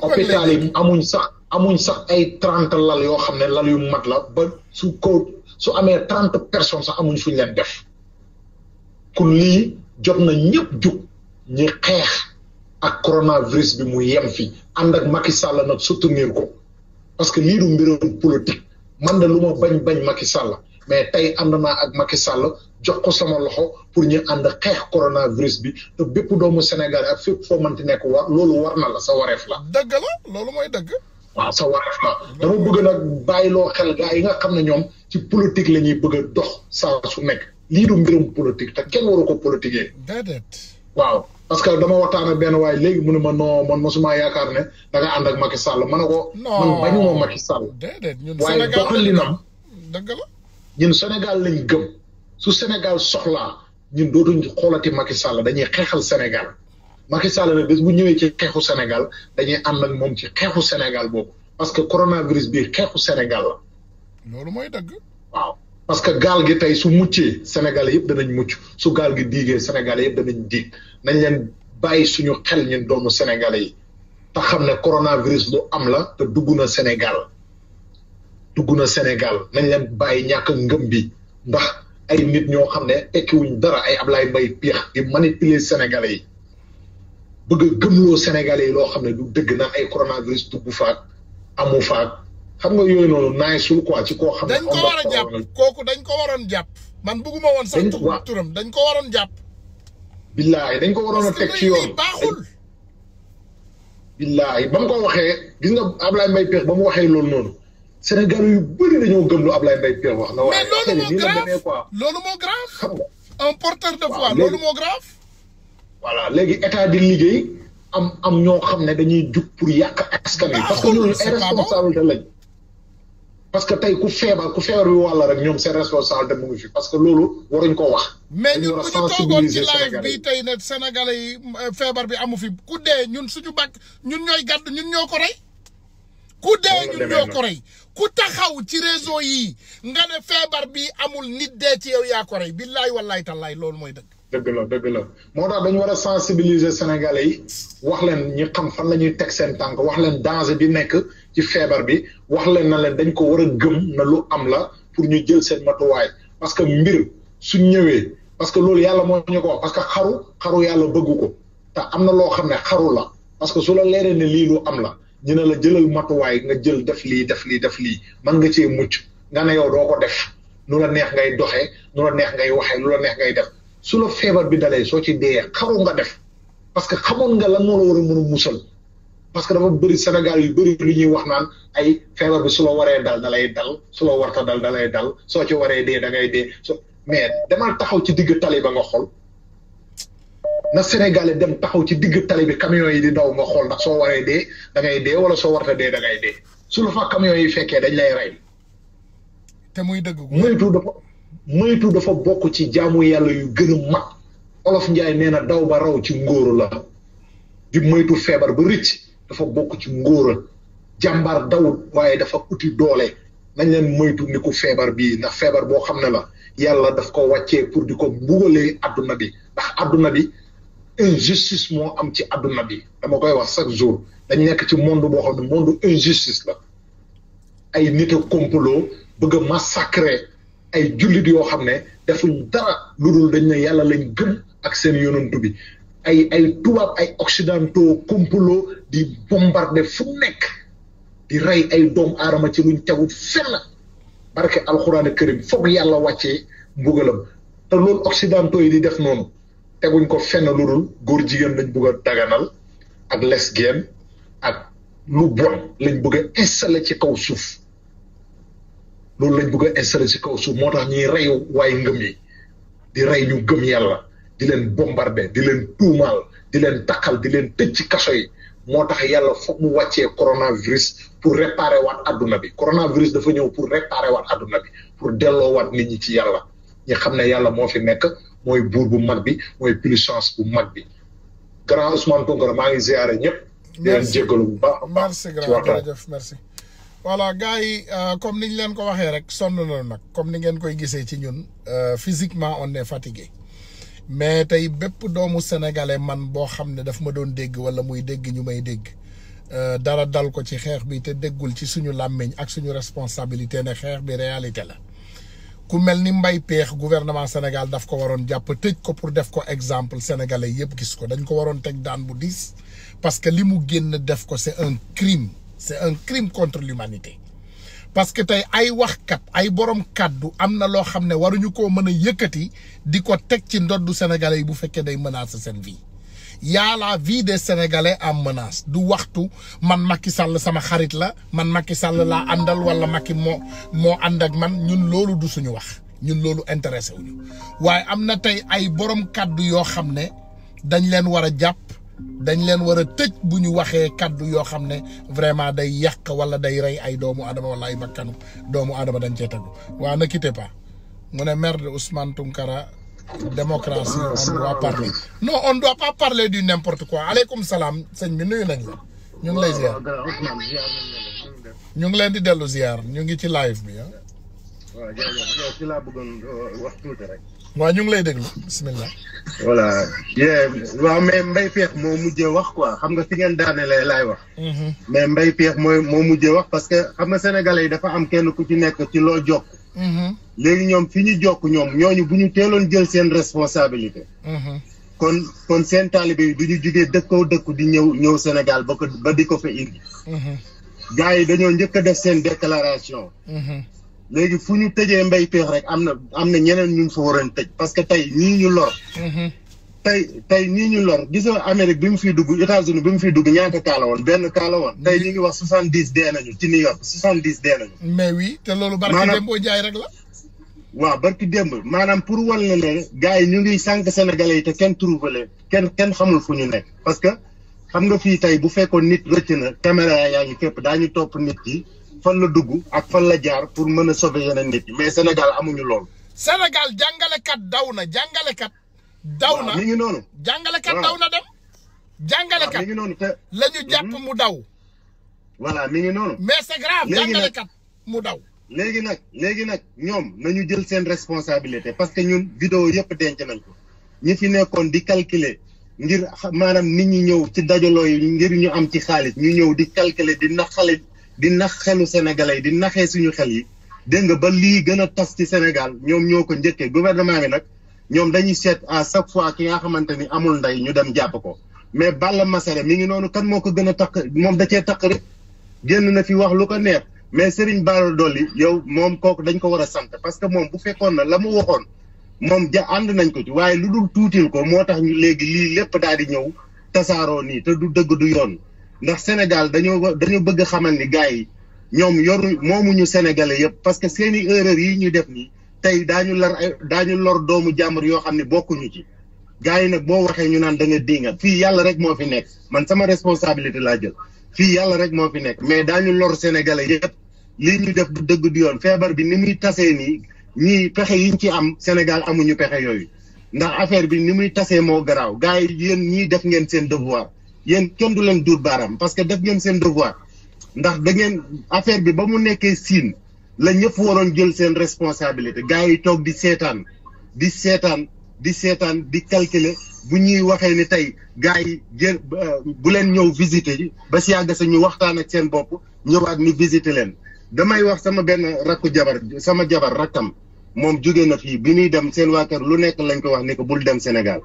hôpital yi amuñ sax. amuñ sax ay trente lal yoo xam ne lal yu mat la ba su ko su amee trente personnes sax amuñ fuñ leen def kon lii jot na ñëpp jug ñi xeex ak coronavirus bi mu yem fi ànd ak Macky Sall nag soutenir ko parce que lii du mbirum politique man de lu ma bañ bañ Macky mais tey ànd naa ak Macky Sall jox ko sama loxo pour ñu ànd xeex coronavirus bi te bépp doomu Sénégal ak fépp foo mënti nekk war loolu war na la sa wareef la. dëgg la loolu mooy dëgg. waaw sa wareef dama bëgg nag bàyyiloo xel gaa yi nga xam ne ñoom ci politique la ñuy bëgg a dox saa su nekk lii du mbirum politique te kenn waru ko politiquer. waaw parce que dama waxtaan ak benn waaye léegi mu ne ma non man mosuma yaakaar ne da ànd ak Macky Sall ma ne ko. man bañu ma Macky Sall. waaye doxalinam. dëgg la ñun Sénégal lañ gëm su Sénégal soxlaa ñun dootuñ xoolati Macky Sall dañuy xeexal Sénégal. Macky Sall bis bu ñëwee ci xeexu senegal dañuy ànd ak moom ci xeexu senegal boobu parce que coronavirus bii xeexu senegal la. loolu mooy dagg waaw parce que gaal gi tey su muccee Sénégal yëpp danañ mucc su gaal gi diigee Sénégal yëpp danañ diig nañ leen bàyyi suñu xel ñun doomu Sénégalais yi te xam ne coronavirus lu am la te dugg na senegal dugg na Sénégal nañ leen bàyyi ñàkk ngëm bi ndax ay nit ñoo xam ne tekkiwuñ dara ay Ablaye Mbaye Péex di manipuler Sénégalais yi. bëgg a gëmloo Sénégalais loo xam ne du dëgg naan ay coronavirus dugg faak amu faak xam nga yooyu noonu naay sul quoi ci koo xam ne. dañ ko a kooku dañ ko waroon jàpp. man bëgguma woon sax turam dañ ko waroon jàpp. billaahi dañ ko waroon a teg ci yoon baaxul. billaahi ba mu ko waxee gis nga Ablaye Mbaye Pekh ba mu waxee loolu noonu Sénégal yu bëri dañoo gëm lu Ablaye Mbaye Pekh wax na. waaye mais loolu moo porteur de voix loolu moo grave. voilà léegi état di liggéey am am ñoo xam ne dañuy jug pour yàq ak wi parce que ñooñu ay responsabilité lañ tey ku feebar ku feebar rek ñoom seen responsabilité mu ngi fi parce que loolu waruñ ko wax. mais ñun bu ñu toogoon ci live bi tey ne Sénégalais yi euh, feebar bi amu fi ku ñun suñu bàkk ñun ñooy gàdd ñun ñoo ko rey. ku dee ñun yi nga ne feebar bi amul nit dee ci yow yaa ko rey billaay wallaay tallaay loolu mooy dëgg. dëgg la dëgg la moo tax dañu war a sensibiliser sénégalais yi wax leen ñi xam fan la ñuy teg seen tànk wax leen danger bi nekk ci feebar bi wax leen na leen dañ ko war a gëm na lu am la pour ñu jël seen matuwaay parce que mbir su ñëwee parce que loolu yàlla moo ñu ko parce que xaru xaru yàlla bëggu ko te am na loo xam ne xaru la parce que su la leeree ne lii lu am la ñu ne la jëlal matuwaay nga jël def lii def lii def lii mën nga cee mucc nga ne yow doo ko def nu la neex ngay doxee nu la neex ngay waxee lu la neex ngay def su la feebar bi dalee soo ci dee xaru nga def parce que xamoon nga lan moo la war a mën a musal parce que dafa bëri Sénégal yu bëri lu ñuy wax naan ay feebar bi su la waree dal da lay dal su la warta dal da lay dal soo ci waree dee da ngay dee mais demal taxaw ci digg tali ba nga xool na Sénégalais dem taxaw ci digg tali bi camion yi di daw nga xool ndax soo waree dee dangay ngay dee wala soo warta dee da ngay su la fa camion yi fekkee dañ lay rey. te muy dëgg moytu dafa. moytu dafa bokk ci jaamu yàlla yu gën a mag olof njaay nee na daw ba raw ci ngóoru la di moytu feebar ba rëcc dafa bokk ci ngóora jàmbar daw waaye dafa uti doole nañ leen moytu ni ku feebar bii ndax feebar boo xam ne la yàlla daf ko wàccee pour di ko mbugalee àdduna bi ndax àdduna bi injustice moo am ci àdduna bi dama koy wax chaque jour dañ nekk ci monde boo xam ne monde injustice la ay nit a complot bëgg a massacrer ay jullit yoo xam ne defuñ dara lu dul dañ ne yàlla lañ gëm ak seen yonantu bi ay ay tubaab ay occidentaux complot di bombarder fu nekk di rey ay doom aadama ci luñ tegut fenn barke alxuraan karim foog yàlla wàccee mbugalam te loolu occidentaux yi di def noonu teguñ ko fenn lu dul góor jigéen lañ bëgg a daganal ak lesbienne ak lu bon lañ bëgg a installé ci kaw suuf loolu lañ bëgg a installé si kaw suuf moo tax ñuy rey waay ngëm yi di rey ñu gëm yàlla di leen bombardé di leen tuumaal di leen takkal di leen tëj ci kaso yi moo tax yàlla foog mu wàccee coronavirus pour réparer waat adduna bi coronavirus dafa ñëw pour réparer waat adduna bi pour delloo waat nit ñi ci yàlla ñi xam ne yàlla moo fi nekk mooy buur bu mag bi mooy plus puissance bu mag bi grand Ousmane Tounkara maa ngi ziare ñëpp. di leen jéggalu bu baax merci voilà gars yi euh, comme ni ñu leen ko waxee rek sonn na nag comme ni ngeen koy gisee ci ñun euh, physiquement on est fatigué mais tey bépp doomu sénégalais man boo xam ne daf ma doon dégg wala muy dégg ñu may dégg euh, dara dal ko ci xeex bi te déggul ci suñu làmmiñ ak suñu responsabilité ne xeex bi réalité la ku mel ni mbay peex gouvernement Sénégal daf ko waroon jàpp tëj ko pour def ko exemple sénégalais yëpp gis ko dañ ko waroon teg daan bu diis parce que li mu génn def ko c'est un crime c'est un crime contre l'humanité parce que tey ay waxkat ay borom kàddu am na loo xam ne waruñu ko mën a yëkkati di ko teg ci ndoddu sénégalais yi bu fekkee day sa seen vie y la vie des sénégalais am menace du waxtu man Macky Sall sama xarit la man Macky Sall laa àndal wala Macky moo moo ànd ak man ñun loolu du suñu wax ñun loolu intéressé wuñu waaye am na tey ay borom kàddu yoo xam ne dañ leen war a jàpp. dañ leen war a tëj bu ñu waxee kàddu yoo xam ne vraiment day yàq wala day rey ay doomu adama wala ay bakkanu doomu adama dañ cee tegu waa na quittez pas mu ne maire de Ousmane Tounkara démocratie on doit parler non on doit du n'importe quoi aleykum salaam sëñ bi nuyu nañ la ñu ngi lay ziar ñu ngi leen di dellu ziar ñu ngi ci live bi ah. ci laa bëggoon euh, wax rek. waaw ñu ngi lay déglu bisimilah. voilà waaw mais Mbaye Pekh moo mujjee wax ko xam nga fi ngeen daanelee laay wax. Mm-hmm. mais Mbaye Pekh mooy moo mujjee wax parce que xam nga sénégalais yi dafa am kenn ku ci nekk ci loo jokk. Mm-hmm. léegi ñoom fi ñu jokk ñoom ñooñu bu ñu teeloon jël seen responsabilité. Mm-hmm. kon kon seen taalibe yi du ñu jugee dëkkoo dëkku di ñëw ñëw Sénégal ba ko ba di ko fa indi. gars yi dañoo njëkk a def seen déclaration. léegi fu ñu tëjee mbay peex rek am na am na ñeneen ñu ngi fa waroon tëj parce que tey ñii ñu lor. Mhm. tey tey nii ñu lor gis nga Amérique bi mu fiy dugg États-Unis bi mu fiy dugg ñaata kaala woon benn kaala woon. tey mhm. ñu ngi wax soixante dix dee nañu ci New York soixante dix dee nañu. mais oui te loolu barki démb boo jaay rek la. waaw barki démb maanaam pour wal na ne gars yi ñu ngi sànq sénégalais yi te kenn trouvé leen kenn kenn xamul fu ñu nekk. parce que xam nga fii tey bu fekkoon nit rëcc na caméra yaa ngi fépp daañu topp nit ki. fan la dugg ak fan la jaar pour mën a sauver yeneen nit mais Sénégal amuñu lool senegal jàngalekat daw na jàngalekat. daw na mi ngi noonu. jàngalekat daw na dem. jàngalekat mi ngi noonu te. la ñu jàpp mhm. mu daw. voilà mi ngi noonu. mais c'est grave jàngalekat mu daw. léegi nag léegi nag ñoom nañu jël seen responsabilité parce que ñun vidéo yëpp denc nañ ko ñi fi nekkoon di calculer ngir maanaam nit ñi ñëw ci dajaloo yi ngir ñu am ci xaalis ñu ñëw di calculer di naxale di nax xelu sénégalais di naxee suñu xel yi dégg nga ba lii gën a tas ci Sénégal ñoom ñoo ko njëkkee gouvernement bi nag ñoom dañuy seet à chaque fois ki nga xamante ni amul ndey ñu dem jàpp ko mais Balla Masare mi ngi noonu kan moo ko gën a takk moom dacee cee takk rek génn na fi wax lu ko neex mais Serigne Bara Dolly yow moom kooku dañ ko war a sant parce que moom bu fekkoon na la mu waxoon moom ja ànd nañ ko ci waaye lu dul tuutil ko moo tax ñu léegi lii lépp daal di ñëw tasaaroo nii te du dëgg du yoon ndax Sénégal dañoo dañoo bëgg xamal ni gars yi ñoom yoru moomuñu sénégalais yëpp parce que seeni erreur yi ñu def nii tey daañu lar ay daañu lor doomu jàmbur yoo xam ne bokkuñu ci. gars yi nag boo waxee ñu naan da nga dinga fii yàlla rek moo fi nekk man sama responsabilité laa jël fii yàlla rek moo fi nekk mais daañu lor sénégalais yëpp lii ñu def du dëgg du yoon feebar bi ni muy tasee nii ñii pexe yiñ ci am Sénégal amuñu pexe yooyu ndax affaire bi ni muy tasee moo garaaw gars yi yéen ñii def ngeen seen devoir. yéen kenn du leen duur baaraam parce que def ngeen seen devoir ndax da ngeen affaire bi ba mu nekkee siin la ñëpp waroon jël seen responsabilité gars yi toog di seetaan di seetaan di seetaan di calculer bu ñuy waxee ni tey gars yi jël bu leen ñëw visiter ji ba si yàgg sa ñu waxtaan ak seen bopp ñëwaat ni visiter leen damay wax sama benn rakku jabar sama jabar rakkam moom jóge na fii bi muy dem seen waa kër lu nekk lañ ko wax ni ko bul dem Sénégal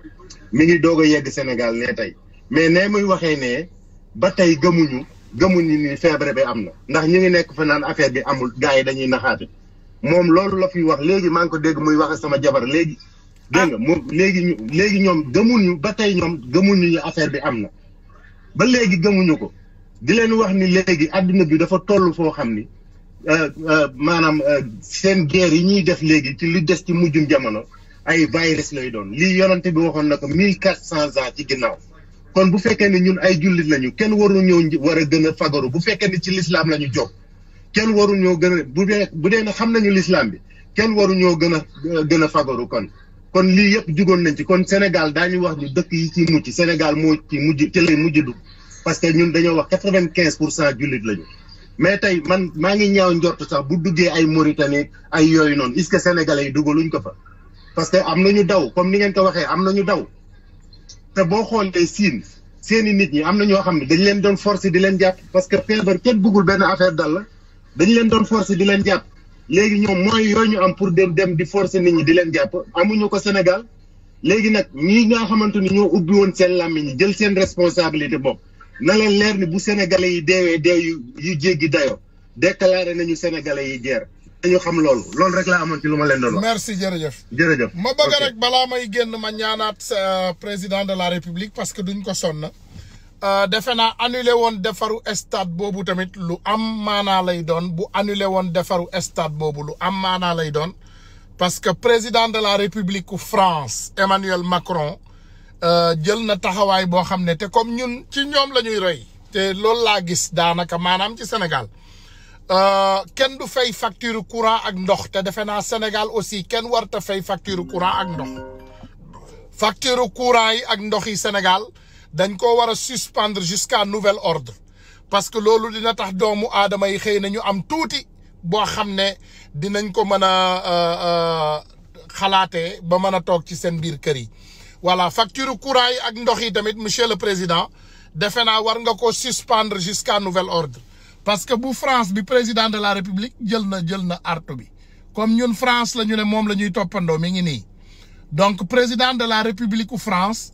mu ngi doog a yegg Sénégal tey mais ne muy waxee ne ba tey gëmuñu gëmuñu ni feebare bi am na ndax ñu ngi nekk fanaan naan affaire bi amul gars yi dañuy naxaate moom loolu la fi wax léegi maa ngi ko dégg muy wax sama jabar léegi. dégg moom léegi ñu léegi ñoom gëmuñu ba tey ñoom gëmuñu ñu affaire bi am na ba léegi gëmuñu ko di leen wax ni léegi àdduna bi dafa toll foo xam ni euh, euh, maanaam euh, seen guerre yi ñuy def léegi ci lu des ci mujjum jamono ay virus lay doon lii yonante bi waxoon na ko mille quatre cent ans ci ginnaaw. kon bu fekkee ne ñun ay jullit lañu kenn waru ñëw war a gën a fagaru bu fekkee ne ci lislaam lañu jóg kenn waru ñoo gën a bu dee bu dee ne xam nañu lislaam bi kenn waru ñoo gën a gën a fagaru kon kon lii yëpp jugoon nañ ci kon Sénégal ñu wax ni dëkk yi ci mucc Sénégal moo ci mujj ci lay mujj dugg parce que ñun dañoo wax quatre vingt quinze pour cent jullit lañu mais tey man maa ngi ñaaw njort sax bu duggee ay Mauritanie ay yooyu noonu est-ce que sénégalais yi dugaluñ ko fa parce que am nañu daw comme ni ngeen ko waxee am nañu daw te boo xoolee siin seeni nit ñi am na ñoo xam ne dañu leen doon force di leen jàpp parce que feebar kenn bëggul benn affaire dal la dañ leen doon force di leen jàpp léegi ñoom mooy yooyu ñu am pour dem dem di force nit ñi di leen jàpp amuñu ko Sénégal léegi nag ñi nga xamante ni ñoo ubbi woon seen làmmiñ jël seen responsabilité bopp na leen leer ni bu sénégalais yi deewee deew yu yu jéggi dayoo déclaré nañu sénégalais yi guerre dañu xam loolu loolu rek laa amoon lu ma leen doon merci jërëjëf. jërëjëf ma rek balaa may génn ma ñaanaat euh, président de la république parce que duñ ko sonn. Euh, defe naa annule woon defaru stade boobu tamit lu am maanaa lay doon bu annulé woon defaru stade boobu lu am maanaa lay doon parce que président de la république France Emmanuel Macron euh, jël na taxawaay boo xam ne te comme ñun ci ñoom la ñuy roy te loolu laa gis daanaka maanaam ci Sénégal. Euh, kenn du fay facture courant ak ndox te defe naa Sénégal aussi kenn war ta fay facture courant ak ndox facture courant yi ak ndox yi Sénégal dañ ko war a suspendre jusqu'à nouvel ordre parce que loolu dina tax doomu aadama yi xëy na am am tuuti boo xam ne dinañ ko mën a euh, euh, xalaatee ba mën a toog ci seen biir kër yi voilà facture courant yi ak ndox yi tamit monsieur le président defe naa war nga ko suspendre jusqu'à nouvel ordre parce que bu France bi président de la république jël na jël na artu bi comme ñun France la ñu ne moom la ñuy toppandoo mi ngi nii donc président de la république France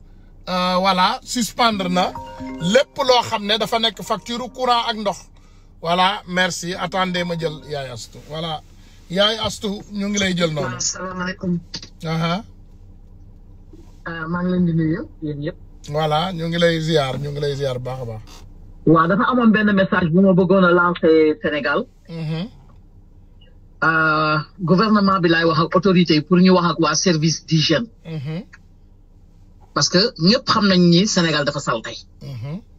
euh, voilà suspendre na lépp loo xam ne dafa nekk facture courant ak ndox voilà merci attendez ma jël yaay astu voilà yaay astu ñu ngi lay jël noonu. asalaamaaleykum. Euh, maa ngi leen di ngi lay ziar ñu ngi lay ziar baax a baax. waaw dafa amoon benn message bu ma bëggoon a lancer Sénégal. Mhm. Ah, gouvernement bi laay wax autorité yi pour ñu wax ak waa service d'hygiène. Mhm. parce que ñëpp xam nañ ni Sénégal dafa salte.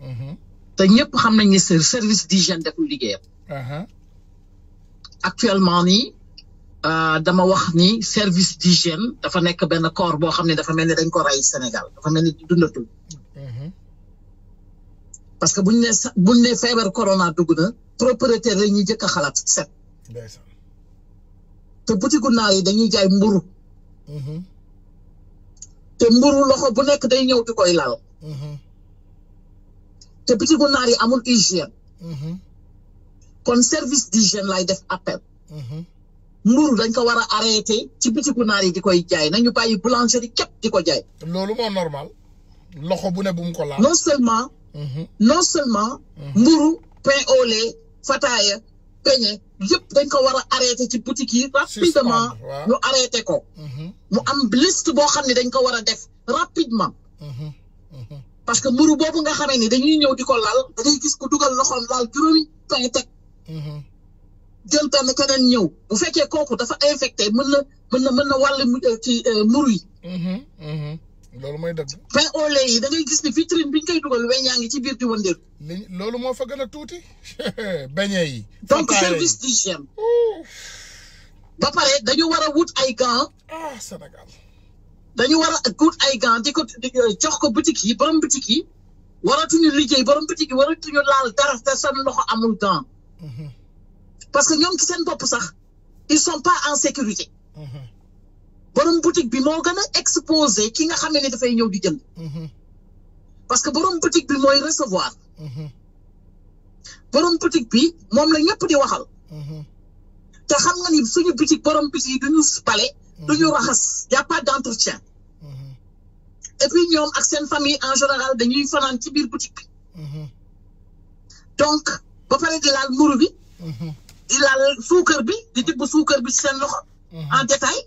Mhm, te ñëpp xam nañ ni service d'hygiène deful liggéeyam. actuellement ah, dama wax ni service d'hygiène dafa nekk benn corps boo xam ne dafa mel ni dañ ko rey Sénégal dafa mel ni dundatul. parce que bu ñu nee sa bu ñu nee feebar corona dugg na propriétaire la ñuy jëkk a set. te butigu yi dañuy jaay mburu mm-hmm. te mburu loxo bu nekk day ñëw di koy laal. Mm-hmm. te butigu naar yi amul hygiène. Mm-hmm. kon service d'hygiène lay def appel. mburu dañ ko war a arrêté ci bitigu naar yi di koy jaay nañu bàyyi boulangerie képp di ko jaay. loolu moo bu ne non seulement. non seulement mburu pain au lait fataaya peñe yëpp dañ ko war a arrêté ci boutique yi rapidement ñu arrêté ko mhm. mu am liste boo xam ne dañ ko war a def rapidement mhm. Mhm. parce que mburu boobu nga xamee ni dañuy ñëw di ko laal dañuy gis ku dugal loxoom laal juróomi pain teg jël benn keneen ñëw bu fekkee kooku dafa infecté mën na mën na mën na wàll ci euh, mburu yi loolu mooy dëgg. vin au lait yi da ngay gis ni vitrine bi ñu koy dugal weñ ngi ci biir di wëndeel. li loolu moo fa gën a tuuti. <laughs> beñe yi. donc service d'hygiène. ba pare dañu war a wut ay gants. ah Sénégal. dañu war a wut ay gants di ko euh, jox ko boutique yi borom boutique yi waratuñu liggéey borom boutique yi waratuñu laal dara te seen loxo amul gants. Mhm. parce que ñoom ci seen bopp sax ils sont pas en sécurité. Mhm. borom boutique bi moo gën a exposé ki nga xam ne dafay ñëw di jënd. Mm-hmm. parce que borom boutique bi mooy resevoir mm-hmm. borom boutique bi moom la ñëpp di waxal. Mm-hmm. te xam nga ni suñu boutique borom boutique yi du ñu bale. du ñu raxas y' a pas d' entretien. et ñoom ak seen famille en général dañuy fanaan ci biir boutique bi. donc ba di laal muru bi. di laal suukar bi di tibb suukar bi ci seen loxo. en détail.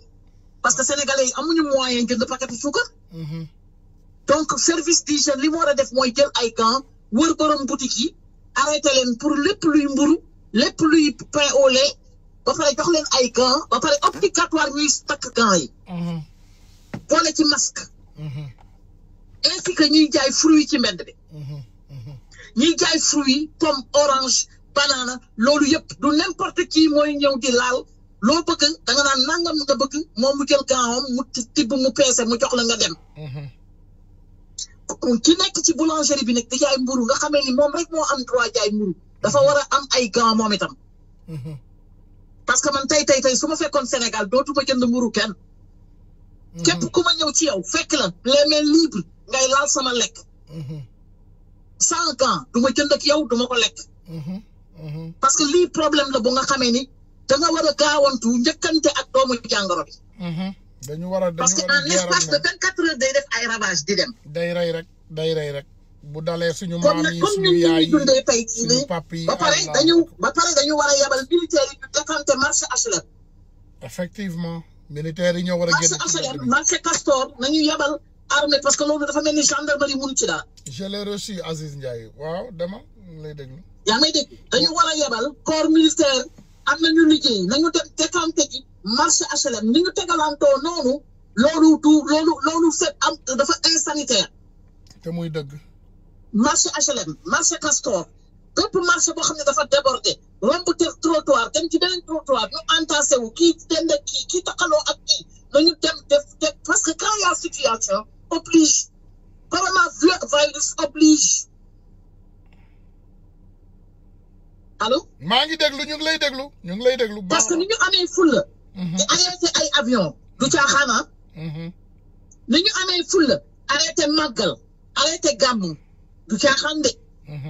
parce que sénégalais yi amuñu moyen jënd paquetu suukar. Mhm. donc service d'hygiène li mu war a def mooy jël ay gants wër borom boutique yi arrêté leen pour lépp luy mburu lépp luy pain au lait ba pare ay gants ba pare obligatoire ñuy takk yi. Mhm. boole ci masque. Mhm. ainsi que ñuy jaay fruits ci mbedd bi. ñuy jaay fruits pomme orange banana loolu yëpp du n'importe qui mooy ñëw di laal. loo bëgg da nga naan nangam nga bëgg moom mu jël gaawam mu tibb mu peese mu jox la nga dem. Mhm. ki nekk ci boulangerie bi nag di jaay mburu nga xamee ni moom rek moo am droit jaay mburu dafa war a am ay gants moom itam. Mhm. parce que man tey tey tey su ma fekkoon Sénégal dootuma jënd mburu kenn. Mhm. képp ku ma ñëw ci yow fekk la les mains libres ngay laal sama lekk. sans gants du ma jënd ak yow du ko lekk. parce que lii problème la bu nga xamee ni. da nga war a gaawantu njëkkante ak doomu jàngoro bi. Mhm. dañu war a de vingt quatre heures day def ay ravage di dem. day rek day rek. bu dalee suñu maam yi suñu yaay yi ba pare dañu ba pare dañu war a yabal militaire yi ñu décanté marché HLM. effectivement militaire yi war a génn. marché HLM nañu yabal armée parce que dafa mel ni gendarmerie mun ci daal. je l'ai reçu waaw dama lay déglu. yaa may dégg dañu war a yabal corps militaire. am na ñu liggéey nañu dem décanté ji marché HLM ni ñu tegalantoo noonu loolu du loolu loolu c'est am dafa insanitaire. te muy dëgg. marché HLM marché Castor bépp marché boo xam ne dafa débordé romb te trottoir dem ci beneen trottoir ñu entassé wu kii te ak kii kii taxaloo ak kii nañu dem def def parce que quand y a situation oblige oblige. allo. maa ngi déglu ñu ngi lay déglu ñu ngi lay déglu. parce que ni ñu amee fulla mhm. ay avion du caaxaana. Ah? Mhm. ni ñu amee fulla arrêté màggal arrêté gàmmu du caaxaan de. Mhm.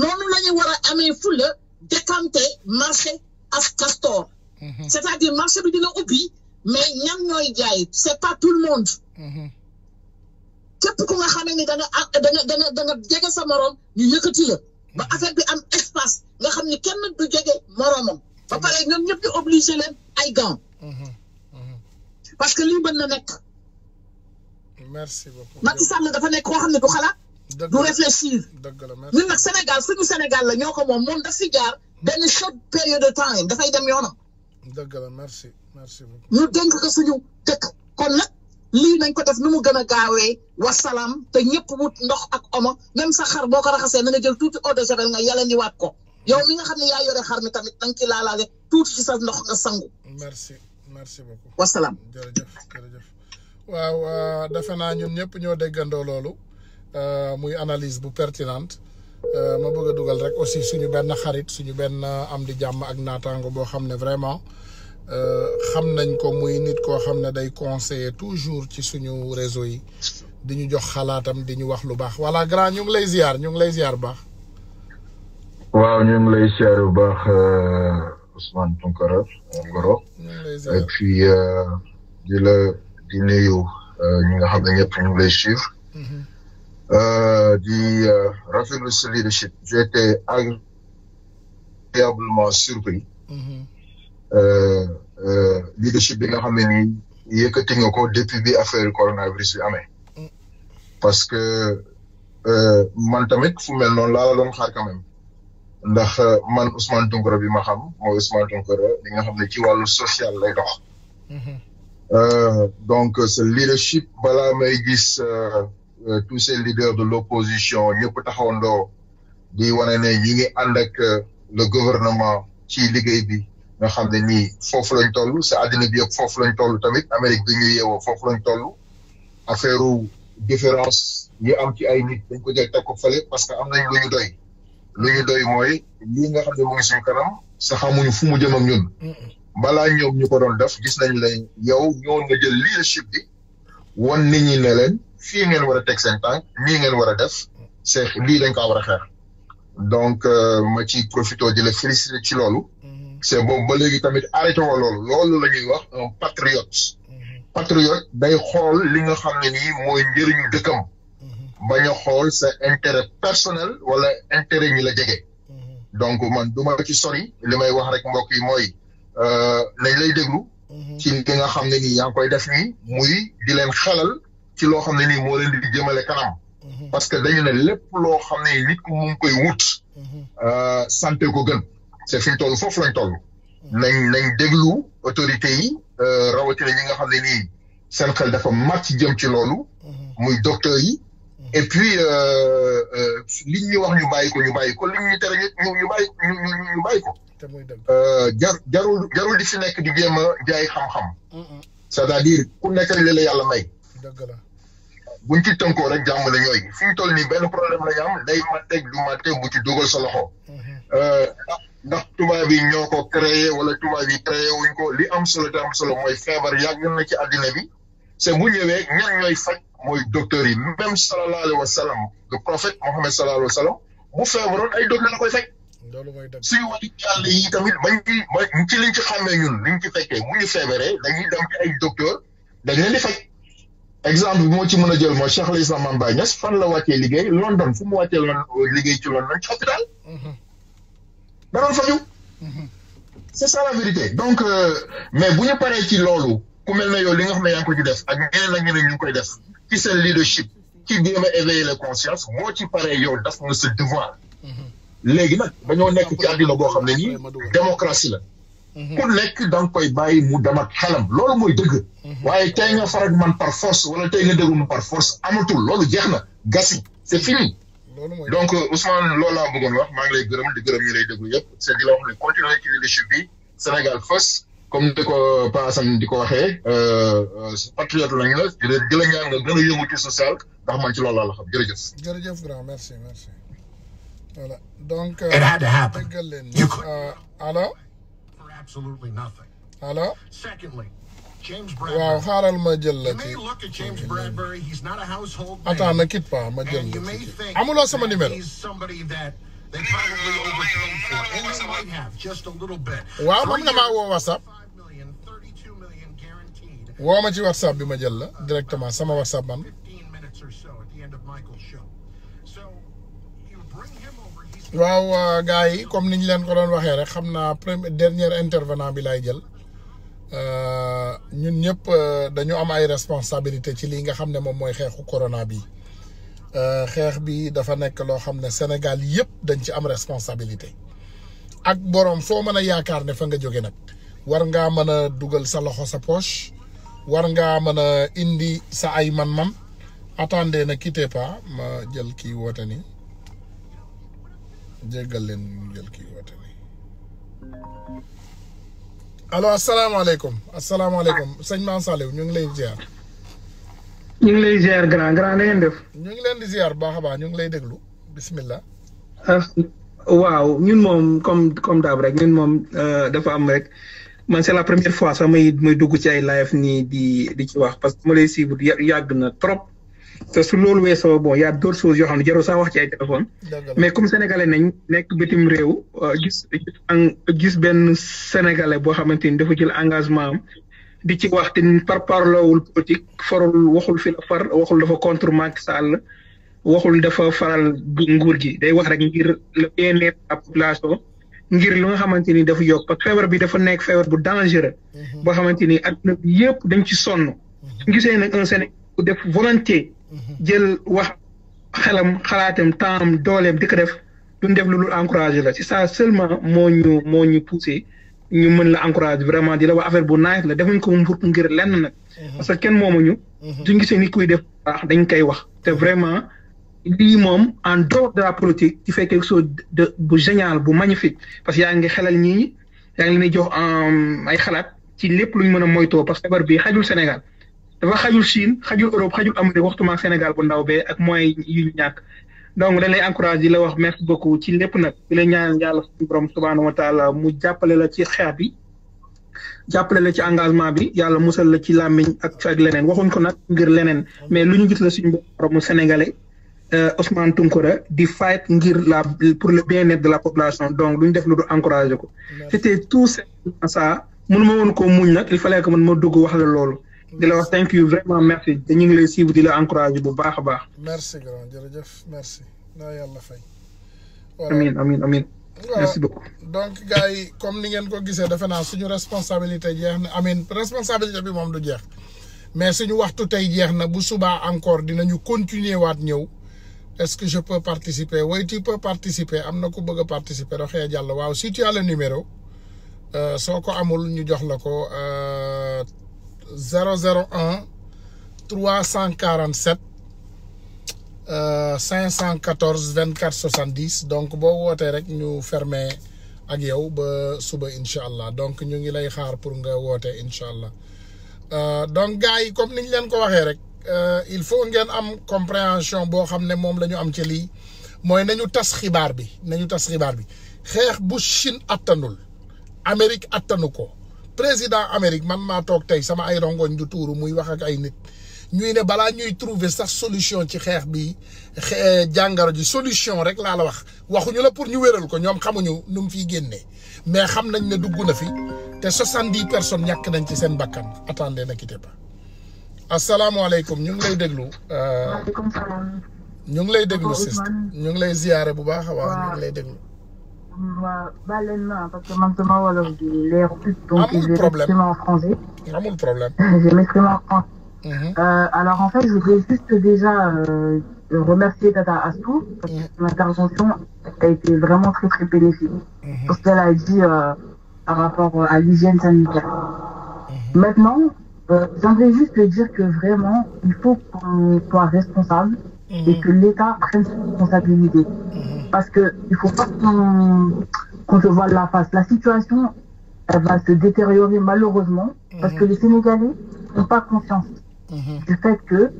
noonu la war a amee fulla décanté marché ak castor. cest à marché bi dina ubbi mais ñan ñooy jaay c'est pas tout le monde. képp ku nga xamee ni da nga da nga sa morom ñu yëkkati la. ba affaire bi am espace nga xam ni kenn du jege moroomam ba pare ñoom ñëpp ñu obligé leen ay gants parce que lii mën na nekk merci beaucoup Macky Sall dafa nekk koo xam ne du xalaat du réfléchir ñun nag Sénégal suñu Sénégal la ñoo ko moom moom daf si jaar benn short période de temps yi dafay dem yoonam dëgg la merci merci beaucoup ñu dénk ko kon nag lii nañ ko def nu mu gën a gaawee wasalaam te ñëpp wut ndox ak omo même sax xar boo ko raxasee na nga jël tuuti eau de javel nga yalandi waat ko yow mi nga xam ne yaa yore xar mi tamit da nga ci laalaale tuuti ci sa ndox nga sangu. merci merci beaucoup. wasalaam jërëjëf jërëjëf waaw defe naa ñun ñëpp ñoo déggandoo loolu euh, muy analyse bu pertinente euh, ma bëgg a dugal rek aussi suñu benn xarit suñu benn euh, am di jàmm ak naataango boo xam ne vraiment. Euh, xam nañ ko muy nit koo xam ne day conseiller toujours ci suñu réseau yi di ñu jox xalaatam di ñu wax lu baax wala grand ñu ngi lay ziar ñu ngi lay ziar baax. waaw ñu ngi lay ziar bu baax euh, Ousmane Tounkara euh, Ngoro. di la di nuyu ñi nga xam ne ñëpp ñu ngi lay suivre. Mhm. di rafetlu sa leadership j'étais agréablement surpris. Mhm. Euh, euh, leadership bi nga xam ne nii yëkkati nga ko depuis bi affaire coronavirus bi amee parce que euh, man tamit fu mel noonu laa la doon ndax man Ousmane Tounkara bi ma xam mooy Ousmane Tounkara li nga xam ne ci wàllu social lay dox. Mm-hmm. donc ce leadership balaa may gis tous ces leaders de l'opposition ñëpp taxawandoo di wane ne ñi ngi ànd le gouvernement ci liggéey bi. nga xam ne nii foofu lañ toll si àddina bi yëpp foofu lañ toll tamit Amérique bi ñu yeewoo foofu lañ toll affaire différence yi am ci ay nit dañ ko jël teg ko fële parce que am nañ lu doy lu ñu doy mooy lii nga xam ne mu fu mu jëm ak ñun balaa ñoom ñu ko doon def gis nañ la yow ñoo nga jël leadership bi wan nit ñi ne leen fii ngeen war a teg seen tànk nii ngeen war a def c'est lii dañ ko war a xeex donc euh, ma ci profité di la féliciter ci loolu c'est boobu ba léegi tamit arrêté woon loolu loolu la ñuy wax un patriote mm-hmm. patriote day xool li nga xam ne nii mooy njëriñu dëkkam mm-hmm. bañ a xool sa intérêt personnel wala intérêt ñi la jege mm-hmm. donc man du ma ci sori li may wax rek mbokk yi mooy euh, nañ lay déglu ci li nga xam ne nii yaa ngi koy def nii muy di leen xelal ci loo xam ne nii moo leen di jëmale kanam parce que dañu ne lépp loo xam ne nit ku koy wut euh, sante ko gën c' est fii toll foofu lañ toll. nañ nañ déglu autorités yi euh, rawatina ñi nga xam ne nii seen xel dafa màcc jëm ci loolu. Mhm. muy docteur yi. Mhm. et puis euh, euh, liñ ñu wax ñu bàyyi ko ñu bàyyi ko liñ ñu tere ñu ñu bàyyi ñu ñu bàyyi ko. jar jarul jarul di si nekk di jéem a jaay xam-xam. Mhm. c' à dire ku nekk li la yàlla may. dëgg la buñ ci tënkoo rek jàmm la ñooy fi ñu toll nii benn problème la ñu am day mateeg du mateeg bu ci dugal sa loxo. tubaab yi ñoo ko créé wala tubaab yi créé wuñ ko li am solo te am solo mooy feebar yàgg na ci àddina bi c'est bu ñëwee ñan ñooy faj mooy docteurs yi même sallallahu alayhi wa sallam le prophète Mohammed sallallahu alayhi wa sallam bu feebaroon ay docteur la koy faj. suñu wàllu yàlla yi tamit bañ ci bañ ci liñ ci xàmmee ñun liñ ci fekkee ñu feebaree dañuy dem ci ay docteur dañ leen di faj exemple bi moo ci mën a jël moo Cheikh lay Islam Mame Baye Niass fan la wàccee liggéey London fu mu wàccee London liggéey ci London ci hôpital. Mhm. da faju c'est ça la vérité donc euh, mais bu ñu paree ci loolu ku mel ne yow li nga xam ne yaa ngi ko ci def ak ñeneen ak ñeneen ñu ngi koy def ci seen leadership ci jéem a éveiller les consciences moo ci paree yow def nga sa devoir mm-hmm. léegi nag dañoo nekk ci àddina boo xam ne nii démocratie la. Mm-hmm. ku nekk da nga koy bàyyi mu dem ak xelam loolu mooy dëgg. Mm-hmm. waaye tey nga farag man par force wala tey nga déglu par force amatul loolu jeex na gasi c'est fini. donc euh, Ousmane loolu laa bëggoon wax maa ngi lay gërëm di gërëm yi lay déglu yëpp c'est di la wax bi Sénégal fës comme di ko Pa Assane di ko waxee euh, euh, patriote lañ la di di la ñaan nga gën a yëngu ci social ndax man ci loolu laa la xam jërëjëf. jërëjëf grand merci merci voilà donc. déggal leen allo. waaw xaaral ma jël la ci attends ne quitte pas ma jël la ci amuloo sama numéro waaw mën nga maa woo whatsapp woo ma ci whatsapp bi ma jël la directement sama whatsapp man waaw gars yi comme niñ leen ko doon waxee rek xam naa premier dernier intervenant bi laay jël Euh, ñun ñëpp euh, dañu am ay responsabilité ci lii nga xam ne moom mooy xeexu corona bi euh, xeex bi dafa nekk loo xam ne Sénégal yëpp dañ ci am responsabilité ak boroom soo mën a yaakaar ne fa nga jóge nag war ngaa mën a dugal sa loxo sa poche war ngaa mën a indi sa ay man-man attendez na quittez pas ma jël kii woote ni jéggal leen jël kii woote ni allo asalaamaaleykum asalaamaaleykum sëñ Mame Saliou ñu ngi lay ziar. ñu ngi lay ziar grand grand na ngeen def. ñu ngi leen di ziar ñu ngi lay déglu bismillah. Ah, waaw ñun moom comme comme daab rek ñun moom euh, dafa am rek man ce la première fois sax may may dugg ci ay live nii di di ci wax parce que ma lay suivre yàgg na trop. te su loolu weesoo bon y' a d' autres yoo xam ne jarul sax wax ci mais comme sénégalais nañ nekk bitim réew euh, gis gis benn sénégalais boo xamante ni dafa jël engagement am di ci wax te par parloowul politique farul waxul fi la waxul dafa contrement Macky Sall waxul dafa faral nguur gi day wax rek ngir le bien-être la population ngir lu nga xamante ni dafa yokk parce feebar bi dafa nekk feebar bu dangereux. Mhm. boo xamante ni adduna yëpp dañ ci sonn. Mhm. su gisee nag Sénégal def volonté. jël wax xelam xalaatam temps dooleem di ko def duñ def lu dul encouragé la si ça seulement moo ñu moo ñu poussé ñu mën la encouragé vraiment di la wax affaire bu naaj la defuñ ko moom pour ngir lenn nag. Mhm. parce que kenn moomuñu. Mhm. duñ gisee ni kuy def baax dañ koy wax te vraiment lii moom en dehors de la politique ci fait quelque chose de bu génial bu magnifique parce que yaa ngi xelal ñii yaa ngi leen di jox euh, ay xalaat ci lépp luñ mën a moytoo parce que feebar bi xajul Sénégal. dafa xajul Chine xajul Europe xajul Amérique waxtu ma Sénégal bu ndaw bee ak moyens yu donc dañ lay encourage di la wax merci beaucoup ci lépp nag di la ñaan yàlla suñu borom subhaanahu mu jàppale la ci xeex bi jàppale la ci engagement bi yàlla musal la ci làmmiñ ak ci leneen waxuñ ko nag ngir leneen mais lu ñu gis la suñu borom sénégalais euh, Ousmane Tounkara di fight ngir la pour le bien-être de la population donc lu ñu def lu du encouragé ko c'était tout simplement ça mënu ma woon koo muñ nag il fallait ko man ma dugg wax la loolu di la wax thank vraiment merci ñu ngi lay suivre di la bu baax a baax. merci grand jërëjëf merci naa yàlla fay. amiin amiin amiin. merci beaucoup donc gars yi comme ni ngeen ko gisee defe naa suñu responsabilité jeex na amiin responsabilité bi moom du jeex mais suñu waxtu tey jeex na bu subaa encore dina ñu continuer waat ñëw est-ce que je peux participer oui tu peux participer am na ku bëgg a participer doxee jàll waaw si tu numéro euh, soo ko amul ñu jox la ko. Euh, 001 347 514 24 70 donc boo wootee rek ñu fermé ak yow ba suba incha allah donc ñu ngi lay xaar pour nga wootee incha allah euh, donc gars yi comme niñ leen ko waxee rek euh, il faut ngeen am compréhension boo xam ne moom la am ci lii mooy nañu tas xibaar bi nañu tas xibaar bi xeex bu Chine attanul Amérique attanu ko. président Amérique man maa toog tey sama ay rongoñ du tuuru muy wax ak ay nit ñuy ne balaa ñuy trouver sax solution ci xeex bi eh, jàngaro ji solution rek laa la wax waxuñu la pour ñu wéral ko ñoom xamuñu nu fii génnee mais xam nañ ne dugg na fi te soixante-dix personnes ñàkk nañ ci seen bakkan attendez ne quittez pas asalaamaaleykum ñu ngi lay déglu. Euh, waaleykum salaam. ñu ngi lay déglu. sist ñu ngi lay ziyaare bu baax a baax ñu ngi lay déglu. baal leen ma parce que man sama wolof bi leeru donc <laughs> je vais m'exprimer en français. Mhm. Euh, amul problème en fait je juste déjà euh, remercier Tata Astou parce que mhm. son a été vraiment très très bénéfique mhm. pour qu'elle a dit euh, par rapport à l'hygiène sanitaire. Maintenant euh, j'aimerais juste dire que vraiment il faut qu'on soit responsable mmh. et que l'État prenne ses responsabilités. Mmh. Parce que il faut pas qu'on qu se voile la face. La situation, elle va se détériorer malheureusement parce que mhm. les Sénégalais n'ont pas conscience mhm. du fait que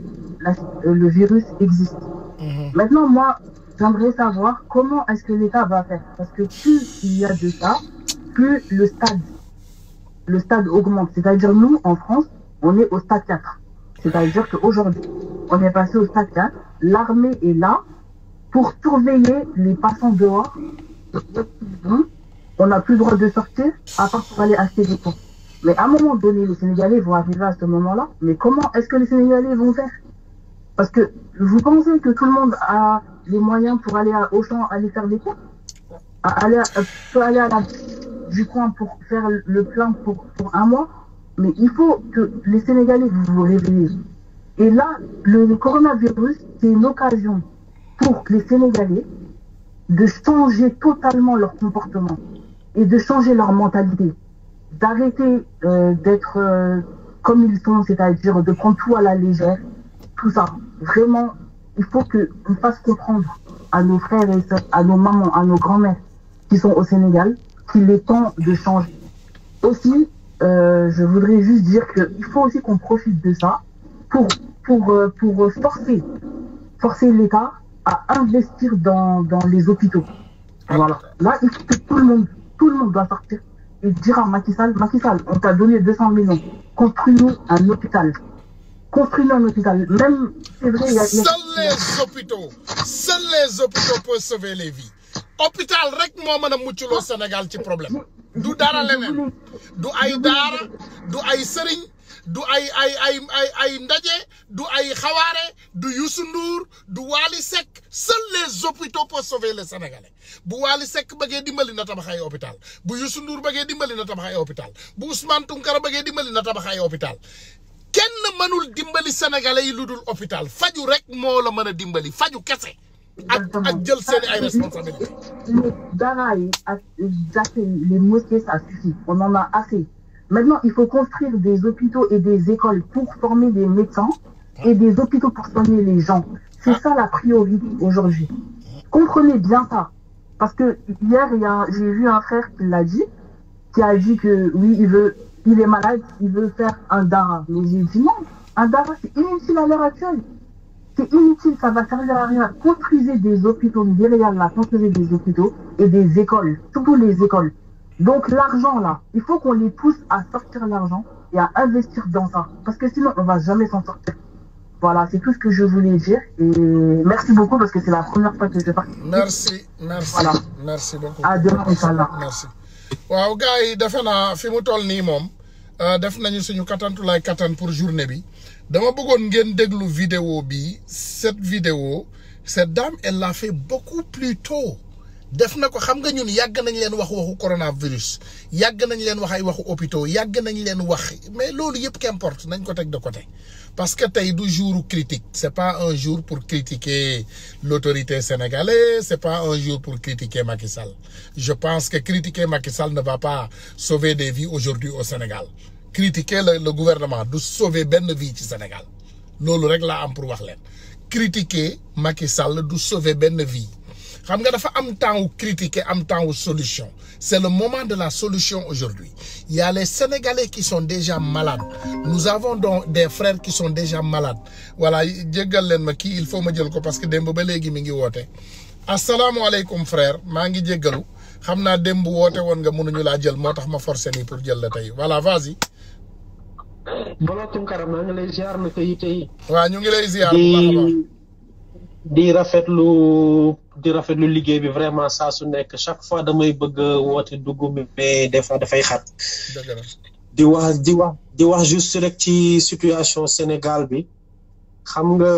la, euh, le virus existe. Mhm. Maintenant, moi, j'aimerais savoir comment est-ce que l'État va faire. Parce que plus il y a de ça, plus le stade, le stade augmente. C'est-à-dire, nous, en France, on est au stade 4. C'est-à-dire qu'aujourd'hui, on est passé au stade 4 l'armée est là pour surveiller les passants dehors. On n'a plus droit de sortir, à part pour aller acheter des pains. Mais à un moment donné, les Sénégalais vont arriver à ce moment-là. Mais comment est-ce que les Sénégalais Parce que vous pensez que tout le monde a les moyens pour aller à aller faire des cours pour faire le plein pour, un mois. Mais il faut que les Sénégalais vous vous Et là, le, le coronavirus, c'est une occasion pour les Sénégalais de changer totalement leur comportement et de changer leur mentalité, d'arrêter euh, d'être euh, comme ils sont, c'est-à-dire de prendre tout à la légère, tout ça. Vraiment, il faut qu'on fasse comprendre à nos frères et soeurs, à nos mamans, à nos grands-mères qui sont au Sénégal, qu'il est temps de changer. Aussi, euh, je voudrais juste dire qu'il faut aussi qu'on profite de ça pour, pour, euh, pour euh, forcer, forcer l'État à investir dans, dans les hôpitaux. Voilà. Là, il faut que tout le monde, tout le monde doit sortir et dire à Macky on t'a donné millions, construis-nous un hôpital. Construis-nous un hôpital. Même, c'est a... les hôpitaux, seuls les hôpitaux peuvent sauver les vies. hôpital rek moo mën a muccloo Sénégal problème du dara leneen du ay daara du du ay ay ay ay ndaje du ay xawaare du Youssou Ndour du Wally Seck seuls les hôpitaux peuvent sauver les Sénégalais bu Wally Seck bëggee dimbali na tabax ay hôpital bu Youssou Ndour bëggee dimbali na tabax ay hôpital bu dimbali na tabax ay hôpital kenn mënul dimbali sénégalais yi lu dul hôpital faju rek moo la mën a dimbali faju kese ak ak jël seen ay responsabilités. a Maintenant, il faut construire des hôpitaux et des écoles pour former des médecins et des hôpitaux pour soigner les gens. C'est ça la priorité aujourd'hui. Comprenez bien ça. Parce que hier, j'ai vu un frère qui l'a dit, qui a dit que oui, il veut, il est malade, il veut faire un dara. Mais j'ai dit non, un dara, c'est inutile à l'heure actuelle. C'est inutile, ça va servir à rien. Construisez des hôpitaux, derrière là, construisez des hôpitaux et des écoles, surtout les écoles. Donc l'argent là, il faut qu'on les pousse à sortir l'argent et à investir dans ça. Parce que sinon, on va jamais s'en sortir. Voilà, c'est tout ce que je voulais dire. Et merci beaucoup parce que c'est la première fois que je participe. Merci, merci. Voilà. Merci beaucoup. À demain, Inch'Allah. Merci. waaw gars yi defe naa fi mu toll nii moom euh, def nañu suñu katantulaay katan pour journée bi dama bëggoon ngeen déglu vidéo bi cette vidéo cette dame elle beaucoup plus tôt def na ko xam nga ñun yàgg nañ leen wax waxu coronavirus yàgg nañ leen wax ay waxu hôpitaux yàgg nañu leen wax mais loolu yëpp qu'importe nañ ko teg de côté parce que tey du jour critique c'est pas un jour pour critiquer l'autorité sénégalaise c'est pas un jour pour critiquer Macky Sall je pense que critiquer Macky Sall ne va pas sauver des vies aujourd'hui au Sénégal critiquer le, le gouvernement du sauver benn vie ci Sénégal loolu rek la am pour wax leen critiquer Macky Sall du sauver benn vie xam nga dafa am temps wu am temps wu solution se le moment de la solution aujourd'hui il y a les Sénégalais qui sont déjà malades nous avons donc des frères qui sont déjà malades voilà jéggal leen ma kii il faut ma jël ko parce que démb ba léegi mi ngi woote asalaamualeykum frère maa ngi jéggalu xam naa démb woote woon nga mënuñu laa jël moo tax ma forcé nii pour jël la tey voilà vas-y Bolo maa ngi lay ziar na tey tey. waaw ñu ngi di rafetlu di rafetlu liggéey bi vraiment saa su nekk chaque fois damay bëgg woote dugg mi mais des fois dafay xat di wax di wax di wax juste rek ci situation Sénégal bi xam nga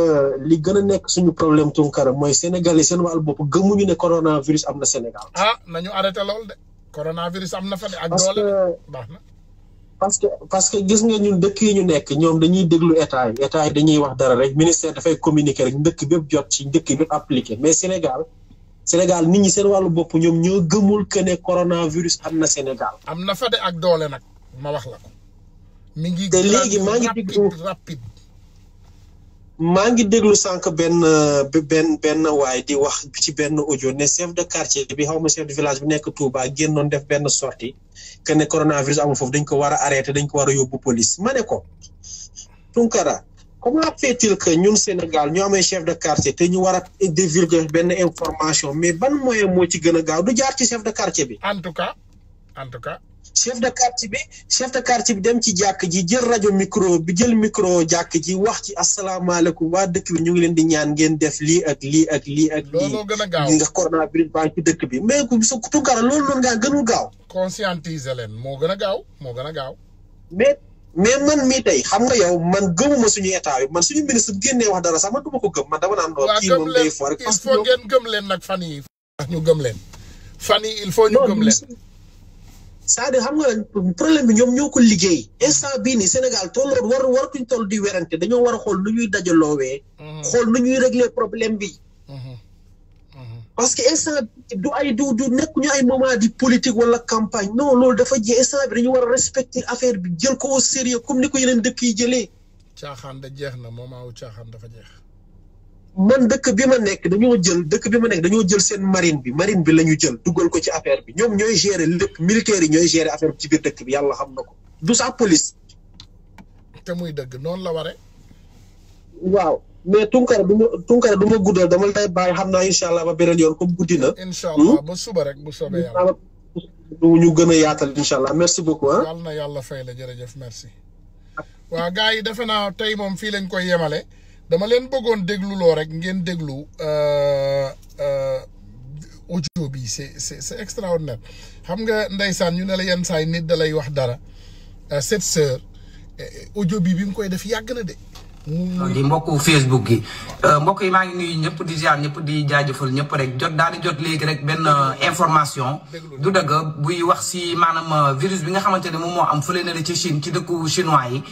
li gën a nekk suñu problème Tunkara mooy Sénégal yi seen wàll bopp gëmuñu ne coronavirus am na Sénégal. ah nañu arrêté lool de. coronavirus am na ak doole baax na. parce que parce que gis nga ñun dëkk yi ñu nekk ñoom dañuy déglu état yi état yi dañuy wax dara rek ministère dafay communiquer rek dëkk bépp jot ci dëkk bépp appliqué mais Sénégal Sénégal nit ñi seen wàllu bopp ñoom ñoo gëmul que ne coronavirus am na Sénégal. am na fa de ak doole nag ma la ko. mi ngi te léegi maa ngi déglu rapide maa ngi déglu sànq benn benn benn waay di wax ci benn audio ne chef de quartier bi xaw ma chef de village bi nekk Touba génnoon def benn sortie que ne coronavirus amul foofu dañ ko war a arrêté dañ ko war a yóbbu police ma ne ko Tunkara comment fait-il que ñun Sénégal ñoo amee chef de quartier te ñu war a divulguer benn information mais ban moyen moo ci gën a gaaw du jaar ci chef de quartier bi. en tout cas en tout cas. chef de quartier bi chef de quartier bi dem ci jàkk ji jël rajo micro bi jël micro jàkk ji wax ci asalaamaaleykum waa dëkk bi ñu ngi leen di ñaan ngeen def lii ak lii ak lii ak lii nga coronavirus baa ngi ci dëkk bi mais su Tounkara loolu noonu ngaa gënul gaaw conscientiser leen moo gën a gaaw moo gën a gaaw mais mais man mii tey xam nga yow man gëmuma suñu état yi man suñu ministre génnee wax dara sax ko gëm man dama naan kii moom day fo leen nag fan yi ñu gëm leen fan il faut ñu gëm leen cest à xam nga problème bi ñoom ñoo ko liggéey instant bii ni Sénégal tool tolloon war ñu toll di werante dañoo war a xool nu ñuy dajaloowee. Mhm. xool nu ñuy régler problème bi. Mhm. Mhm. parce que instant du ay du du nekk ñu ay moment di politique wala campagne non loolu dafa jee instant bi dañu war a respecter affaire bi jël ko au sérieux comme ni ko yeneen dëkk yi jëlee. caaxaan da jeex na moment wu caaxaan dafa jeex. man dëkk bi ma nekk dañoo jël dëkk bi ma nekk dañoo jël seen marine bi marine bi la ñu jël duggal ko ci affaire bi ñoom ñooy gérer lépp militaires yi ñooy gérer affaire bi ci biir dëkk bi yàlla xam na ko du sax police. te muy dëgg noonu la ware waaw mais tunkara du ma tunkara du ma guddal dama tay baal xam naa incha allah ba beneen yoon comme guddi na. incha allah hmm? ba suba rek bu soobee yàlla. ñu gën a yaatal incha allah merci beaucoup ah. yàlla na yàlla fay la jërëjëf merci. waa gars yi defe naa tey moom fii lañ koy yemale. dama leen bëggoon dégluloo rek ngeen déglu euh, euh, audio bi c'est c'est extraordinaire xam nga ndeysaan ñu ne la yenn saay nit dalay wax dara euh, cette sœur eh, audio bi bi mu koy def yàgg na de di mbokku Facebook gi euh, mbokk yi maa ngi nuyu ñëpp di ziar ñëpp di jaajëfal ñëpp rek jot daal di jot léegi rek benn euh, information du dëgg buy wax si maanaam euh, virus bi nga xamante ne moom moo am fële na ci Chine ci dëkku chinois yi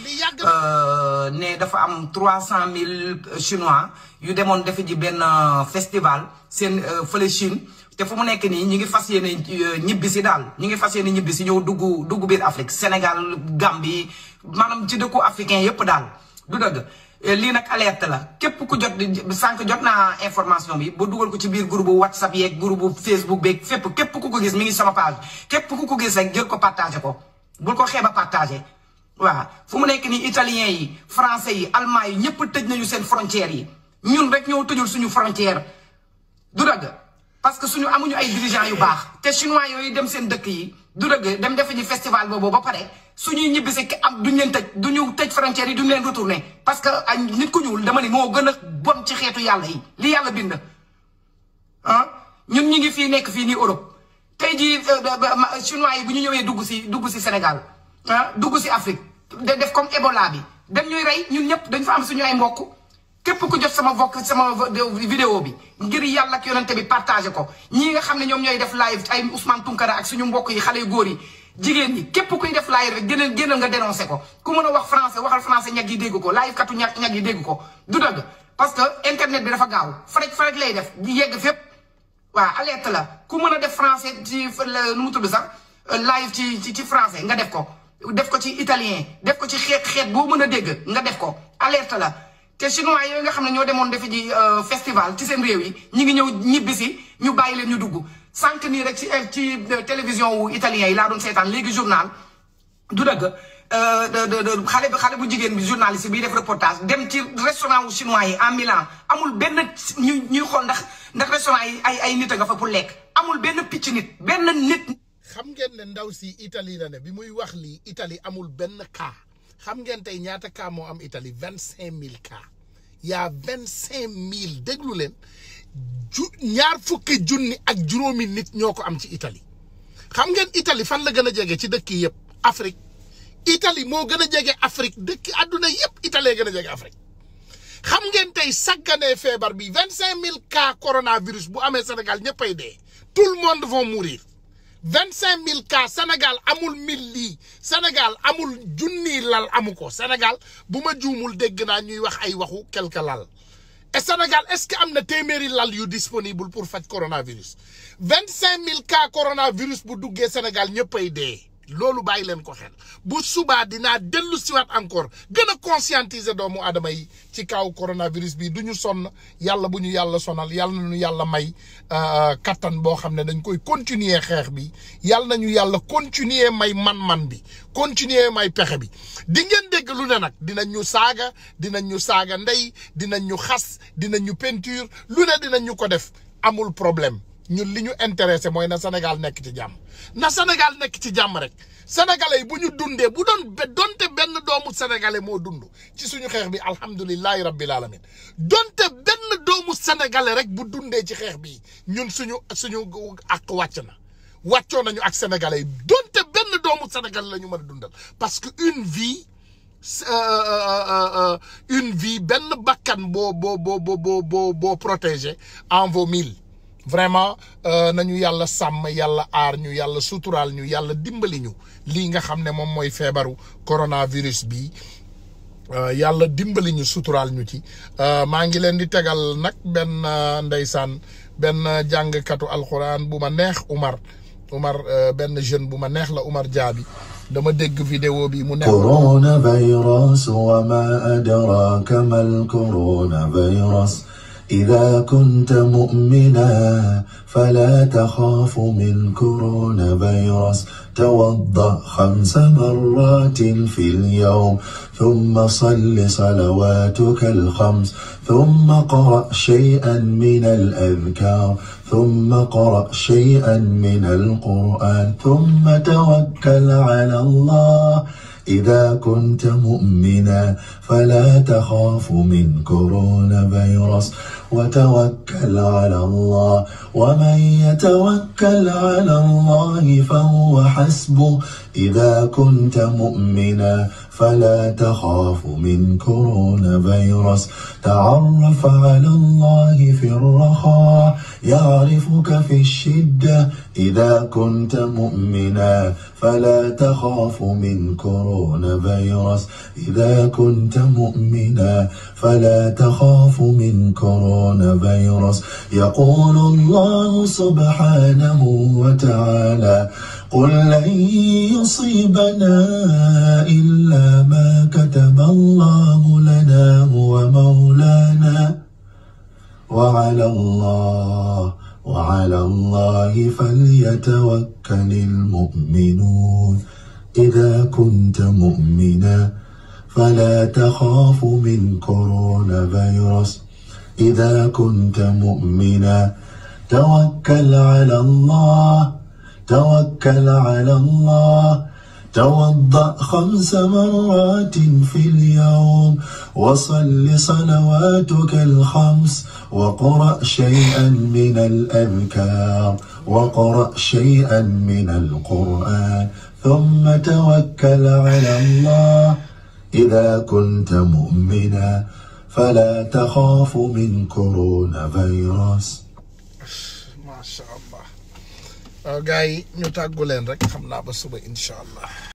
ne dafa am trois cent mille chinois yu demoon defe ji benn festival seen fële Chine te fu mu nekk nii ñi ngi fas yéene ñibbi si daal ñi ngi fas yéene ñibbi si ñëw duggu dugg biir Afrique Sénégal Gambie maanaam ci dëkku africain yépp daal du dëgg eh, lii nag alerte la képp ku jot sànq jot naa information bi ba dugal ko ci biir groupe whatsapp yeeg groupe facebook beeg fépp képp ku ko gis mi ngi sama page képp ku ko gis rek jël ko partagé ko bu ko xeeb a partagé waaw fu mu nekk nii italiens yi français yi allemands yi ñëpp tëj nañu seen frontières yi ñun rek ñoo tëjul suñu frontière du dëgg parce que suñu amuñu ay dirigeants yu baax te chinois yooyu dem seen dëkk yi du dëgg dem defe ji festival boobu ba pare suñuy ñibbisi am duñ leen du duñu tëj frontières yi duñ leen retourné parce que nit ku ñuul dama ni moo gën a bon ci xeetu yàlla yi li yàlla bind ah ñun ñu ngi fii nekk fii nii Europe tey jii euh, chinois yi bu ñu ñëwee dugg si dugg si Sénégal ah dugg si Afrique de def comme Ebola bi dañ ñuy rey ñun ñëpp dañ fa am suñu ay mbokk képp ku jot sama vok sama vidéo bi ngir yàlla ak yonente bi partagé ko ñi nga xam ne ñoom ñooy def live ay Ousmane Tunkara ak suñu mbokk yi xale yu góor yi jigéen ñi képp kuy def live rek génneel génneel nga dénoncé ko ku mën a wax français waxal français ñag yi dégg ko live katu ñag ñag yi dégg ko du dëgg parce que internet bi dafa gaaw faraj faraj lay def di yegg fépp waaw alerte la ku mën a def français ci nu mu tudd sax euh, live ci ci français nga def ko def ko ci italien def ko ci xeet xeet boo mën a dégg nga def ko alerte la te chinois yooyu nga xam ne ñoo demoon defe ji euh, festival ci seen réew yi ñi ngi ñëw ñibbi si ñu bàyyi leen ñu dugg sànq nii rek ci eh, ci eh, télévision wu italien yi laa doon seetaan léegi journal du dëgg euh, xale bi xale bu jigéen bi journaliste bi def reportage dem ci restaurant wu chinois yi en Milan amul benn ñuy ñuy xool ndax ndax restaurant yi ay ay nit a nga fa pour lekk amul benn picc nit benn nit. xam ngeen ne ndaw si itali la ne bi muy wax lii itali amul benn cas xam ngeen tey ñaata cas moo am itali vingt cinq mille cas y' a vingt cinq mille déglu leen. ju ñaar fukki junni ak juróomi nit ñoo ko am ci itali xam ngeen itali fan la gën a jege ci dëkk yëpp Afrique itali moo gën a jege Afrique dëkk àdduna yëpp Italie gën a jege Afrique xam ngeen tey sagganee feebar bi vingt cinq mille cas coronavirus bu amee Sénégal ñëppay dee tout le monde vont mourir vingt cinq mille cas Sénégal amul mille lii Sénégal amul junni lal amu ko Sénégal bu ma juumul dégg naa ñuy wax ay waxu quelque et Sénégal est-ce que am na téeméeri lal yu disponible pour faj coronavirus vingt cinq mille cas coronavirus bu duggee Sénégal ñëpp ay dee loolu bàyyi leen ko xel bu subaa dinaa dellu siwaat encore gën a conscientiser doomu aadama yi ci kaw coronavirus bi du ñu sonn yàlla bu ñu yàlla sonal yàlla nañu yàlla may euh, kattan boo xam ne dañ koy continuer xeex bi yàlla nañu yàlla continuer may man-man bi continuer may pexe bi di ngeen dégg lu ne nag dinañ ñu saaga dinañ ñu saaga ndey dina ñu xas dinañ ñu peinture lu ne dinañ ñu ko def amul problème ñun li ñu intéressé mooy na Sénégal nekk ci jàmm na Sénégal nekk ci jàmm rek sénégalais yi bu ñu dundee bu doon donte benn doomu sénégalais moo dund ci suñu xeex bi alhamdulilahi rabbil alamin donte benn doomu sénégalais rek bu dundee ci xeex bi ñun suñu suñu ak wàcc na wàccoo nañu ak sénégalais yi donte benn doomu sénégalais la ñu mën a dundal parce que une vie euh, euh, euh, une vie benn bakkan boo bo bo boo boo boo protégé envou vaut mille vraiment euh, nañu yàlla sàmm yàlla aar ñu yàlla suturaal ñu yàlla dimbali ñu lii nga xam ne moom mooy feebaru coronavirus bii euh, yàlla dimbali ñu suturaal ñu ci euh, maa ngi leen di tegal nag benn ndeysaan benn jàngkatu alxuraan bu ma neex Umar Umar benn jeune bu ma neex la Umar Jaabi dama dégg vidéo bi mu neex. coronavirus wa ma adraka mal coronavirus إذا كنت مؤمنا فلا تخاف من كورونا فيروس توضأ خمس مرات في اليوم ثم صل صلواتك الخمس ثم قرأ شيئا من الأذكار ثم قرأ شيئا من القرآن ثم توكل على الله إذا كنت مؤمنا فلا تخاف من كورونا فيروس وتوكل على الله ومن يتوكل على الله فهو حسبه إذا كنت مؤمنا فلا تخاف من كورونا فيروس تعرف على الله في الرخاء يعرفك في الشدة إذا كنت مؤمنا فلا تخاف من كورونا فيروس إذا كنت مؤمنا فلا تخاف من كورونا فيروس يقول الله سبحانه وتعالى قل لن يصيبنا إلا ما كتب الله لنا هو مولانا وعلى الله وعلى الله فليتوكل المؤمنون إذا كنت مؤمنا فلا تخاف من كورونا فيروس إذا كنت مؤمنا توكل على الله توكل على الله توضأ خمس مرات في اليوم وصل صلواتك الخمس وقرأ شيئا من الأذكار وقرأ شيئا من القرآن ثم توكل على الله إذا كنت مؤمنا فلا تخاف من كورونا فيروس waaw euh, gars yi ñu tàggu leen rek xam naa ba suba incha allah